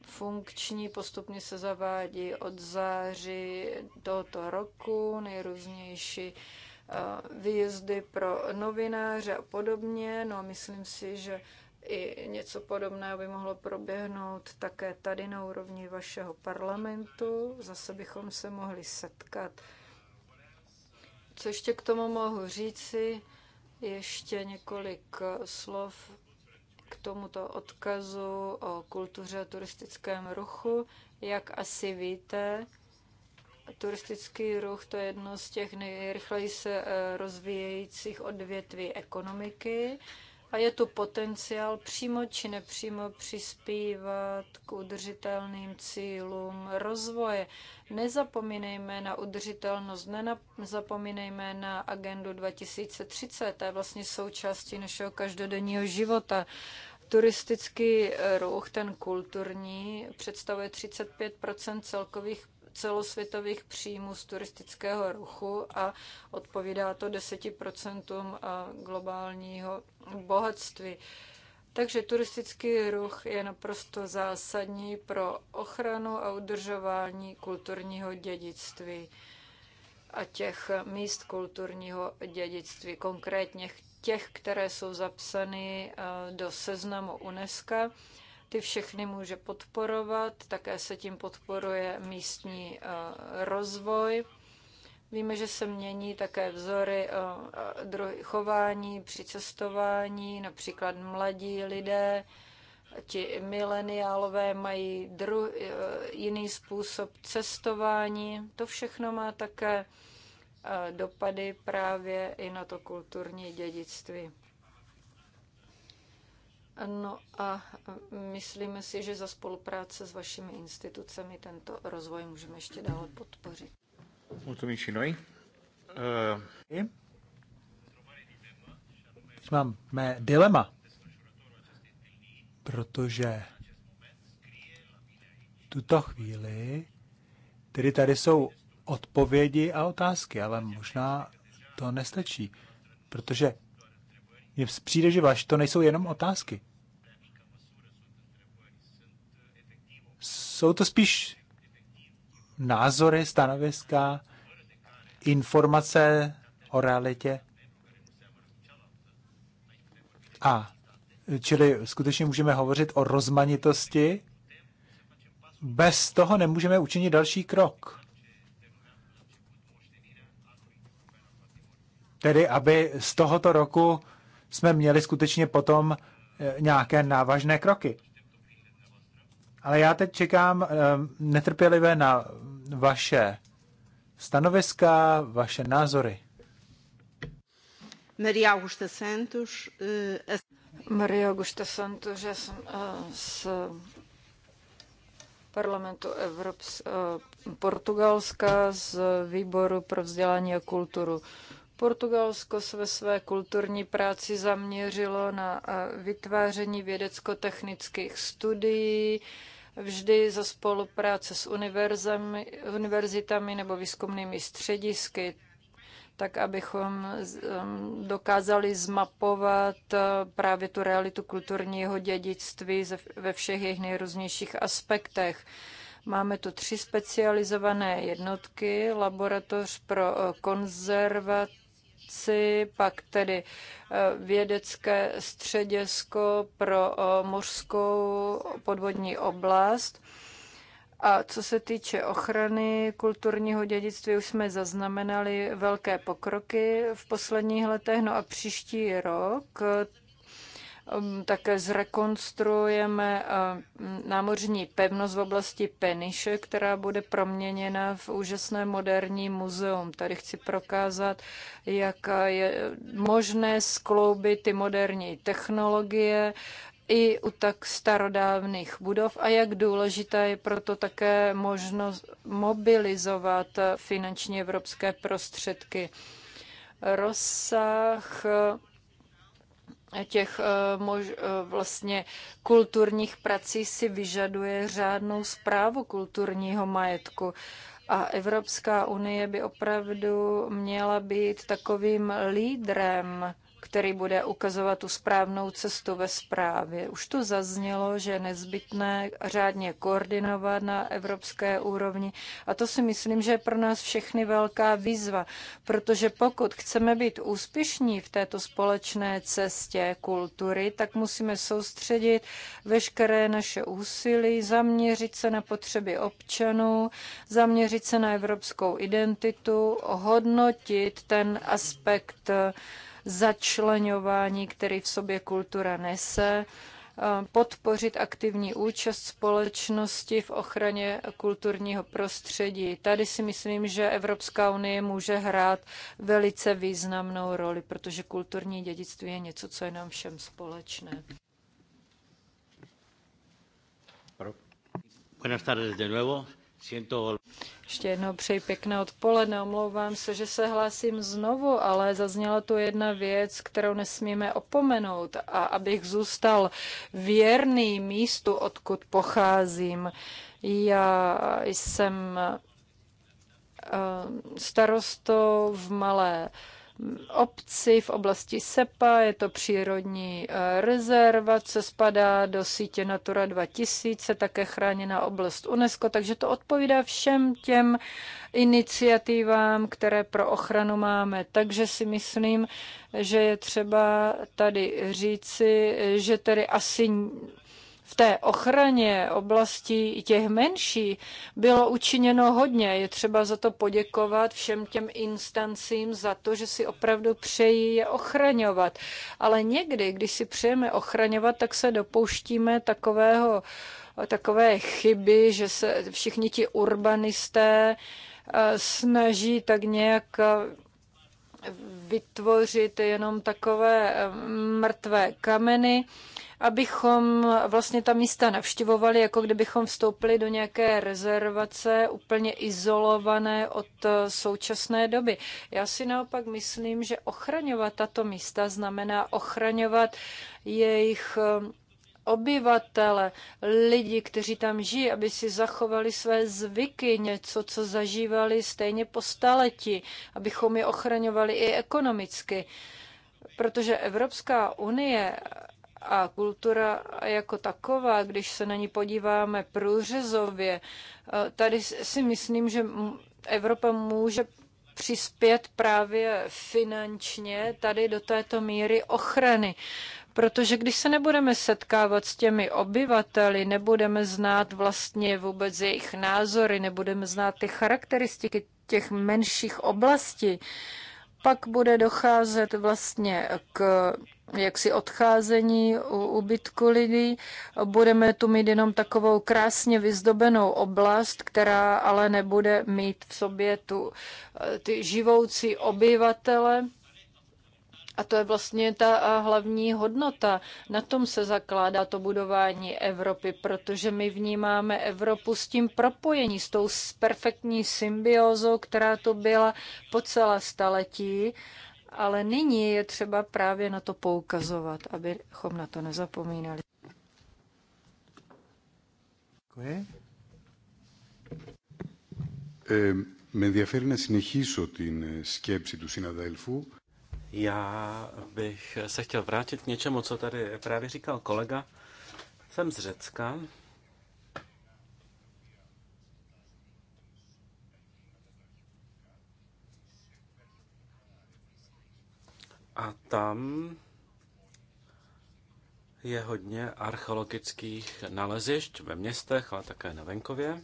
funkční, postupně se zavádí od září tohoto roku, nejrůznější eh, výjezdy pro novináře a podobně. No a myslím si, že i něco podobného by mohlo proběhnout také tady na úrovni vašeho parlamentu. Zase bychom se mohli setkat. Co ještě k tomu mohu říci? Ještě několik slov k tomuto odkazu o kultuře a turistickém ruchu. Jak asi víte, turistický ruch to je jedno z těch nejrychleji se eh, rozvíjejících odvětví ekonomiky a je tu potenciál přímo či nepřímo přispívat k udržitelným cílům rozvoje. Nezapomínejme na udržitelnost, nezapomínejme na agendu 2030, to je vlastně součástí našeho každodenního života. Turistický ruch, ten kulturní, představuje 35 celkových celosvětových příjmů z turistického ruchu a odpovídá to 10% globálního bohatství. Takže turistický ruch je naprosto zásadní pro ochranu a udržování kulturního dědictví a těch míst kulturního dědictví, konkrétně těch, které jsou zapsány do seznamu UNESCO ty všechny může podporovat, také se tím podporuje místní eh, rozvoj. Víme, že se mění také vzory eh, chování při cestování, například mladí lidé, ti mileniálové mají dru, eh, jiný způsob cestování. To všechno má také dopady právě i na to kulturní dědictví. No a e, myslíme si, že za spolupráce s vašimi institucemi tento rozvoj můžeme ještě dále podpořit. Mulțumim noi. Uh... Mám mé dilema, protože tuto chvíli tedy tady jsou odpovědi a otázky, ale možná to nestačí, protože je přijde, že vaš to nejsou jenom otázky. Jsou to spíš názory, stanoviska, informace o realitě. A čili skutečně můžeme hovořit o rozmanitosti. Bez toho nemůžeme učinit další krok. Tedy, aby z tohoto roku jsme měli skutečně potom eh, nějaké návažné kroky. Ale já teď čekám eh, netrpělivě na vaše stanoviska, vaše názory. Maria Augusta Santos. Eh, Maria Augusta Santos, já jsem z parlamentu Evropské Portugalska z výboru pro vzdělání a kulturu. Portugalsko se ve své kulturní práci zaměřilo na eh, vytváření vědecko-technických studií, vždy za spolupráce s univerzitami nebo výzkumnými středisky, tak abychom dokázali zmapovat eh, právě tu realitu kulturního dědictví ve všech jejich nejrůznějších aspektech. Máme tu tři specializované jednotky, laboratoř pro eh, konzervat vědci, pak tedy eh, vědecké středisko pro eh, mořskou podvodní oblast. A co se týče ochrany kulturního dědictví, už jsme zaznamenali velké pokroky v posledních letech. No a příští rok Ehm, také zrekonstruujeme ehm, námořní pevnost v oblasti Peniše, která bude proměněna v úžasné moderní muzeum. Tady chci prokázat, jak je možné skloubit ty moderní technologie, i u tak starodávných budov a jak důležité je proto také možnost mobilizovat finanční evropské prostředky. Rozsah těch eh, mož, eh, vlastně kulturních prací si vyžaduje řádnou zprávu kulturního majetku. A Evropská unie by opravdu měla být takovým lídrem který bude ukazovat tu správnou cestu ve správě. Už to zaznělo, že je nezbytné řádně koordinovat na evropské úrovni a to si myslím, že je pro nás všechny velká výzva, protože pokud chceme být úspěšní v této společné cestě kultury, tak musíme soustředit veškeré naše úsilí, zaměřit se na potřeby občanů, zaměřit se na evropskou identitu, hodnotit ten aspekt začlenování, který v sobě kultura nese, podpořit aktivní účast společnosti v ochraně kulturního prostředí. Tady si myslím, že Evropská unie může hrát velice významnou roli, protože kulturní dědictví je něco, co je nám všem společné. Buenas tardes de nuevo. Ještě jednou přeji pěkné odpoledne. Omlouvám se, že se hlásím znovu, ale zazněla tu jedna věc, kterou nesmíme opomenout. A abych zůstal věrný místu, odkud pocházím. Já jsem eh, starostou v malé obci v oblasti SEPA, je to přírodní eh, rezervace, spadá do sítě Natura 2000, také chráněná oblast UNESCO, takže to odpovídá všem těm iniciativám, které pro ochranu máme. Takže si myslím, že je třeba tady říci, že tedy asi v té ochraně oblasti těch menší bylo učiněno hodně. Je třeba za to poděkovat všem těm instancím za to, že si opravdu přejí je ochraňovat. Ale někdy, když si přejeme ochraňovat, tak se dopouštíme takového, takové chyby, že se všichni ti urbanisté eh, snaží tak nějak eh, vytvořit jenom takové eh, mrtvé kameny abychom vlastně ta místa navštěvovali, jako kdybychom vstoupili do nějaké rezervace úplně izolované od eh, současné doby. Já si naopak myslím, že ochraňovat tato místa znamená ochraňovat jejich eh, obyvatele, lidi, kteří tam žijí, aby si zachovali své zvyky, něco, co zažívali stejně po staletí, abychom je ochraňovali i ekonomicky. Protože Evropská unie a kultura jako taková, když se na ní podíváme průřezově, eh, tady si myslím, že Evropa může přispět právě finančně tady do této míry ochrany. Protože když se nebudeme setkávat s těmi obyvateli, nebudeme znát vlastně vůbec jejich názory, nebudeme znát ty charakteristiky těch menších oblastí, pak bude docházet vlastně k jaksi odcházení, ubytku lidí. Budeme tu mít jenom takovou krásně vyzdobenou oblast, která ale nebude mít v sobě tu, eh, ty živoucí obyvatele. A to je vlastně ta eh, hlavní hodnota. Na tom se zakládá to budování Evropy, protože my vnímáme Evropu s tím propojení, s tou perfektní symbiózou, která to byla po celá staletí ale nyní je třeba právě na to poukazovat, abychom na to nezapomínali. Děkuji. με ενδιαφέρει να συνεχίσω την σκέψη του συναδέλφου. Já bych se chtěl vrátit k něčemu, co tady právě říkal kolega. Jsem z Řecka A tam je hodně archeologických nalezišť ve městech, ale také na venkově.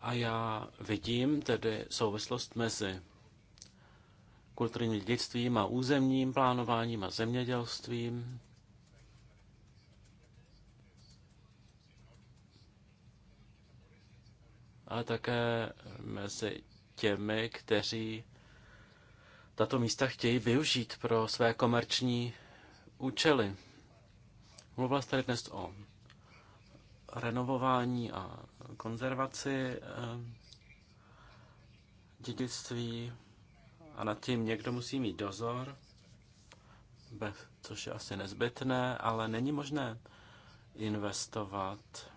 A já vidím tedy souvislost mezi kulturním dědictvím a územním plánováním a zemědělstvím. Ale také mezi těmi, kteří tato místa chtějí využít pro své komerční účely. Mluvila jste tady dnes o renovování a konzervaci eh, dědictví a nad tím někdo musí mít dozor, což je asi nezbytné, ale není možné investovat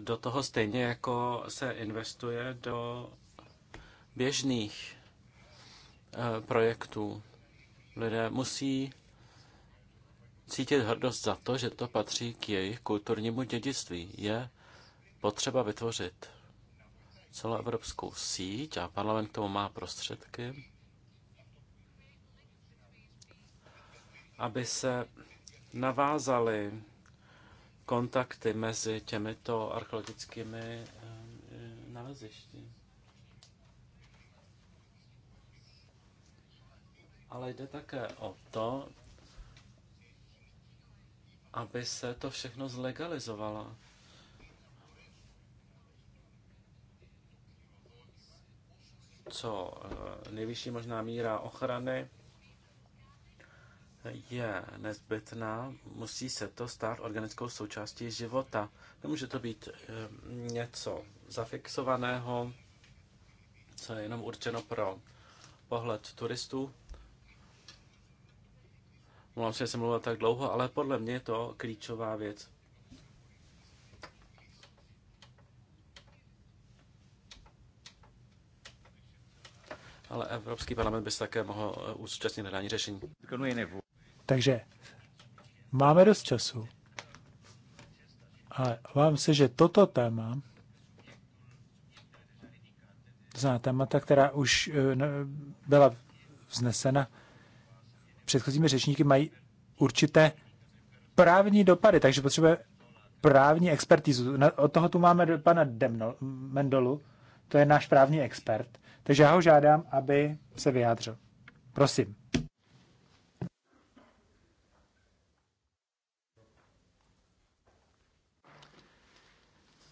do toho stejně, jako se investuje do běžných eh, projektů. Lidé musí cítit hrdost za to, že to patří k jejich kulturnímu dědictví. Je potřeba vytvořit celoevropskou síť a parlament tomu má prostředky, aby se navázali kontakty mezi těmito archeologickými eh, eh, nalezišti. Ale jde také o to, aby se to všechno zlegalizovalo. Co eh, nejvyšší možná míra ochrany je nezbytná, musí se to stát organickou součástí života. Nemůže to být eh, něco zafixovaného, co je jenom určeno pro pohled turistů. Mluvám, že jsem mluvil tak dlouho, ale podle mě je to klíčová věc. Ale Evropský parlament by se také mohl eh, účastnit hledání řešení. Takže máme dost času. Ale vám se, že toto téma, to znamená témata, která už eh, byla vznesena předchozími řečníky, mají určité právní dopady, takže potřebuje právní expertizu. Od toho tu máme pana Demno, Mendolu, to je náš právní expert, takže já ho žádám, aby se vyjádřil. Prosím.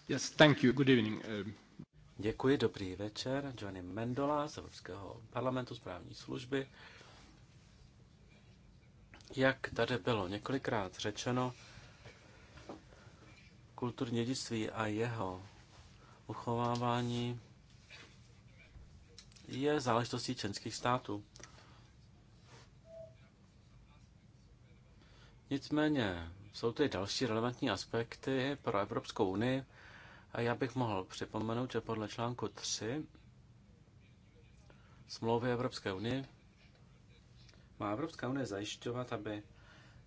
Uh, Děkuji, dobrý večer. Johnny Mendola z Evropského parlamentu správní služby. Jak tady bylo několikrát řečeno, kulturní dědictví a jeho uchovávání je záležitostí členských států. Nicméně jsou tady další relevantní aspekty pro Evropskou unii, a já bych mohl připomenout, že podle článku 3 smlouvy Evropské unie má Evropská unie zajišťovat, aby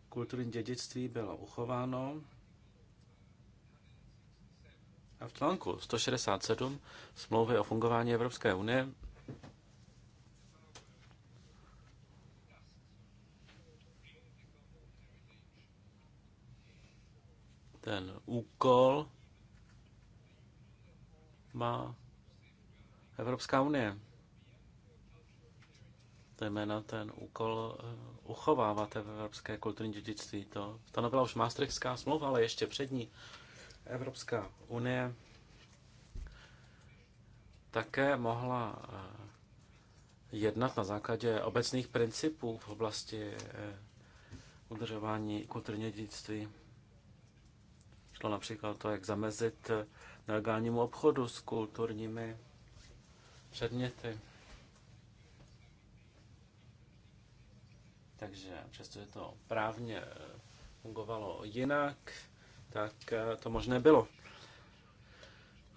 kulturní dědictví bylo uchováno. A v článku 167 smlouvy o fungování Evropské unie ten úkol má Evropská unie. Zejména ten úkol eh, uchovávat evropské kulturní dědictví. To stanovila už Maastrichtská smlouva, ale ještě přední Evropská unie také mohla eh, jednat na základě obecných principů v oblasti eh, udržování kulturního dědictví. Šlo například to, jak zamezit legálnímu obchodu s kulturními předměty. Takže přestože to právně eh, fungovalo jinak, tak eh, to možné bylo.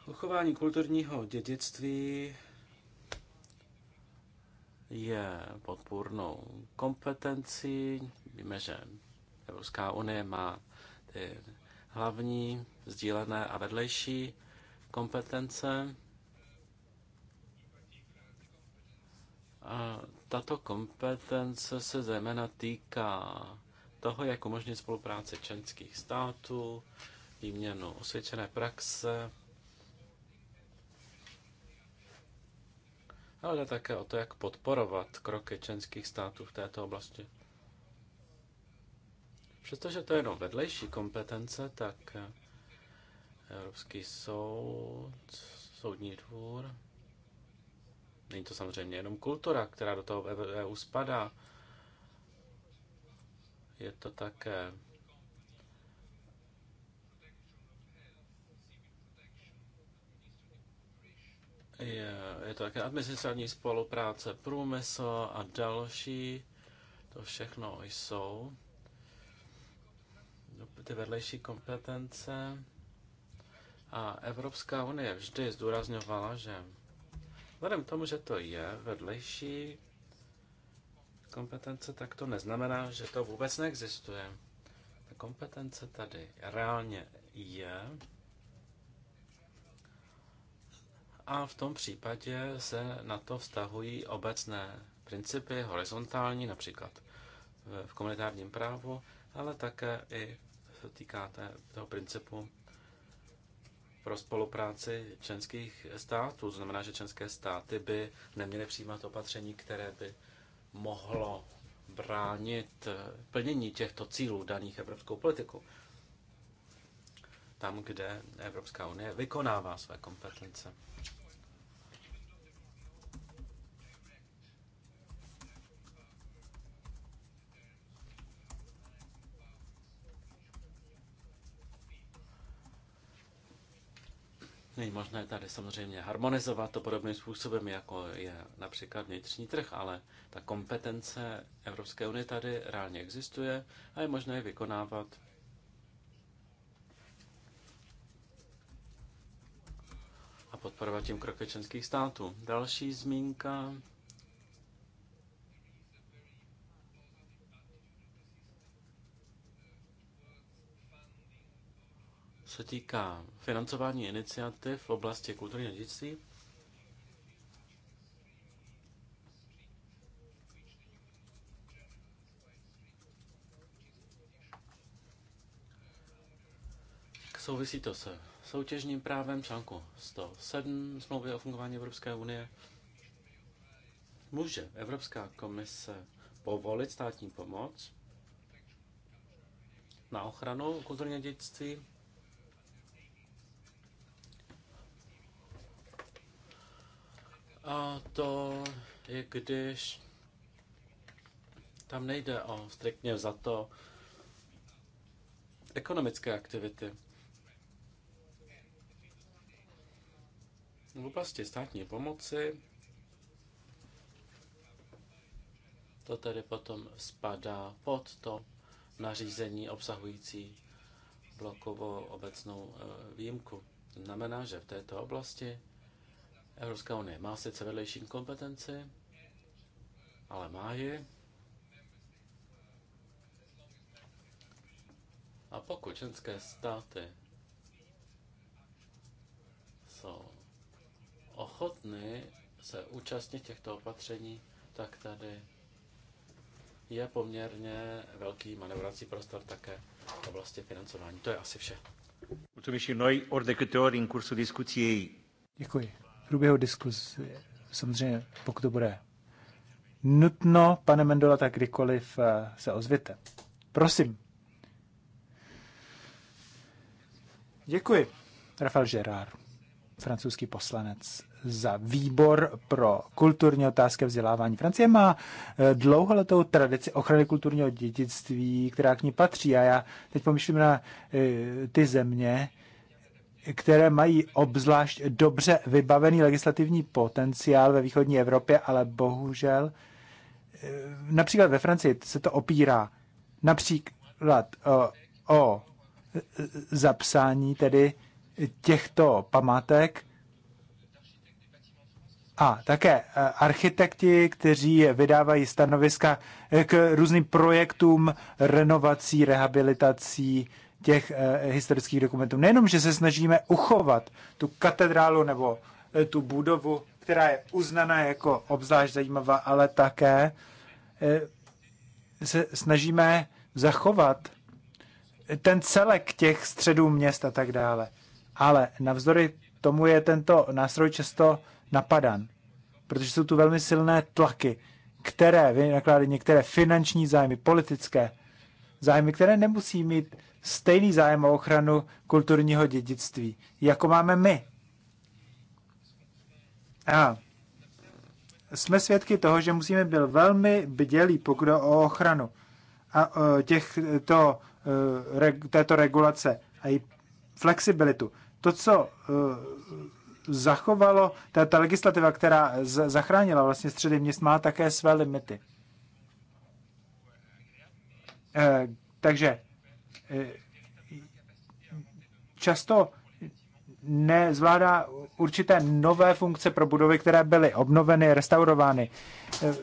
Uchování kulturního dědictví je podpůrnou kompetencí. Víme, že Evropská unie má ty hlavní, sdílené a vedlejší kompetence. A tato kompetence se zejména týká toho, jak umožnit spolupráci členských států, výměnu osvědčené praxe, ale také o to, jak podporovat kroky členských států v této oblasti. Přestože to je jenom vedlejší kompetence, tak eh, Evropský soud, soudní dvůr, není to samozřejmě jenom kultura, která do toho EU e spadá, je to také je, je to také administrativní spolupráce, průmysl a další. To všechno jsou ty vedlejší kompetence. A Evropská unie vždy zdůrazňovala, že vzhledem k tomu, že to je vedlejší kompetence, tak to neznamená, že to vůbec neexistuje. Ta kompetence tady reálně je. A v tom případě se na to vztahují obecné principy, horizontální, například v komunitárním právu, ale také i týká té, toho principu pro spolupráci členských států. To znamená, že členské státy by neměly přijímat opatření, které by mohlo bránit eh, plnění těchto cílů daných evropskou politikou. Tam, kde Evropská unie vykonává své kompetence. Není možné tady samozřejmě harmonizovat to podobným způsobem, jako je například vnitřní trh, ale ta kompetence Evropské unie tady reálně existuje a je možné ji vykonávat a podporovat tím kroky členských států. Další zmínka se týká financování iniciativ v oblasti kulturní dědictví, Souvisí to se soutěžním právem článku 107 smlouvy o fungování Evropské unie. Může Evropská komise povolit státní pomoc na ochranu kulturního dědictví A to je, když tam nejde o striktně za to ekonomické aktivity. V oblasti státní pomoci to tedy potom spadá pod to nařízení obsahující blokovou obecnou e, výjimku. Znamená, že v této oblasti Evropská unie má sice vedlejší kompetenci, ale má ji. A pokud členské státy jsou ochotny se účastnit těchto opatření, tak tady je poměrně velký manevrací prostor také v oblasti financování. To je asi vše. Děkuji průběhu diskuse, samozřejmě pokud to bude nutno, pane Mendola, tak kdykoliv eh, se ozvěte. Prosím. Děkuji. Rafael Gerard, francouzský poslanec za výbor pro kulturní otázky vzdělávání. Francie má eh, dlouholetou tradici ochrany kulturního dědictví, která k ní patří. A já teď pomyslím na eh, ty země, které mají obzvlášť dobře vybavený legislativní potenciál ve východní Evropě, ale bohužel eh, například ve Francii se to opírá například eh, o, o eh, zapsání tedy těchto památek a také architekti, kteří vydávají stanoviska k různým projektům renovací, rehabilitací, těch eh, historických dokumentů. Nejenom, že se snažíme uchovat tu katedrálu nebo eh, tu budovu, která je uznaná jako obzvlášť zajímavá, ale také eh, se snažíme zachovat ten celek těch středů měst a tak dále. Ale navzdory tomu je tento nástroj často napadan, protože jsou tu velmi silné tlaky, které vynakládají některé finanční zájmy, politické zájmy, které nemusí mít stejný zájem o ochranu kulturního dědictví, jako máme my. A jsme svědky toho, že musíme být velmi bdělí, pokud o ochranu a e, těchto, e, této regulace a její flexibilitu. To, co e, zachovalo, ta, ta legislativa, která z, zachránila vlastně středy měst, má také své limity. E, takže Eh, často nezvládá určité nové funkce pro budovy, které byly obnoveny, restaurovány. Eh,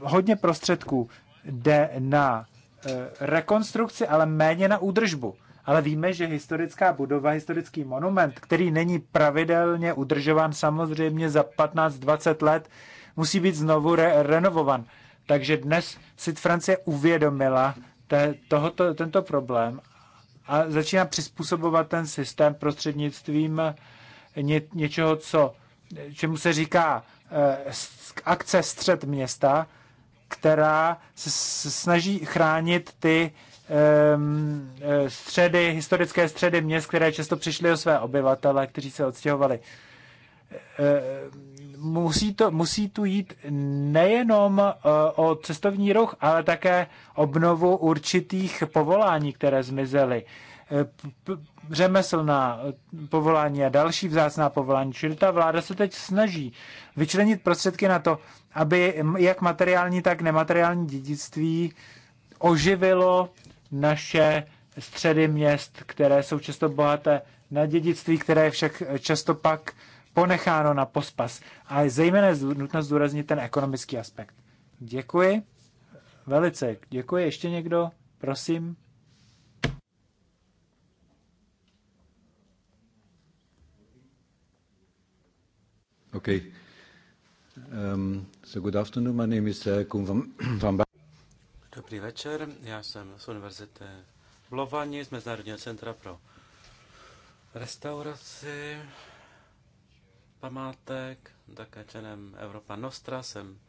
hodně prostředků jde na eh, rekonstrukci, ale méně na údržbu. Ale víme, že historická budova, historický monument, který není pravidelně udržován samozřejmě za 15-20 let, musí být znovu re- renovovan. Takže dnes si Francie uvědomila te- tohoto, tento problém a začíná přizpůsobovat ten systém prostřednictvím ně, něčeho, co, čemu se říká eh, akce střed města, která se snaží chránit ty ehm, eh, středy, historické středy měst, které často přišly o své obyvatele, kteří se odstěhovali eh, musí, to, musí tu jít nejenom eh, o cestovní ruch, ale také obnovu určitých povolání, které zmizely. Eh, řemeslná eh, povolání a další vzácná povolání. Čili ta vláda se teď snaží vyčlenit prostředky na to, aby jak materiální, tak nemateriální dědictví oživilo naše středy měst, které jsou často bohaté na dědictví, které však často pak uh, ponecháno na pospas. A je zejména nutno zdůraznit ten ekonomický aspekt. Děkuji. Velice děkuji. Ještě někdo? Prosím. OK. Um, so good afternoon. My name is uh, van, van ba Dobrý večer, já jsem z Univerzity v Lovani, z Mezinárodního centra pro restauraci památek, také členem Evropa Nostra, jsem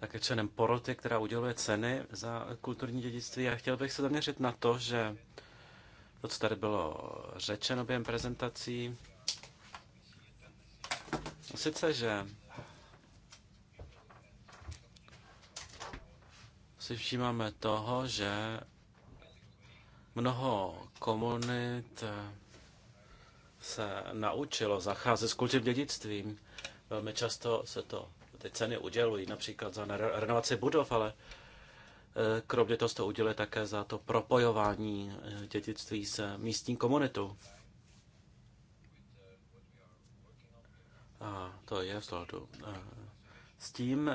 také členem poroty, která uděluje ceny za kulturní dědictví. A chtěl bych se zaměřit na to, že to, co tady bylo řečeno během prezentací, sice, že si všímáme toho, že mnoho komunit se naučilo zacházet s kulturním dědictvím. Velmi často se to, ty ceny udělují například za renovaci budov, ale e, kromě toho se to uděluje také za to propojování e, dědictví s místní komunitou. A to je v sladu. E, s tím,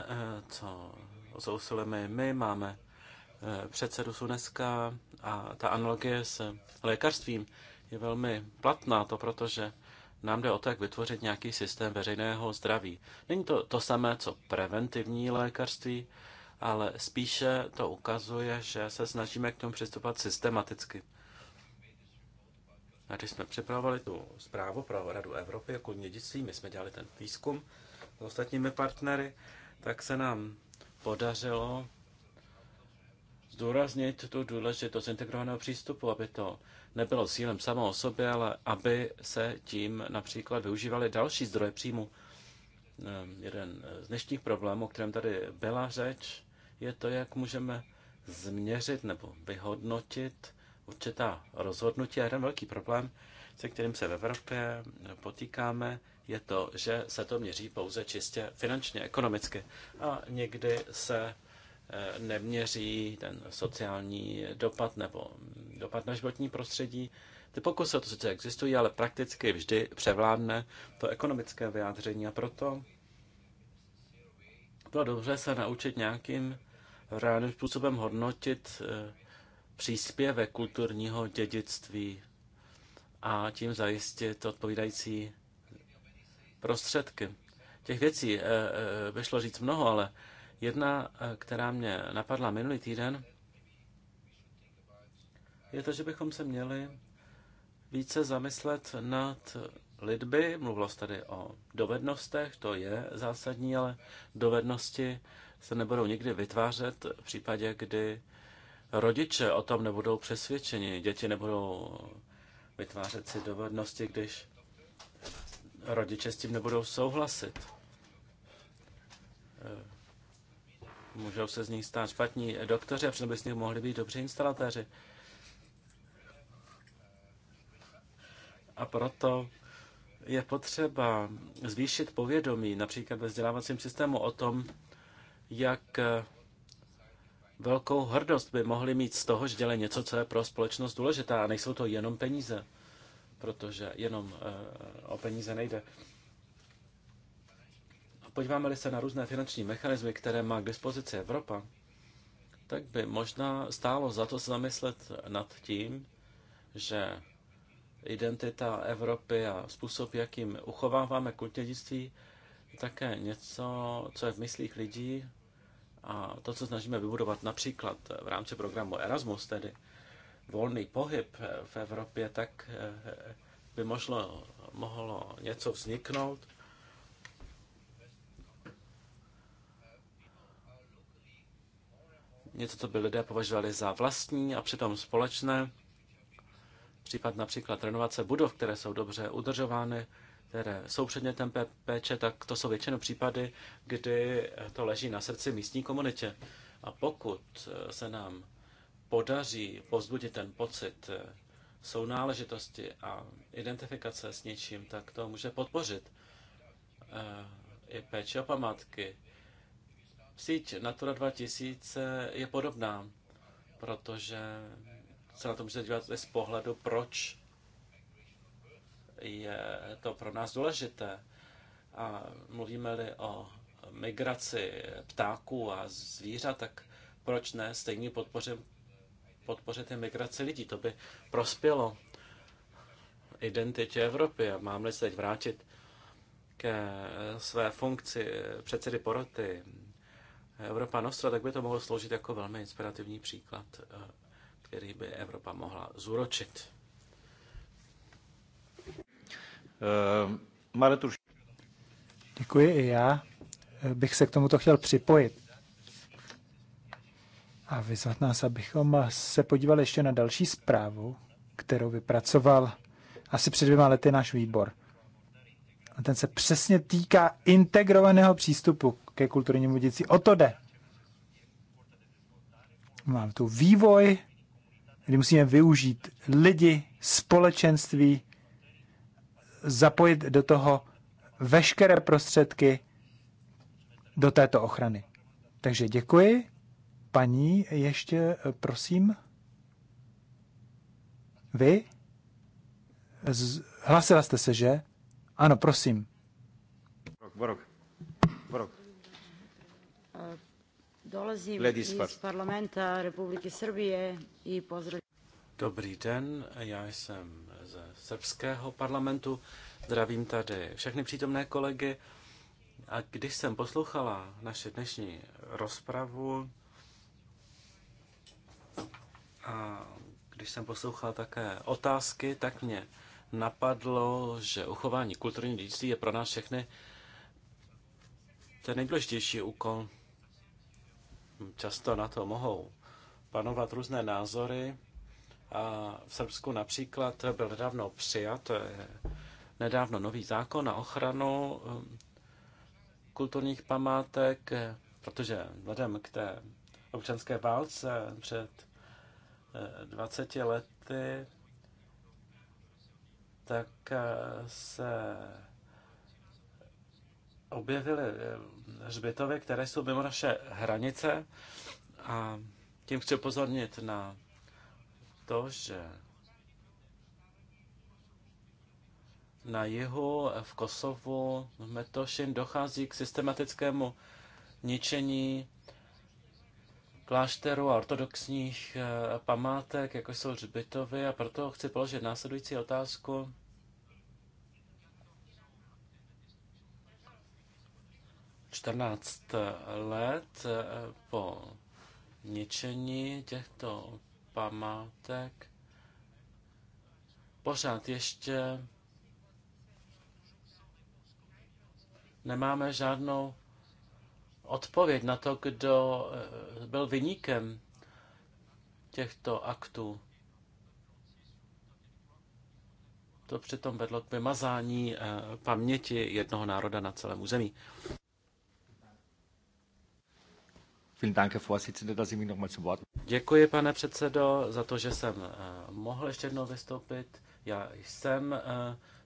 co zousilujeme my. Máme předsedu UNESCO a ta analogie s lékařstvím je velmi platná, to protože nám jde o to, jak vytvořit nějaký systém veřejného zdraví. Není to to samé, co preventivní lékařství, ale spíše to ukazuje, že se snažíme k tomu přistupovat systematicky. A když jsme připravovali tu zprávu pro Radu Evropy jako dědictví, my jsme dělali ten výzkum s ostatními partnery, tak se nám podařilo zdůraznit tu důležitost integrovaného přístupu, aby to nebylo cílem samo o sobě, ale aby se tím například využívaly další zdroje příjmu. Ehm, jeden z dnešních problémů, o kterém tady byla řeč, je to, jak můžeme změřit nebo vyhodnotit určitá rozhodnutí. A jeden velký problém, se kterým se v Evropě potýkáme, je to, že se to měří pouze čistě finančně, ekonomicky. A někdy se neměří ten sociální dopad nebo dopad na životní prostředí. Ty pokusy o to sice existují, ale prakticky vždy převládne to ekonomické vyjádření a proto bylo dobře se naučit nějakým reálným způsobem hodnotit eh, příspěvek kulturního dědictví a tím zajistit odpovídající prostředky. Těch věcí by eh, eh, šlo říct mnoho, ale Jedna, eh, která mě napadla minulý týden, je to, že bychom se měli více zamyslet nad lidmi. Mluvilo se tady o dovednostech, to je zásadní, ale dovednosti se nebudou nikdy vytvářet v případě, kdy rodiče o tom nebudou přesvědčeni. Děti nebudou vytvářet si dovednosti, když rodiče s tím nebudou souhlasit. Eh, Můžou se z nich stát špatní doktoři a přitom by z nich mohli být dobří instalatéři. A proto je potřeba zvýšit povědomí například ve vzdělávacím systému o tom, jak velkou hrdost by mohli mít z toho, že dělají něco, co je pro společnost důležité. A nejsou to jenom peníze, protože jenom eh, o peníze nejde podíváme-li se na různé finanční mechanismy, které má k dispozici Evropa, tak by možná stálo za to zamyslet nad tím, že identita Evropy a způsob, jakým uchováváme kulturnictví, je také něco, co je v myslích lidí a to, co snažíme vybudovat například v rámci programu Erasmus, tedy volný pohyb v Evropě, tak eh, by možno, mohlo něco vzniknout něco, co by lidé považovali za vlastní a přitom společné. Případ například renovace budov, které jsou dobře udržovány, které jsou předmětem péče, tak to jsou většinou případy, kdy to leží na srdci místní komunitě. A pokud eh, se nám podaří pozbudit ten pocit eh, sounáležitosti a identifikace s něčím, tak to může podpořit eh, i péče o památky, Síť Natura 2000 je podobná, protože se na to můžete dívat z pohledu, proč je to pro nás důležité. A mluvíme-li o migraci ptáků a zvířat, tak proč ne stejně podpořit, podpořit migraci lidí? To by prospělo identitě Evropy. A mám-li se teď vrátit ke své funkci předsedy poroty Evropa Nostra, tak by to mohlo sloužit jako velmi inspirativní příklad, eh, který by Evropa mohla zúročit. Uh, Děkuji i já. Eh, bych se k tomuto chtěl připojit a vyzvat nás, abychom se podívali ještě na další zprávu, kterou vypracoval asi před dvěma lety náš výbor. A ten se přesně týká integrovaného přístupu ke kulturnímu dědictví. O to jde. Máme tu vývoj, kdy musíme využít lidi, společenství, zapojit do toho veškeré prostředky do této ochrany. Takže děkuji. Paní, ještě prosím. Vy? Z, hlasila jste se, že? Ano, prosím. Borok, borok. parlamenta Srbije i Dobrý den, já jsem ze srbského parlamentu, zdravím tady všechny přítomné kolegy. A když jsem poslouchala naše dnešní rozpravu a když jsem poslouchal také otázky, tak mě napadlo, že uchování kulturní dědictví je pro nás všechny ten nejdůležitější úkol. Často na to mohou panovat různé názory. A v Srbsku například byl nedávno přijat nedávno nový zákon na ochranu eh, kulturních památek, eh, protože vzhledem k té občanské válce před 20 eh, lety, tak se objevily eh, hřbitovy, které jsou mimo naše hranice a tím chci upozornit na to, že na jihu eh, v Kosovu v Metošin dochází k systematickému ničení klášterů a ortodoxních eh, památek, jako jsou hřbitovy, a proto chci položit následující otázku. 14 let eh, po ničení těchto památek pořád ještě nemáme žádnou odpověď na to, kdo eh, byl vyníkem těchto aktů. To přitom vedlo k vymazání eh, paměti jednoho národa na celém území. Děkuji, pane předsedo, za to, že jsem eh, mohl ještě jednou vystoupit. Já jsem eh,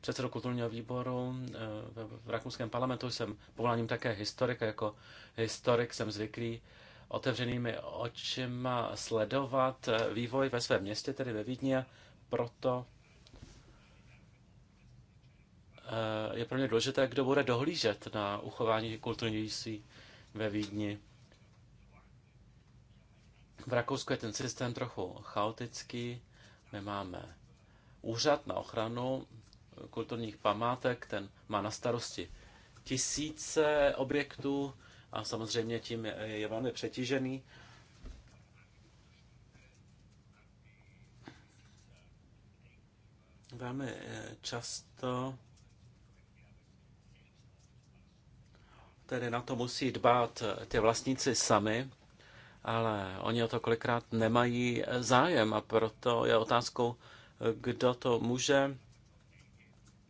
předsedou kulturního výboru eh, v Rakouském parlamentu, jsem povoláním také historik a jako historik jsem zvyklý otevřenými očima sledovat vývoj ve svém městě, tedy ve Vídni, a proto je pro mě důležité, kdo bude dohlížet na uchování kulturní dědictví ve Vídni. V Rakousku je ten systém trochu chaotický. My máme úřad na ochranu kulturních památek, ten má na starosti tisíce objektů a samozřejmě tím je velmi přetížený. Velmi eh, často tedy na to musí dbát eh, ty vlastníci sami ale oni o to kolikrát nemají zájem a proto je otázkou, kdo to může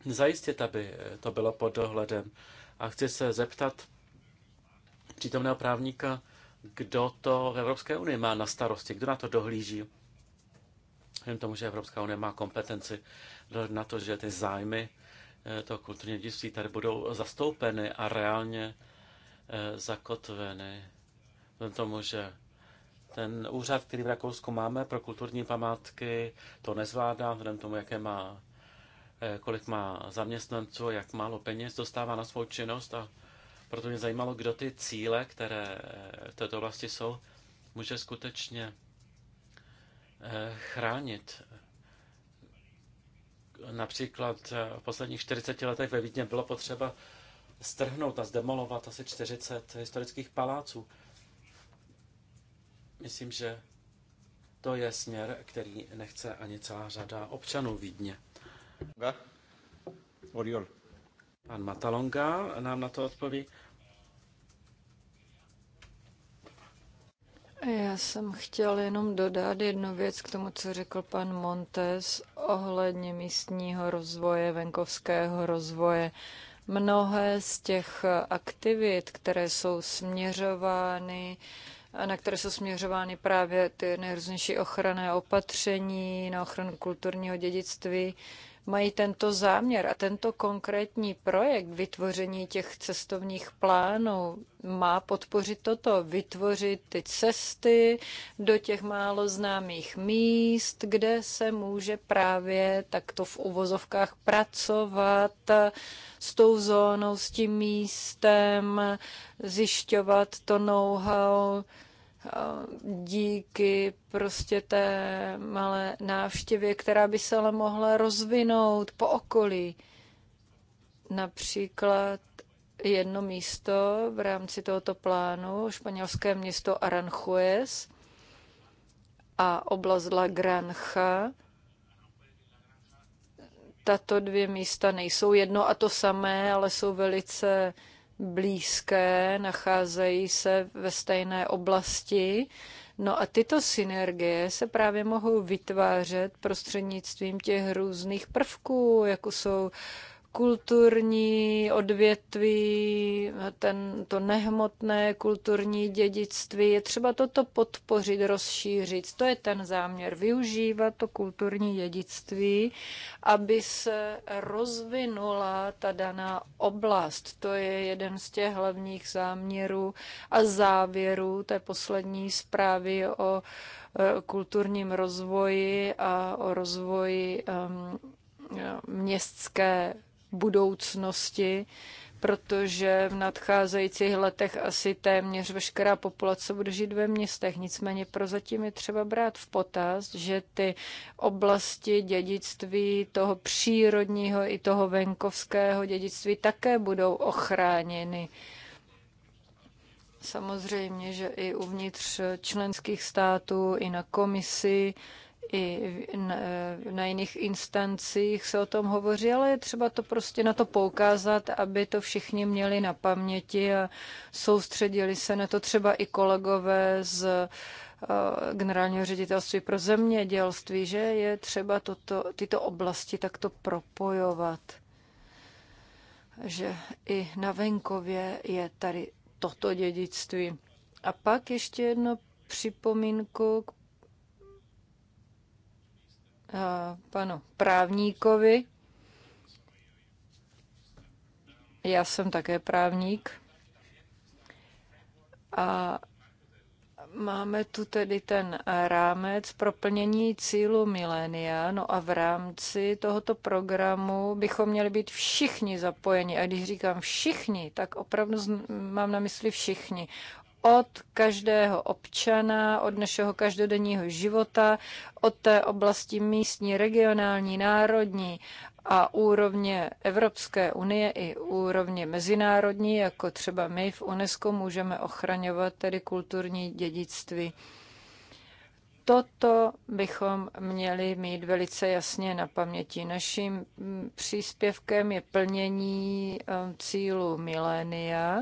zajistit, aby to bylo pod dohledem. A chci se zeptat přítomného právníka, kdo to v Evropské unii má na starosti, kdo na to dohlíží. Jen tomu, že Evropská unie má kompetenci na to, že ty zájmy eh, toho kulturního dědictví tady budou zastoupeny a reálně eh, zakotveny. Jen tomu, že ten úřad, který v Rakousku máme pro kulturní památky, to nezvládá, vzhledem tomu, jaké má, eh, kolik má zaměstnanců, jak málo peněz dostává na svou činnost a proto mě zajímalo, kdo ty cíle, které eh, v této oblasti jsou, může skutečně eh, chránit. Například v posledních 40 letech ve Vídně bylo potřeba strhnout a zdemolovat asi 40 historických paláců. Myslím, že to je směr, který nechce ani celá řada občanů Vídně. Oriol. Pan Matalonga nám na to odpoví. Já jsem chtěl jenom dodat jednu věc k tomu, co řekl pan Montes ohledně místního rozvoje, venkovského rozvoje. Mnohé z těch aktivit, které jsou směřovány na které jsou směřovány právě ty nejrůznější ochranné opatření na ochranu kulturního dědictví mají tento záměr a tento konkrétní projekt vytvoření těch cestovních plánů má podpořit toto, vytvořit ty cesty do těch málo známých míst, kde se může právě takto v uvozovkách pracovat s tou zónou, s tím místem, zjišťovat to know-how, Eh, díky prostě té malé návštěvě, která by se ale mohla rozvinout po okolí. Například jedno místo v rámci tohoto plánu, španělské město Aranjuez a oblast La Granja. Tato dvě místa nejsou jedno a to samé, ale jsou velice blízké, nacházejí se ve stejné oblasti. No a tyto synergie se právě mohou vytvářet prostřednictvím těch různých prvků, jako jsou uh, kulturní odvětví, ten, to nehmotné kulturní dědictví. Je třeba toto podpořit, rozšířit. To je ten záměr. Využívat to kulturní dědictví, aby se rozvinula ta daná oblast. To je jeden z těch hlavních záměrů a závěrů té poslední zprávy o e, kulturním rozvoji a o rozvoji um, městské budoucnosti, protože v nadcházejících letech asi téměř veškerá populace bude žít ve městech. Nicméně prozatím je třeba brát v potaz, že ty oblasti dědictví toho přírodního i toho venkovského dědictví také budou ochráněny. Samozřejmě, že i uvnitř členských států, i na komisi i na jiných instancích se o tom hovoří, ale je třeba to prostě na to poukázat, aby to všichni měli na paměti a soustředili se na to třeba i kolegové z eh, generálního ředitelství pro zemědělství, že je třeba toto, tyto oblasti takto propojovat. Že i na venkově je tady toto dědictví. A pak ještě jedno připomínku k Eh, panu právníkovi. Já jsem také právník. A máme tu tedy ten rámec pro plnění cílu milénia. No a v rámci tohoto programu bychom měli být všichni zapojeni. A když říkám všichni, tak opravdu mám na mysli všichni od každého občana, od našeho každodenního života, od té oblasti místní, regionální, národní a úrovně Evropské unie i úrovně mezinárodní, jako třeba my v UNESCO můžeme ochraňovat tedy kulturní dědictví. Toto bychom měli mít velice jasně na paměti. Naším příspěvkem je plnění eh, cílu milénia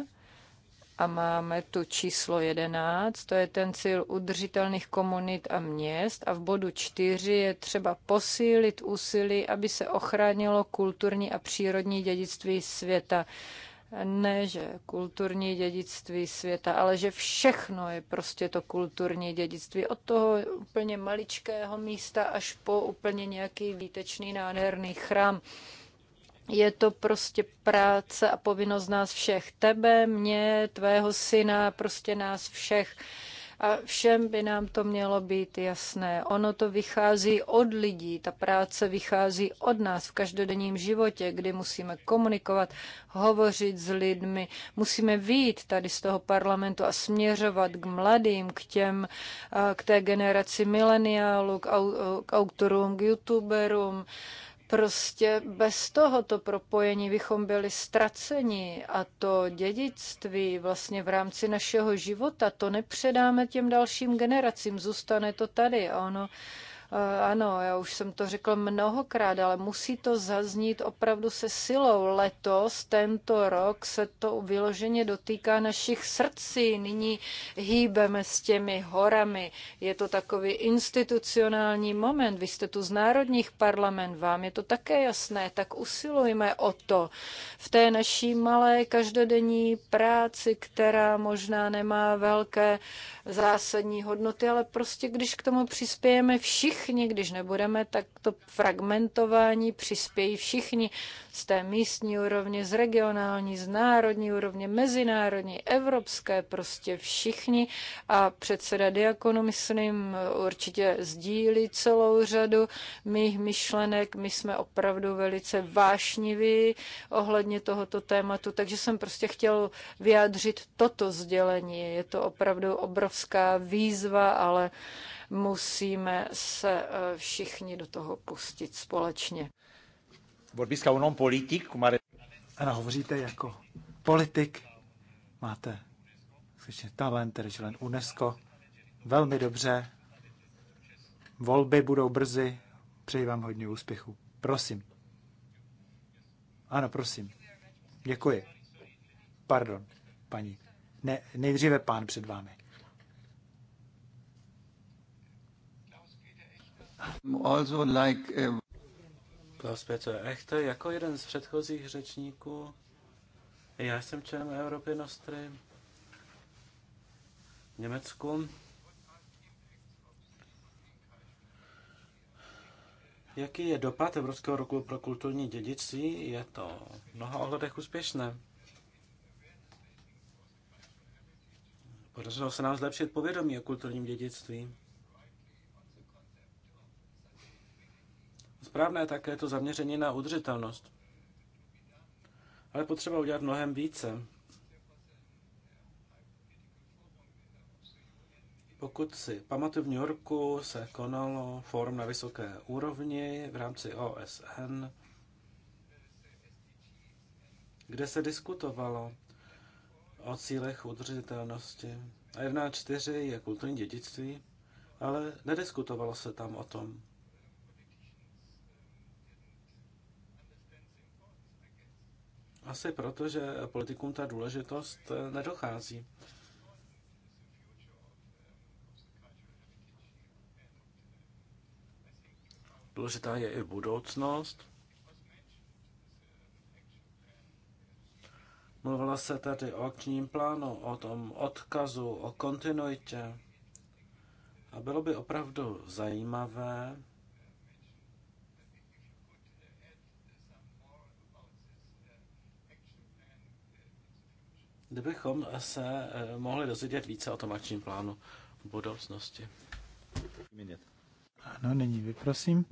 a máme tu číslo 11, to je ten cíl udržitelných komunit a měst. A v bodu 4 je třeba posílit úsilí, aby se ochránilo kulturní a přírodní dědictví světa ne, že kulturní dědictví světa, ale že všechno je prostě to kulturní dědictví. Od toho úplně maličkého místa až po úplně nějaký výtečný nádherný chrám je to prostě práce a povinnost nás všech. Tebe, mě, tvého syna, prostě nás všech. A všem by nám to mělo být jasné. Ono to vychází od lidí, ta práce vychází od nás v každodenním životě, kdy musíme komunikovat, hovořit s lidmi, musíme výjít tady z toho parlamentu a směřovat k mladým, k těm, k té generaci mileniálu, k autorům, k youtuberům, Prostě bez tohoto propojení bychom byli ztraceni a to dědictví vlastně v rámci našeho života, to nepředáme těm dalším generacím, zůstane to tady a ono Eh, ano, já už jsem to řekl mnohokrát, ale musí to zaznít opravdu se silou. Letos, tento rok, se to vyloženě dotýká našich srdcí. Nyní hýbeme s těmi horami. Je to takový institucionální moment. Vy jste tu z národních parlament, vám je to také jasné, tak usilujme o to. V té naší malé každodenní práci, která možná nemá velké zásadní hodnoty, ale prostě když k tomu přispějeme všichni, všichni, když nebudeme, tak to fragmentování přispějí všichni z té místní úrovně, z regionální, z národní úrovně, mezinárodní, evropské, prostě všichni. A předseda Diakonu, myslím, určitě sdílí celou řadu mých myšlenek. My jsme opravdu velice vášniví ohledně tohoto tématu, takže jsem prostě chtěl vyjádřit toto sdělení. Je to opravdu obrovská výzva, ale musíme se eh, všichni do toho pustit společně. Vorbíska unom politik, Ano, hovoříte jako politik, máte skutečně talent, tedy člen UNESCO. Velmi dobře. Volby budou brzy. Přeji vám hodně úspěchu. Prosím. Ano, prosím. Děkuji. Pardon, paní. Ne, nejdříve pán před vámi. Also Klaus Peter Echte, jako jeden z předchozích řečníků, já jsem členem Evropy Nostry v Německu. Jaký je dopad Evropského roku pro kulturní dědictví? Je to v mnoha ohledech úspěšné. Podařilo se nám zlepšit povědomí o kulturním dědictví. Správné také to zaměření na udržitelnost. Ale potřeba udělat mnohem více. Pokud si pamatuju, v New Yorku se konalo fórum na vysoké úrovni v rámci OSN, kde se diskutovalo o cílech udržitelnosti. A 1.4 je kulturní dědictví, ale nediskutovalo se tam o tom. Asi proto, že politikům ta důležitost eh, nedochází. Důležitá je i budoucnost. Mluvila se tady o akčním plánu, o tom odkazu, o kontinuitě. A bylo by opravdu zajímavé kdybychom se eh, mohli dozvědět více o tom akčním plánu v budoucnosti. Ano, nyní vyprosím.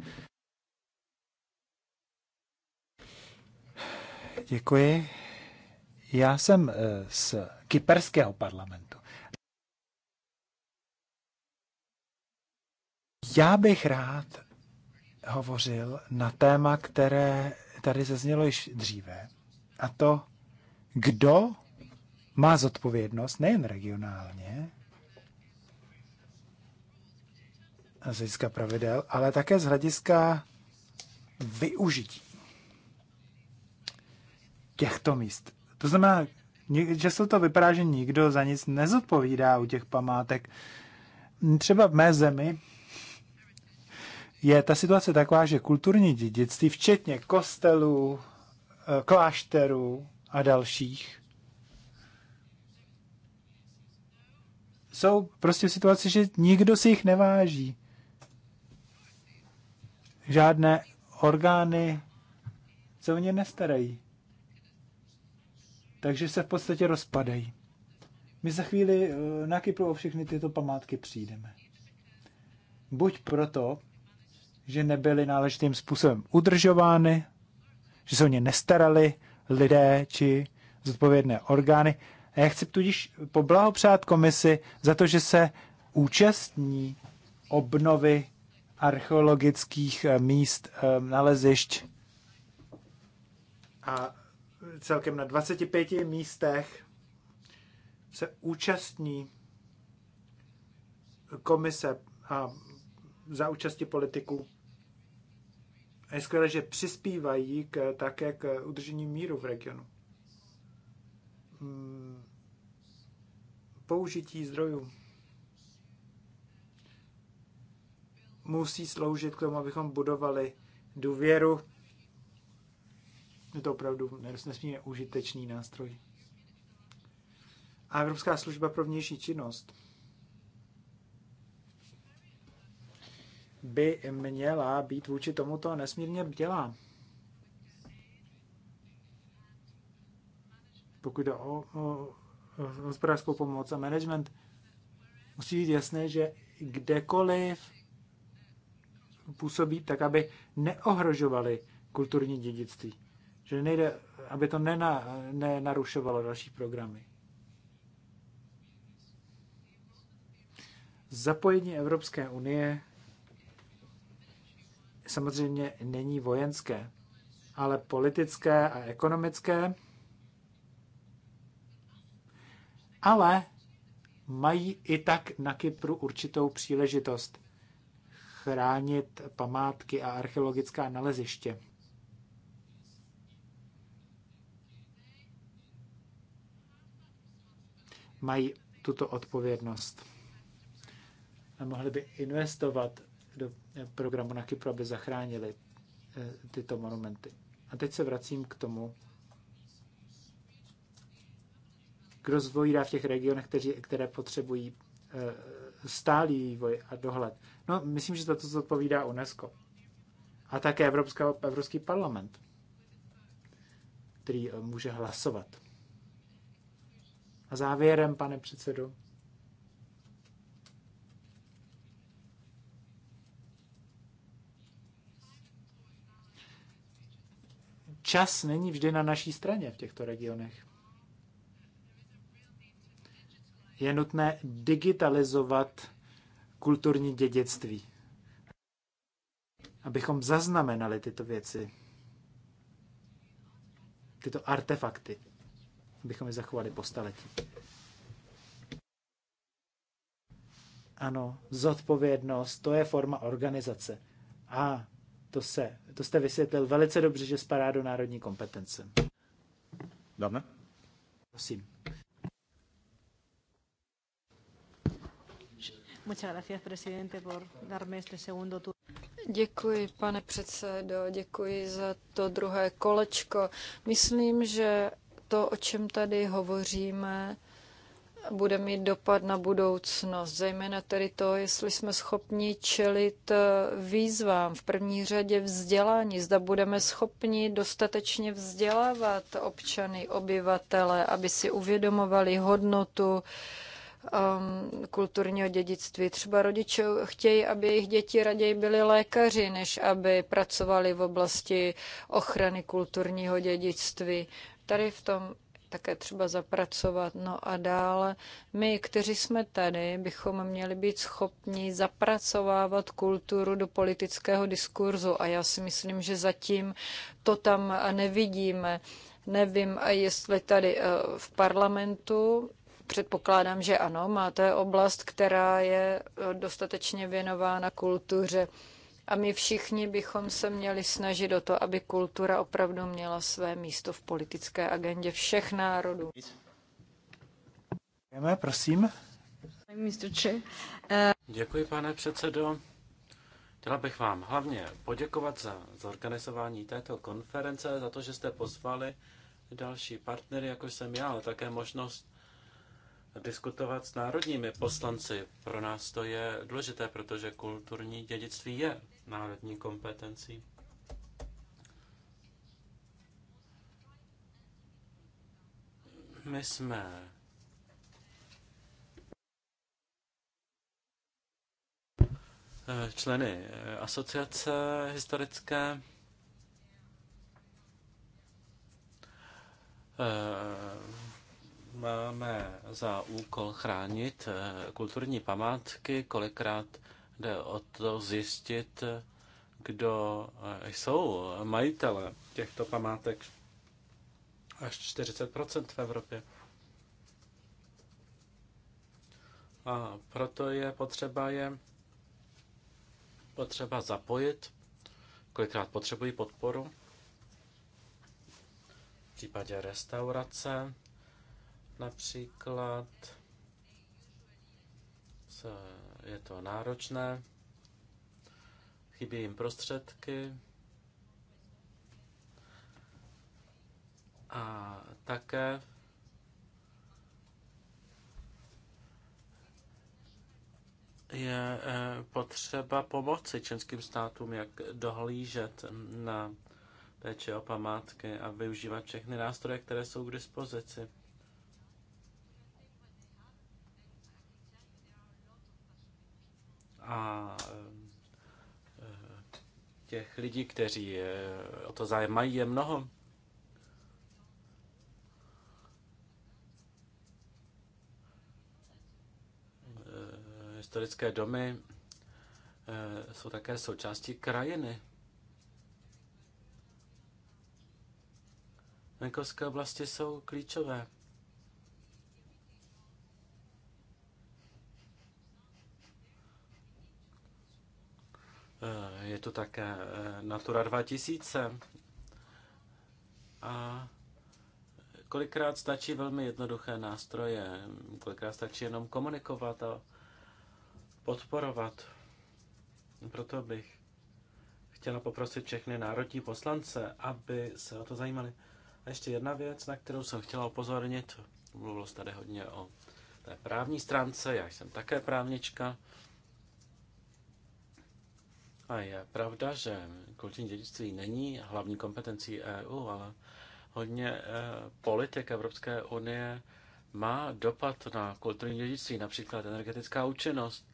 Děkuji. Já jsem eh, z kyperského parlamentu. Já bych rád hovořil na téma, které tady zaznělo již dříve, a to, kdo má zodpovědnost nejen regionálně, z hlediska pravidel, ale také z hlediska využití těchto míst. To znamená, často to vypadá, že nikdo za nic nezodpovídá u těch památek. Třeba v mé zemi je ta situace taková, že kulturní dědictví, včetně kostelů, e, klášterů a dalších, jsou prostě v situaci, že nikdo si jich neváží. Žádné orgány se o ně nestarají. Takže se v podstatě rozpadají. My za chvíli eh, na Kypru o všechny tyto památky přijdeme. Buď proto, že nebyly náležitým způsobem udržovány, že se o ně nestarali lidé či zodpovědné orgány, a já chci tudíž poblahopřát komisi za to, že se účastní obnovy archeologických eh, míst eh, nalezišť a celkem na 25 místech se účastní komise a za účasti politiků. A je skvělé, že přispívají k, také k udržení míru v regionu. Hmm použití zdrojů musí sloužit k tomu, abychom budovali důvěru. Je to opravdu nesmírně užitečný nástroj. A Evropská služba pro vnější činnost by měla být vůči tomuto nesmírně bdělá. Pokud jde o, o hospodářskou pomoc a management, musí být jasné, že kdekoliv působí tak, aby neohrožovali kulturní dědictví. Že nejde, aby to nena, nenarušovalo další programy. Zapojení Evropské unie samozřejmě není vojenské, ale politické a ekonomické. ale mají i tak na Kypru určitou příležitost chránit památky a archeologická naleziště. Mají tuto odpovědnost a mohli by investovat do programu na Kypru, aby zachránili eh, tyto monumenty. A teď se vracím k tomu, k rozvoji v těch regionech, kteří, které potřebují eh, stálý vývoj a dohled. No, myslím, že za to zodpovídá UNESCO. A také Evropská, Evropský parlament, který eh, může hlasovat. A závěrem, pane předsedo, čas není vždy na naší straně v těchto regionech. je nutné digitalizovat kulturní dědictví, abychom zaznamenali tyto věci, tyto artefakty, abychom je zachovali po staletí. Ano, zodpovědnost, to je forma organizace. A to, se, to jste vysvětlil velice dobře, že spadá do národní kompetence. Dáme? Prosím. Děkuji, pane předsedo, děkuji za to druhé kolečko. Myslím, že to, o čem tady hovoříme, bude mít dopad na budoucnost, zejména tedy to, jestli jsme schopni čelit eh, výzvám, v první řadě vzdělání, zda budeme schopni dostatečně vzdělávat občany, obyvatele, aby si uvědomovali hodnotu um, kulturního dědictví. Třeba rodiče chtějí, aby jejich děti raději byly lékaři, než aby pracovali v oblasti ochrany kulturního dědictví. Tady v tom také třeba zapracovat. No a dále, my, kteří jsme tady, bychom měli být schopni zapracovávat kulturu do politického diskurzu. A já si myslím, že zatím to tam nevidíme. Nevím, jestli tady eh, v parlamentu Předpokládám, že ano, máte oblast, která je eh, dostatečně věnována kultuře. A my všichni bychom se měli snažit o to, aby kultura opravdu měla své místo v politické agendě všech národů. Děkujeme, prosím. Eh, Děkuji, pane předsedo. Chtěla bych vám hlavně poděkovat za zorganizování této konference, za to, že jste pozvali další partnery, jako jsem já, ale také možnost diskutovat s národními poslanci. Pro nás to je důležité, protože kulturní dědictví je národní kompetencí. My jsme členy asociace historické máme za úkol chránit eh, kulturní památky, kolikrát jde o to zjistit, kdo eh, jsou majitele těchto památek. Až 40% v Evropě. A proto je potřeba je potřeba zapojit, kolikrát potřebují podporu. V případě restaurace například se, je to náročné, chybí jim prostředky a také je eh, potřeba pomoci členským státům, jak dohlížet na péči o památky a využívat všechny nástroje, které jsou k dispozici. a e, těch lidí, kteří e, o to zájem mají, je mnoho. E, historické domy jsou také součástí krajiny. Venkovské oblasti jsou klíčové. Eh, je to také eh, Natura 2000. A kolikrát stačí velmi jednoduché nástroje, kolikrát stačí jenom komunikovat a podporovat. Proto bych chtěla poprosit všechny národní poslance, aby se o to zajímali. A ještě jedna věc, na kterou jsem chtěla upozornit. Mluvilo se tady hodně o té právní stránce, já jsem také právnička. A je pravda, že kulturní dědictví není hlavní kompetencí EU, ale hodně eh, politik Evropské unie má dopad na kulturní dědictví, například energetická účinnost.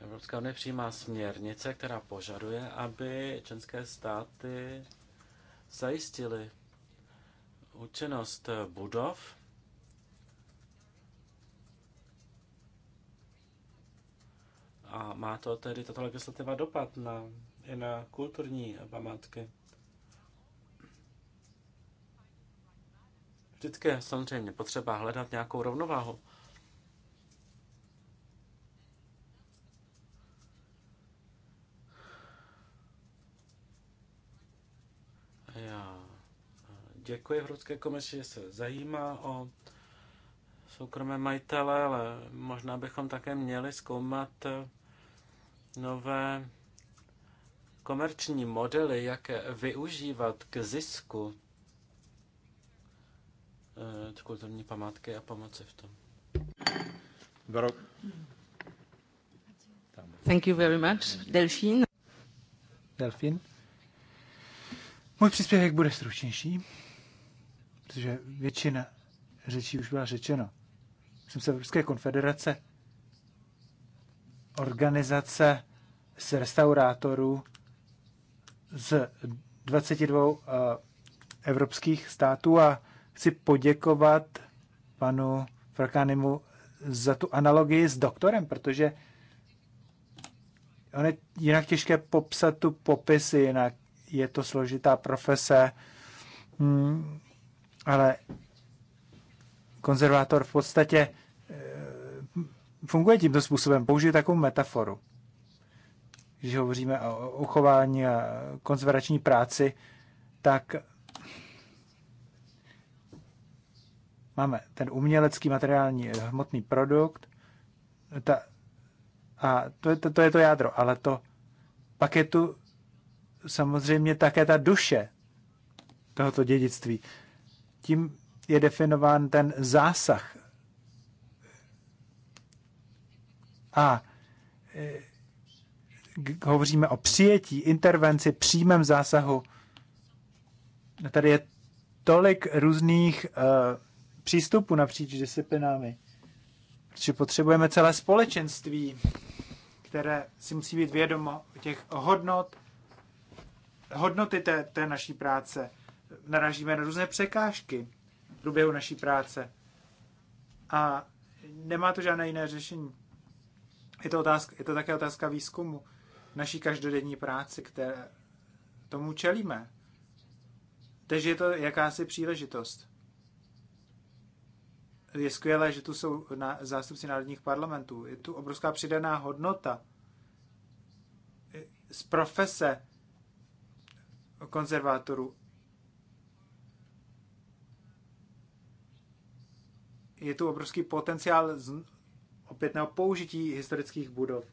Evropská unie přijímá směrnice, která požaduje, aby členské státy zajistily účinnost budov A má to tedy tato legislativa dopad na, i na kulturní památky. Vždycky je samozřejmě potřeba hledat nějakou rovnováhu. Já eh, děkuji Evropské komisi, že se zajímá o soukromé majitele, ale možná bychom také měli zkoumat eh, nové komerční modely, jak využívat k zisku eh, kulturní památky a pomoci v tom. Barok. Thank you very much. Delfín. Delfín. Můj příspěvek bude stručnější, protože většina řečí už byla řečeno. Jsem z Evropské konfederace organizace z restaurátorů z 22 eh, evropských států a chci poděkovat panu Frakánimu za tu analogii s doktorem, protože on je jinak těžké popsat tu popisy, jinak je to složitá profese, hmm, ale konzervátor v podstatě funguje tímto způsobem. Použiju takovou metaforu. Když hovoříme o uchování a konzervační práci, tak máme ten umělecký materiální hmotný produkt ta, a to, to, to je to jádro, ale to pak je tu samozřejmě také ta duše tohoto dědictví. Tím je definován ten zásah A e, hovoříme o přijetí, intervenci, přímém zásahu. Tady je tolik různých e, přístupů napříč disciplinami, protože potřebujeme celé společenství, které si musí být vědomo těch hodnot, hodnoty té, té naší práce. Naražíme na různé překážky v průběhu naší práce a nemá to žádné jiné řešení je to, otázka, je to také otázka výzkumu naší každodenní práci, které tomu čelíme. Takže je to jakási příležitost. Je skvělé, že tu jsou na, zástupci národních parlamentů. Je tu obrovská přidaná hodnota z profese konzervátorů. Je tu obrovský potenciál opětného použití historických budov.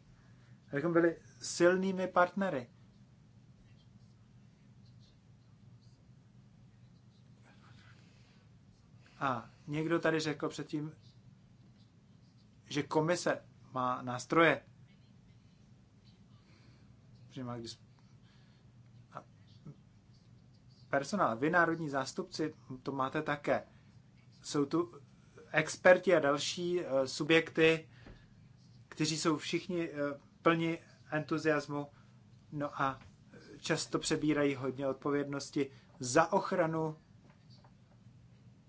Abychom byli silnými partnery. A někdo tady řekl předtím, že komise má nástroje. Že má když... personál. Vy, národní zástupci, to máte také. Jsou tu experti a další eh, subjekty, kteří jsou všichni eh, plni entuziasmu, no a často přebírají hodně odpovědnosti za ochranu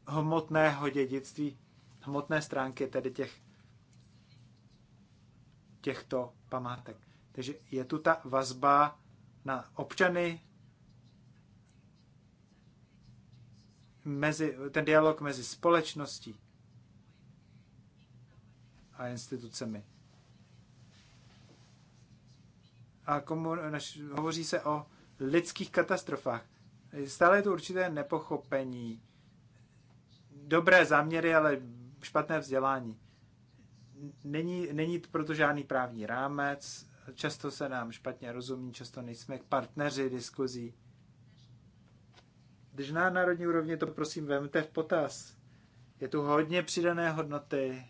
hmotného dědictví, hmotné stránky tedy těch, těchto památek. Takže je tu ta vazba na občany, mezi, ten dialog mezi společností a institucemi. A komu, naš, hovoří se o lidských katastrofách. Stále je to určité nepochopení. Dobré záměry, ale špatné vzdělání. Není, není proto žádný právní rámec, často se nám špatně rozumí, často nejsme partneři diskuzí. Když na národní úrovni to prosím vemte v potaz. Je tu hodně přidané hodnoty,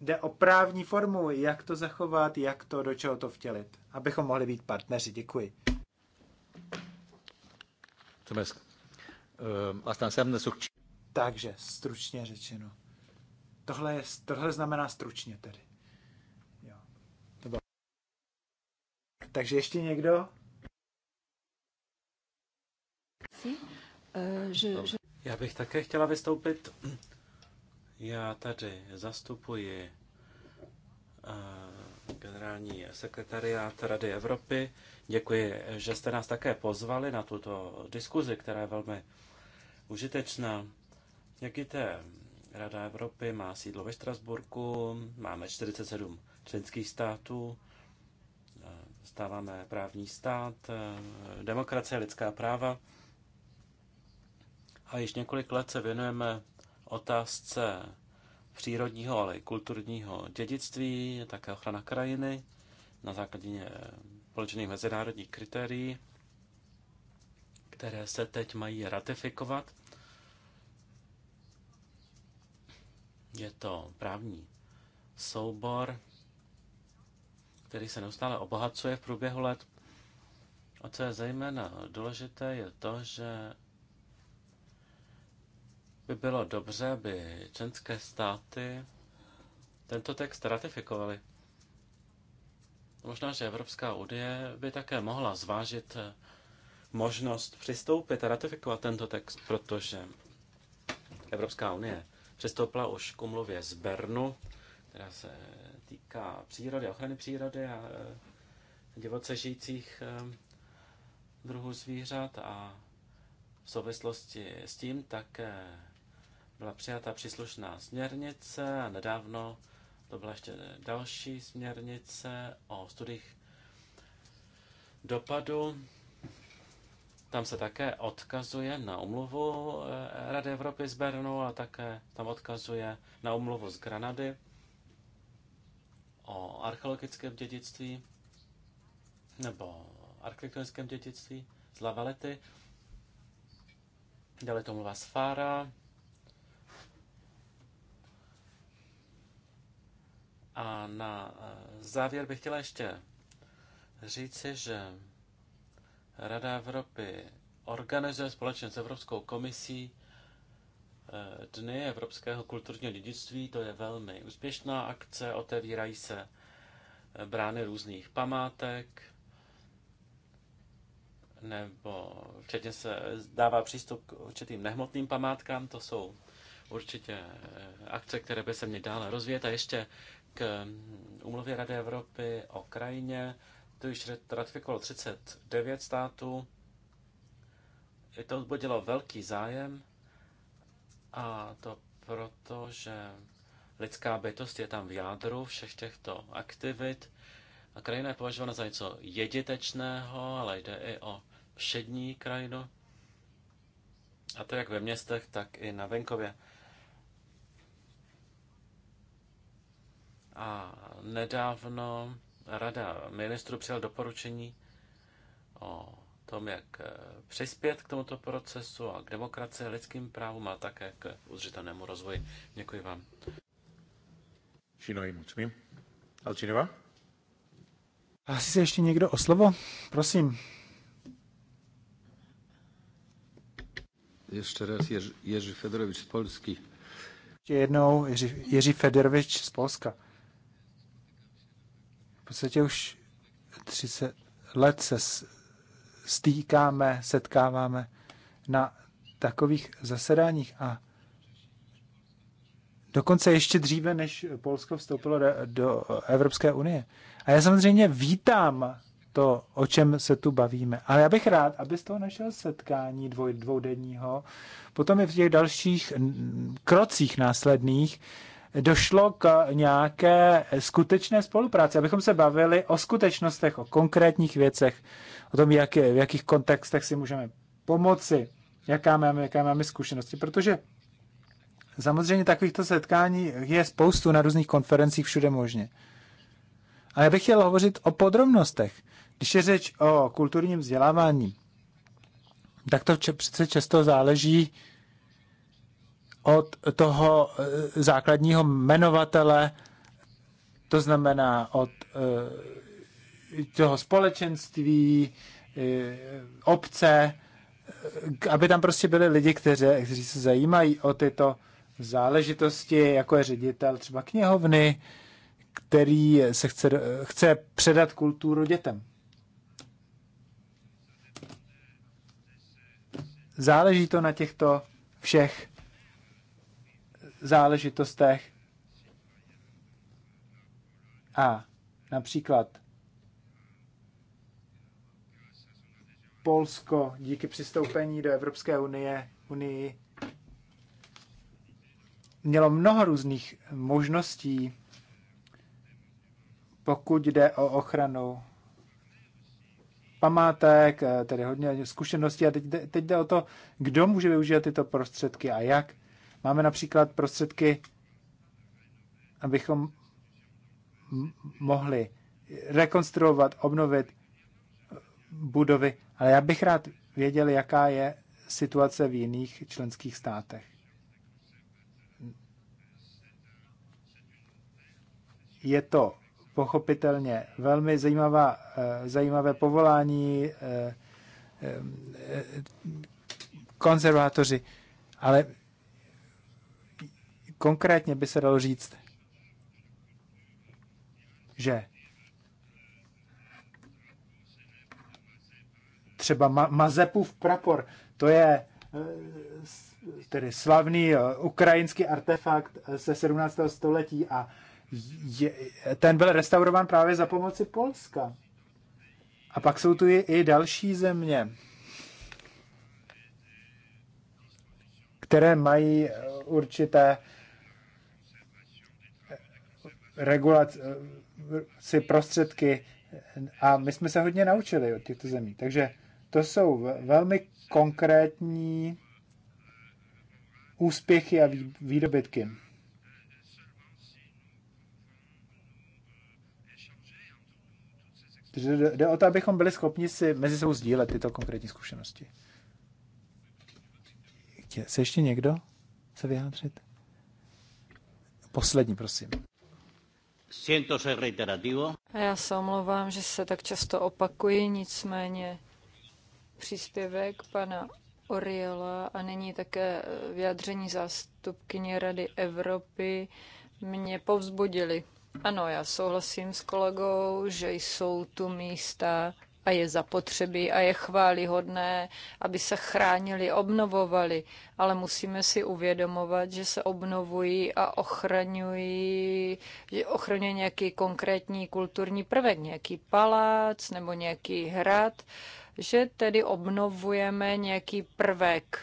jde o právní formu, jak to zachovat, jak to, do čeho to vtělit, abychom mohli být partneři. Děkuji. Eh, Takže, stručně řečeno. Tohle, je, tohle znamená stručně tedy. Jo. To bylo. Takže ještě někdo? Eh, já bych také chtěla vystoupit já tady zastupuji eh, generální sekretariát Rady Evropy. Děkuji, že jste nás také pozvali na tuto diskuzi, která je velmi užitečná. Jak víte, Rada Evropy má sídlo ve Štrasburku, máme 47 členských států, eh, stáváme právní stát, eh, demokracie, lidská práva a již několik let se věnujeme otázce přírodního, ale i kulturního dědictví, také ochrana krajiny na základě společných mezinárodních kritérií, které se teď mají ratifikovat. Je to právní soubor, který se neustále obohacuje v průběhu let. A co je zejména důležité, je to, že by bylo dobře, aby členské státy tento text ratifikovaly. Možná, že Evropská unie by také mohla zvážit možnost přistoupit a ratifikovat tento text, protože Evropská unie přistoupila už k umluvě z Bernu, která se týká přírody, ochrany přírody a e, divoce žijících e, druhů zvířat a v souvislosti s tím také byla přijata příslušná směrnice a nedávno to byla ještě další směrnice o studiích dopadu. Tam se také odkazuje na umluvu eh, Rady Evropy z Bernu a také tam odkazuje na umluvu z Granady o archeologickém dědictví nebo architektonickém dědictví z Lavalety. Dále to mluvá z Fára, A na eh, závěr bych chtěla ještě říci, že Rada Evropy organizuje společně s Evropskou komisí eh, Dny Evropského kulturního dědictví. To je velmi úspěšná akce, otevírají se eh, brány různých památek, nebo včetně se dává přístup k určitým nehmotným památkám, to jsou určitě eh, akce, které by se měly dále rozvíjet. A ještě k mm, úmluvě Rady Evropy o krajině. To již ratifikovalo 39 států. I to vzbudilo velký zájem a to proto, že lidská bytost je tam v jádru všech těchto aktivit. A krajina je považována za něco jeditečného, ale jde i o všední krajinu. A to jak ve městech, tak i na venkově. A nedávno Rada ministru přijal doporučení o tom, jak eh, přispět k tomuto procesu a k demokracii, lidským právům a také k udržitelnému rozvoji. Děkuji vám. Šinoji, mocným. Alčinova? Asi se ještě někdo o slovo? Prosím. Ještě raz Jerzy, Jerzy Fedorovič z Polsky. Ještě jednou Jeří, Federovič z Polska podstatě už 30 let se stýkáme, setkáváme na takových zasedáních a dokonce ještě dříve, než Polsko vstoupilo do Evropské unie. A já samozřejmě vítám to, o čem se tu bavíme. Ale já bych rád, aby z toho našel setkání dvoj, dvoudenního, potom i v těch dalších krocích následných, došlo k nějaké skutečné spolupráci, abychom se bavili o skutečnostech, o konkrétních věcech, o tom, jak, v jakých kontextech si můžeme pomoci, jaká máme, jaká máme zkušenosti, protože samozřejmě takovýchto setkání je spoustu na různých konferencích všude možně. A já bych chtěl hovořit o podrobnostech. Když je řeč o kulturním vzdělávání, tak to přece často záleží od toho eh, základního jmenovatele, to znamená od eh, toho společenství, eh, obce, aby tam prostě byli lidi, kteří, kteří se zajímají o tyto záležitosti, jako je ředitel třeba knihovny, který se chce, chce předat kulturu dětem. Záleží to na těchto všech záležitostech. A například Polsko díky přistoupení do Evropské unie, unii mělo mnoho různých možností, pokud jde o ochranu památek, eh, tedy hodně zkušeností. A teď, teď jde o to, kdo může využít tyto prostředky a jak. Máme například prostředky, abychom mohli rekonstruovat, obnovit budovy, ale já bych rád věděl, jaká je situace v jiných členských státech. Je to pochopitelně velmi zajímavá, eh, zajímavé povolání eh, eh, konzervátoři, ale Konkrétně by se dalo říct, že třeba Ma- Mazepův prapor, to je eh, tedy slavný eh, ukrajinský artefakt eh, ze 17. století a je, ten byl restaurován právě za pomoci Polska. A pak jsou tu i další země, které mají určité regulaci prostředky a my jsme se hodně naučili od těchto zemí. Takže to jsou velmi konkrétní úspěchy a výdobytky. Takže jde o to, abychom byli schopni si mezi sebou sdílet tyto konkrétní zkušenosti. Chce ještě někdo se vyjádřit? Poslední, prosím. Siento se reiterativo. Já se omlouvám, že se tak často opakuji, nicméně příspěvek pana Oriela a není také vyjádření zástupkyně Rady Evropy mě povzbudili. Ano, já souhlasím s kolegou, že jsou tu místa, a je zapotřebí a je chválihodné, aby se chránili, obnovovali, ale musíme si uvědomovat, že se obnovují a ochraňují, že ochraňuje nějaký konkrétní kulturní prvek, nějaký palác nebo nějaký hrad, že tedy obnovujeme nějaký prvek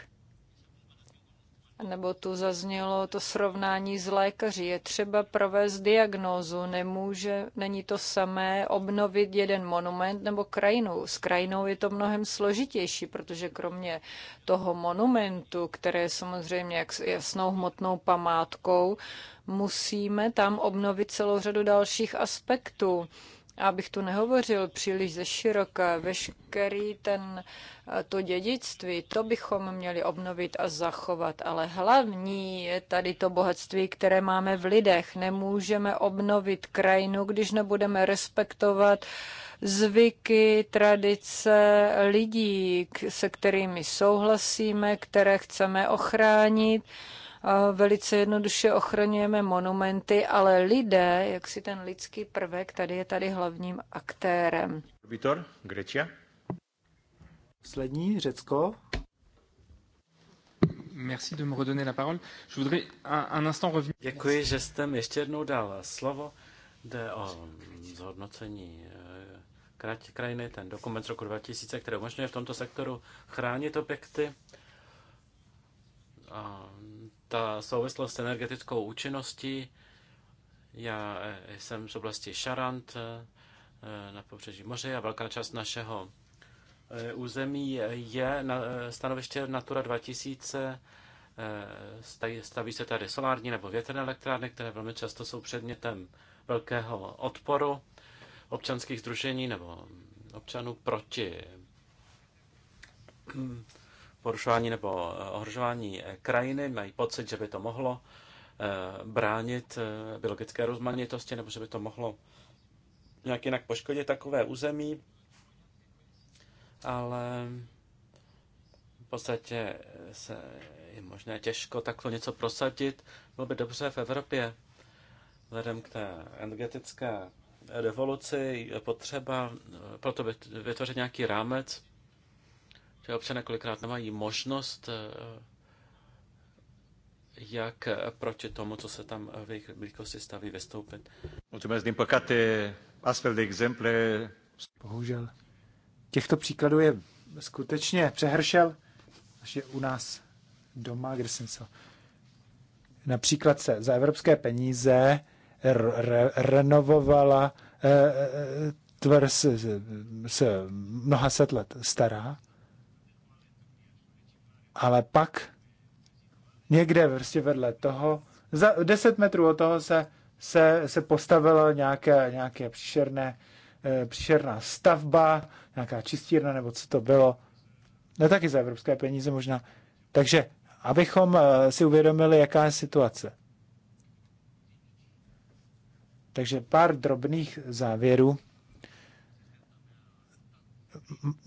nebo tu zaznělo to srovnání s lékaři. Je třeba provést diagnózu. Nemůže, není to samé obnovit jeden monument nebo krajinu. S krajinou je to mnohem složitější, protože kromě toho monumentu, které je samozřejmě jasnou hmotnou památkou, musíme tam obnovit celou řadu dalších aspektů abych tu nehovořil příliš ze široka, veškerý ten, eh, to dědictví, to bychom měli obnovit a zachovat, ale hlavní je tady to bohatství, které máme v lidech. Nemůžeme obnovit krajinu, když nebudeme respektovat zvyky, tradice lidí, se kterými souhlasíme, které chceme ochránit velice jednoduše ochraňujeme monumenty, ale lidé, jak si ten lidský prvek, tady je tady hlavním aktérem. Vitor, Grecia. Poslední, Řecko. Merci de me redonner la parole. Je voudrais un, un instant revenir. Děkuji, že jste mi ještě jednou dal slovo. Jde o zhodnocení eh, krajiny, ten dokument z roku 2000, který umožňuje v tomto sektoru chránit objekty. A ta souvislost s energetickou účinností. Já eh, jsem z oblasti Šarant eh, eh, na pobřeží moře a velká část našeho území je na stanoviště Natura 2000. Staví se tady solární nebo větrné elektrárny, které velmi často jsou předmětem velkého odporu občanských združení nebo občanů proti porušování nebo eh, ohrožování eh, krajiny, mají pocit, že by to mohlo eh, bránit biologické rozmanitosti nebo že by to mohlo nějak jinak poškodit takové území, ale v podstatě se je možné těžko takto něco prosadit. Bylo by dobře v Evropě, vzhledem k té energetické revoluci, potřeba proto vytvořit nějaký rámec, že občané kolikrát nemají možnost, eh, jak proti tomu, co se tam v jejich blízkosti staví, vystoupit. Bohužel. Těchto příkladů je skutečně přehršel, že u nás doma, kde jsem se... Například se za evropské peníze renovovala eh, eh, tvrz se, mnoha set let stará ale pak někde prostě vedle toho, za 10 metrů od toho se, se, se postavila nějaké, nějaké příšerné, eh, příšerná stavba, nějaká čistírna nebo co to bylo. No taky za evropské peníze možná. Takže abychom eh, si uvědomili, jaká je situace. Takže pár drobných závěrů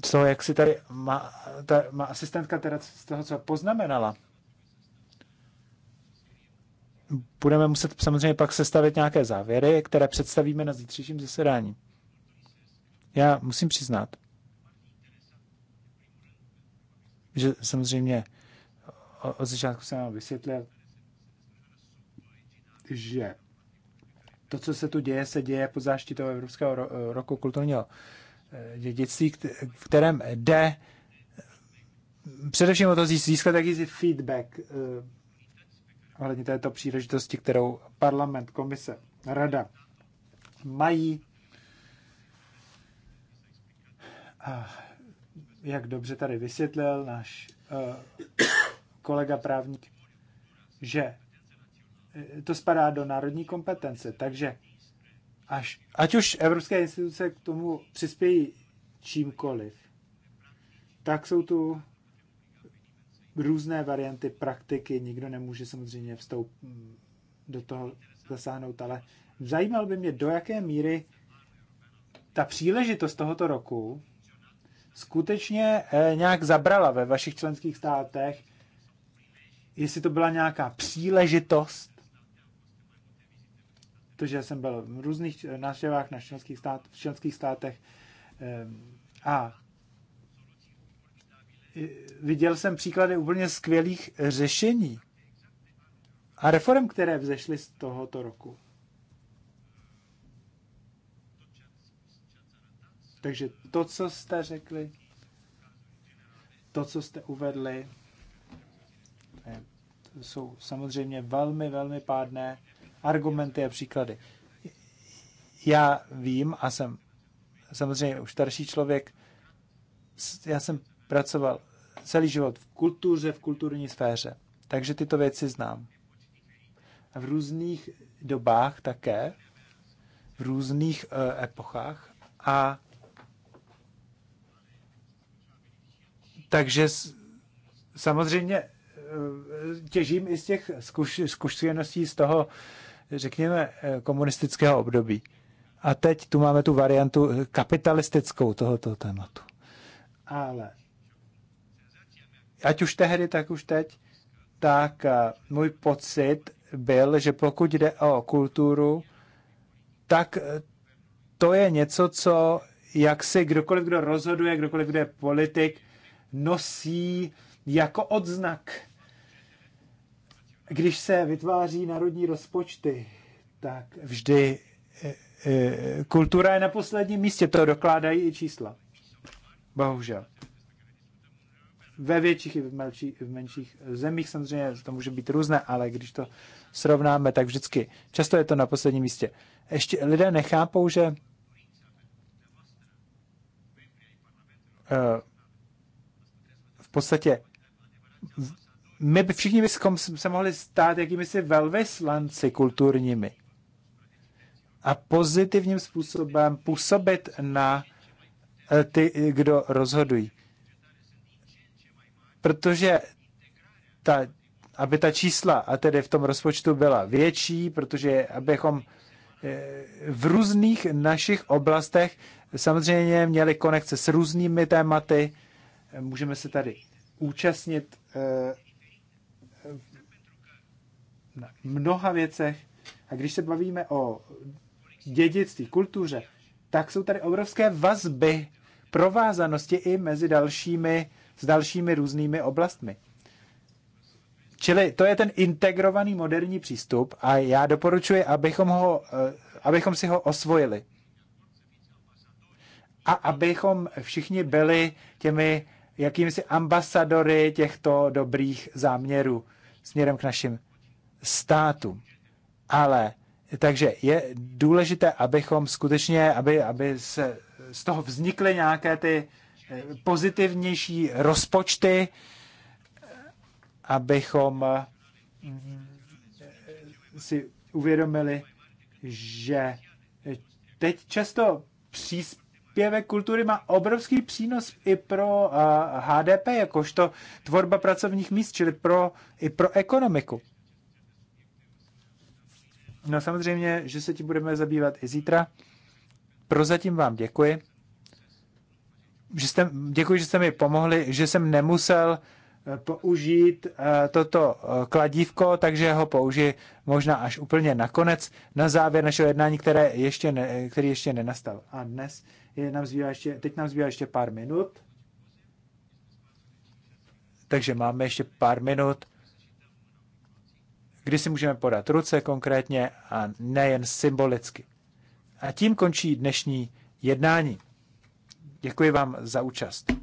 co, jak si tady má, ta, má asistentka teda z toho, co poznamenala, budeme muset samozřejmě pak sestavit nějaké závěry, které představíme na zítřejším zasedání. Já musím přiznat, že samozřejmě od začátku jsem vám vysvětlil, že to, co se tu děje, se děje pod záštitou Evropského roku kulturního dědictví, v kterém jde především o to získat jakýsi feedback eh, ohledně této příležitosti, kterou parlament, komise, rada mají. A jak dobře tady vysvětlil náš eh, kolega právník, že eh, to spadá do národní kompetence, takže až, ať už evropské instituce k tomu přispějí čímkoliv, tak jsou tu různé varianty praktiky, nikdo nemůže samozřejmě vstoup mm, do toho zasáhnout, ale zajímal by mě, do jaké míry ta příležitost tohoto roku skutečně eh, nějak zabrala ve vašich členských státech, jestli to byla nějaká příležitost protože jsem byl v různých návštěvách na členských stát, v členských státech ehm, a viděl jsem příklady úplně skvělých řešení a reform, které vzešly z tohoto roku. Takže to, co jste řekli, to, co jste uvedli, jsou samozřejmě velmi, velmi pádné argumenty a příklady. Já vím a jsem samozřejmě už starší člověk, já jsem pracoval celý život v kultuře, v kulturní sféře, takže tyto věci znám. A v různých dobách také, v různých uh, epochách a takže samozřejmě eh, těžím i z těch zkuš, zkušeností z toho řekněme, eh, komunistického období. A teď tu máme tu variantu eh, kapitalistickou tohoto tématu. Ale ať už tehdy, tak už teď, tak eh, můj pocit byl, že pokud jde o kulturu, tak to je něco, co jak si kdokoliv, kdo rozhoduje, kdokoliv, kdo je politik, nosí jako odznak když se vytváří národní rozpočty, tak vždy e, e, kultura je na posledním místě, to dokládají i čísla. Bohužel. Ve větších i v, melčí, v menších zemích samozřejmě to může být různé, ale když to srovnáme, tak vždycky, často je to na posledním místě. Ještě lidé nechápou, že e, v podstatě my všichni bychom se mohli stát jakými si velvyslanci kulturními a pozitivním způsobem působit na eh, ty, kdo rozhodují. Protože ta, aby ta čísla a tedy v tom rozpočtu byla větší, protože abychom eh, v různých našich oblastech samozřejmě měli konekce s různými tématy, eh, můžeme se tady účastnit na mnoha věcech. A když se bavíme o dědictví, kultuře, tak jsou tady obrovské vazby, provázanosti i mezi dalšími, s dalšími různými oblastmi. Čili to je ten integrovaný moderní přístup a já doporučuji, abychom, ho, eh, abychom si ho osvojili. A abychom všichni byli těmi jakýmsi ambasadory těchto dobrých záměrů směrem k našim Státu, Ale takže je důležité, abychom skutečně, aby, aby se z toho vznikly nějaké ty eh, pozitivnější rozpočty, abychom eh, si uvědomili, že teď často příspěvek kultury má obrovský přínos i pro HDP, eh, jakožto tvorba pracovních míst, čili pro, i pro ekonomiku. No samozřejmě, že se ti budeme zabývat i zítra. Prozatím vám děkuji. Že jste, děkuji, že jste mi pomohli, že jsem nemusel eh, použít eh, toto eh, kladívko, takže ho použiji možná až úplně nakonec, na závěr našeho jednání, které ještě ne, který ještě nenastal. A dnes je, nám zbývá ještě, teď nám zbývá ještě pár minut. Takže máme ještě pár minut kdy si můžeme podat ruce konkrétně a nejen symbolicky. A tím končí dnešní jednání. Děkuji vám za účast.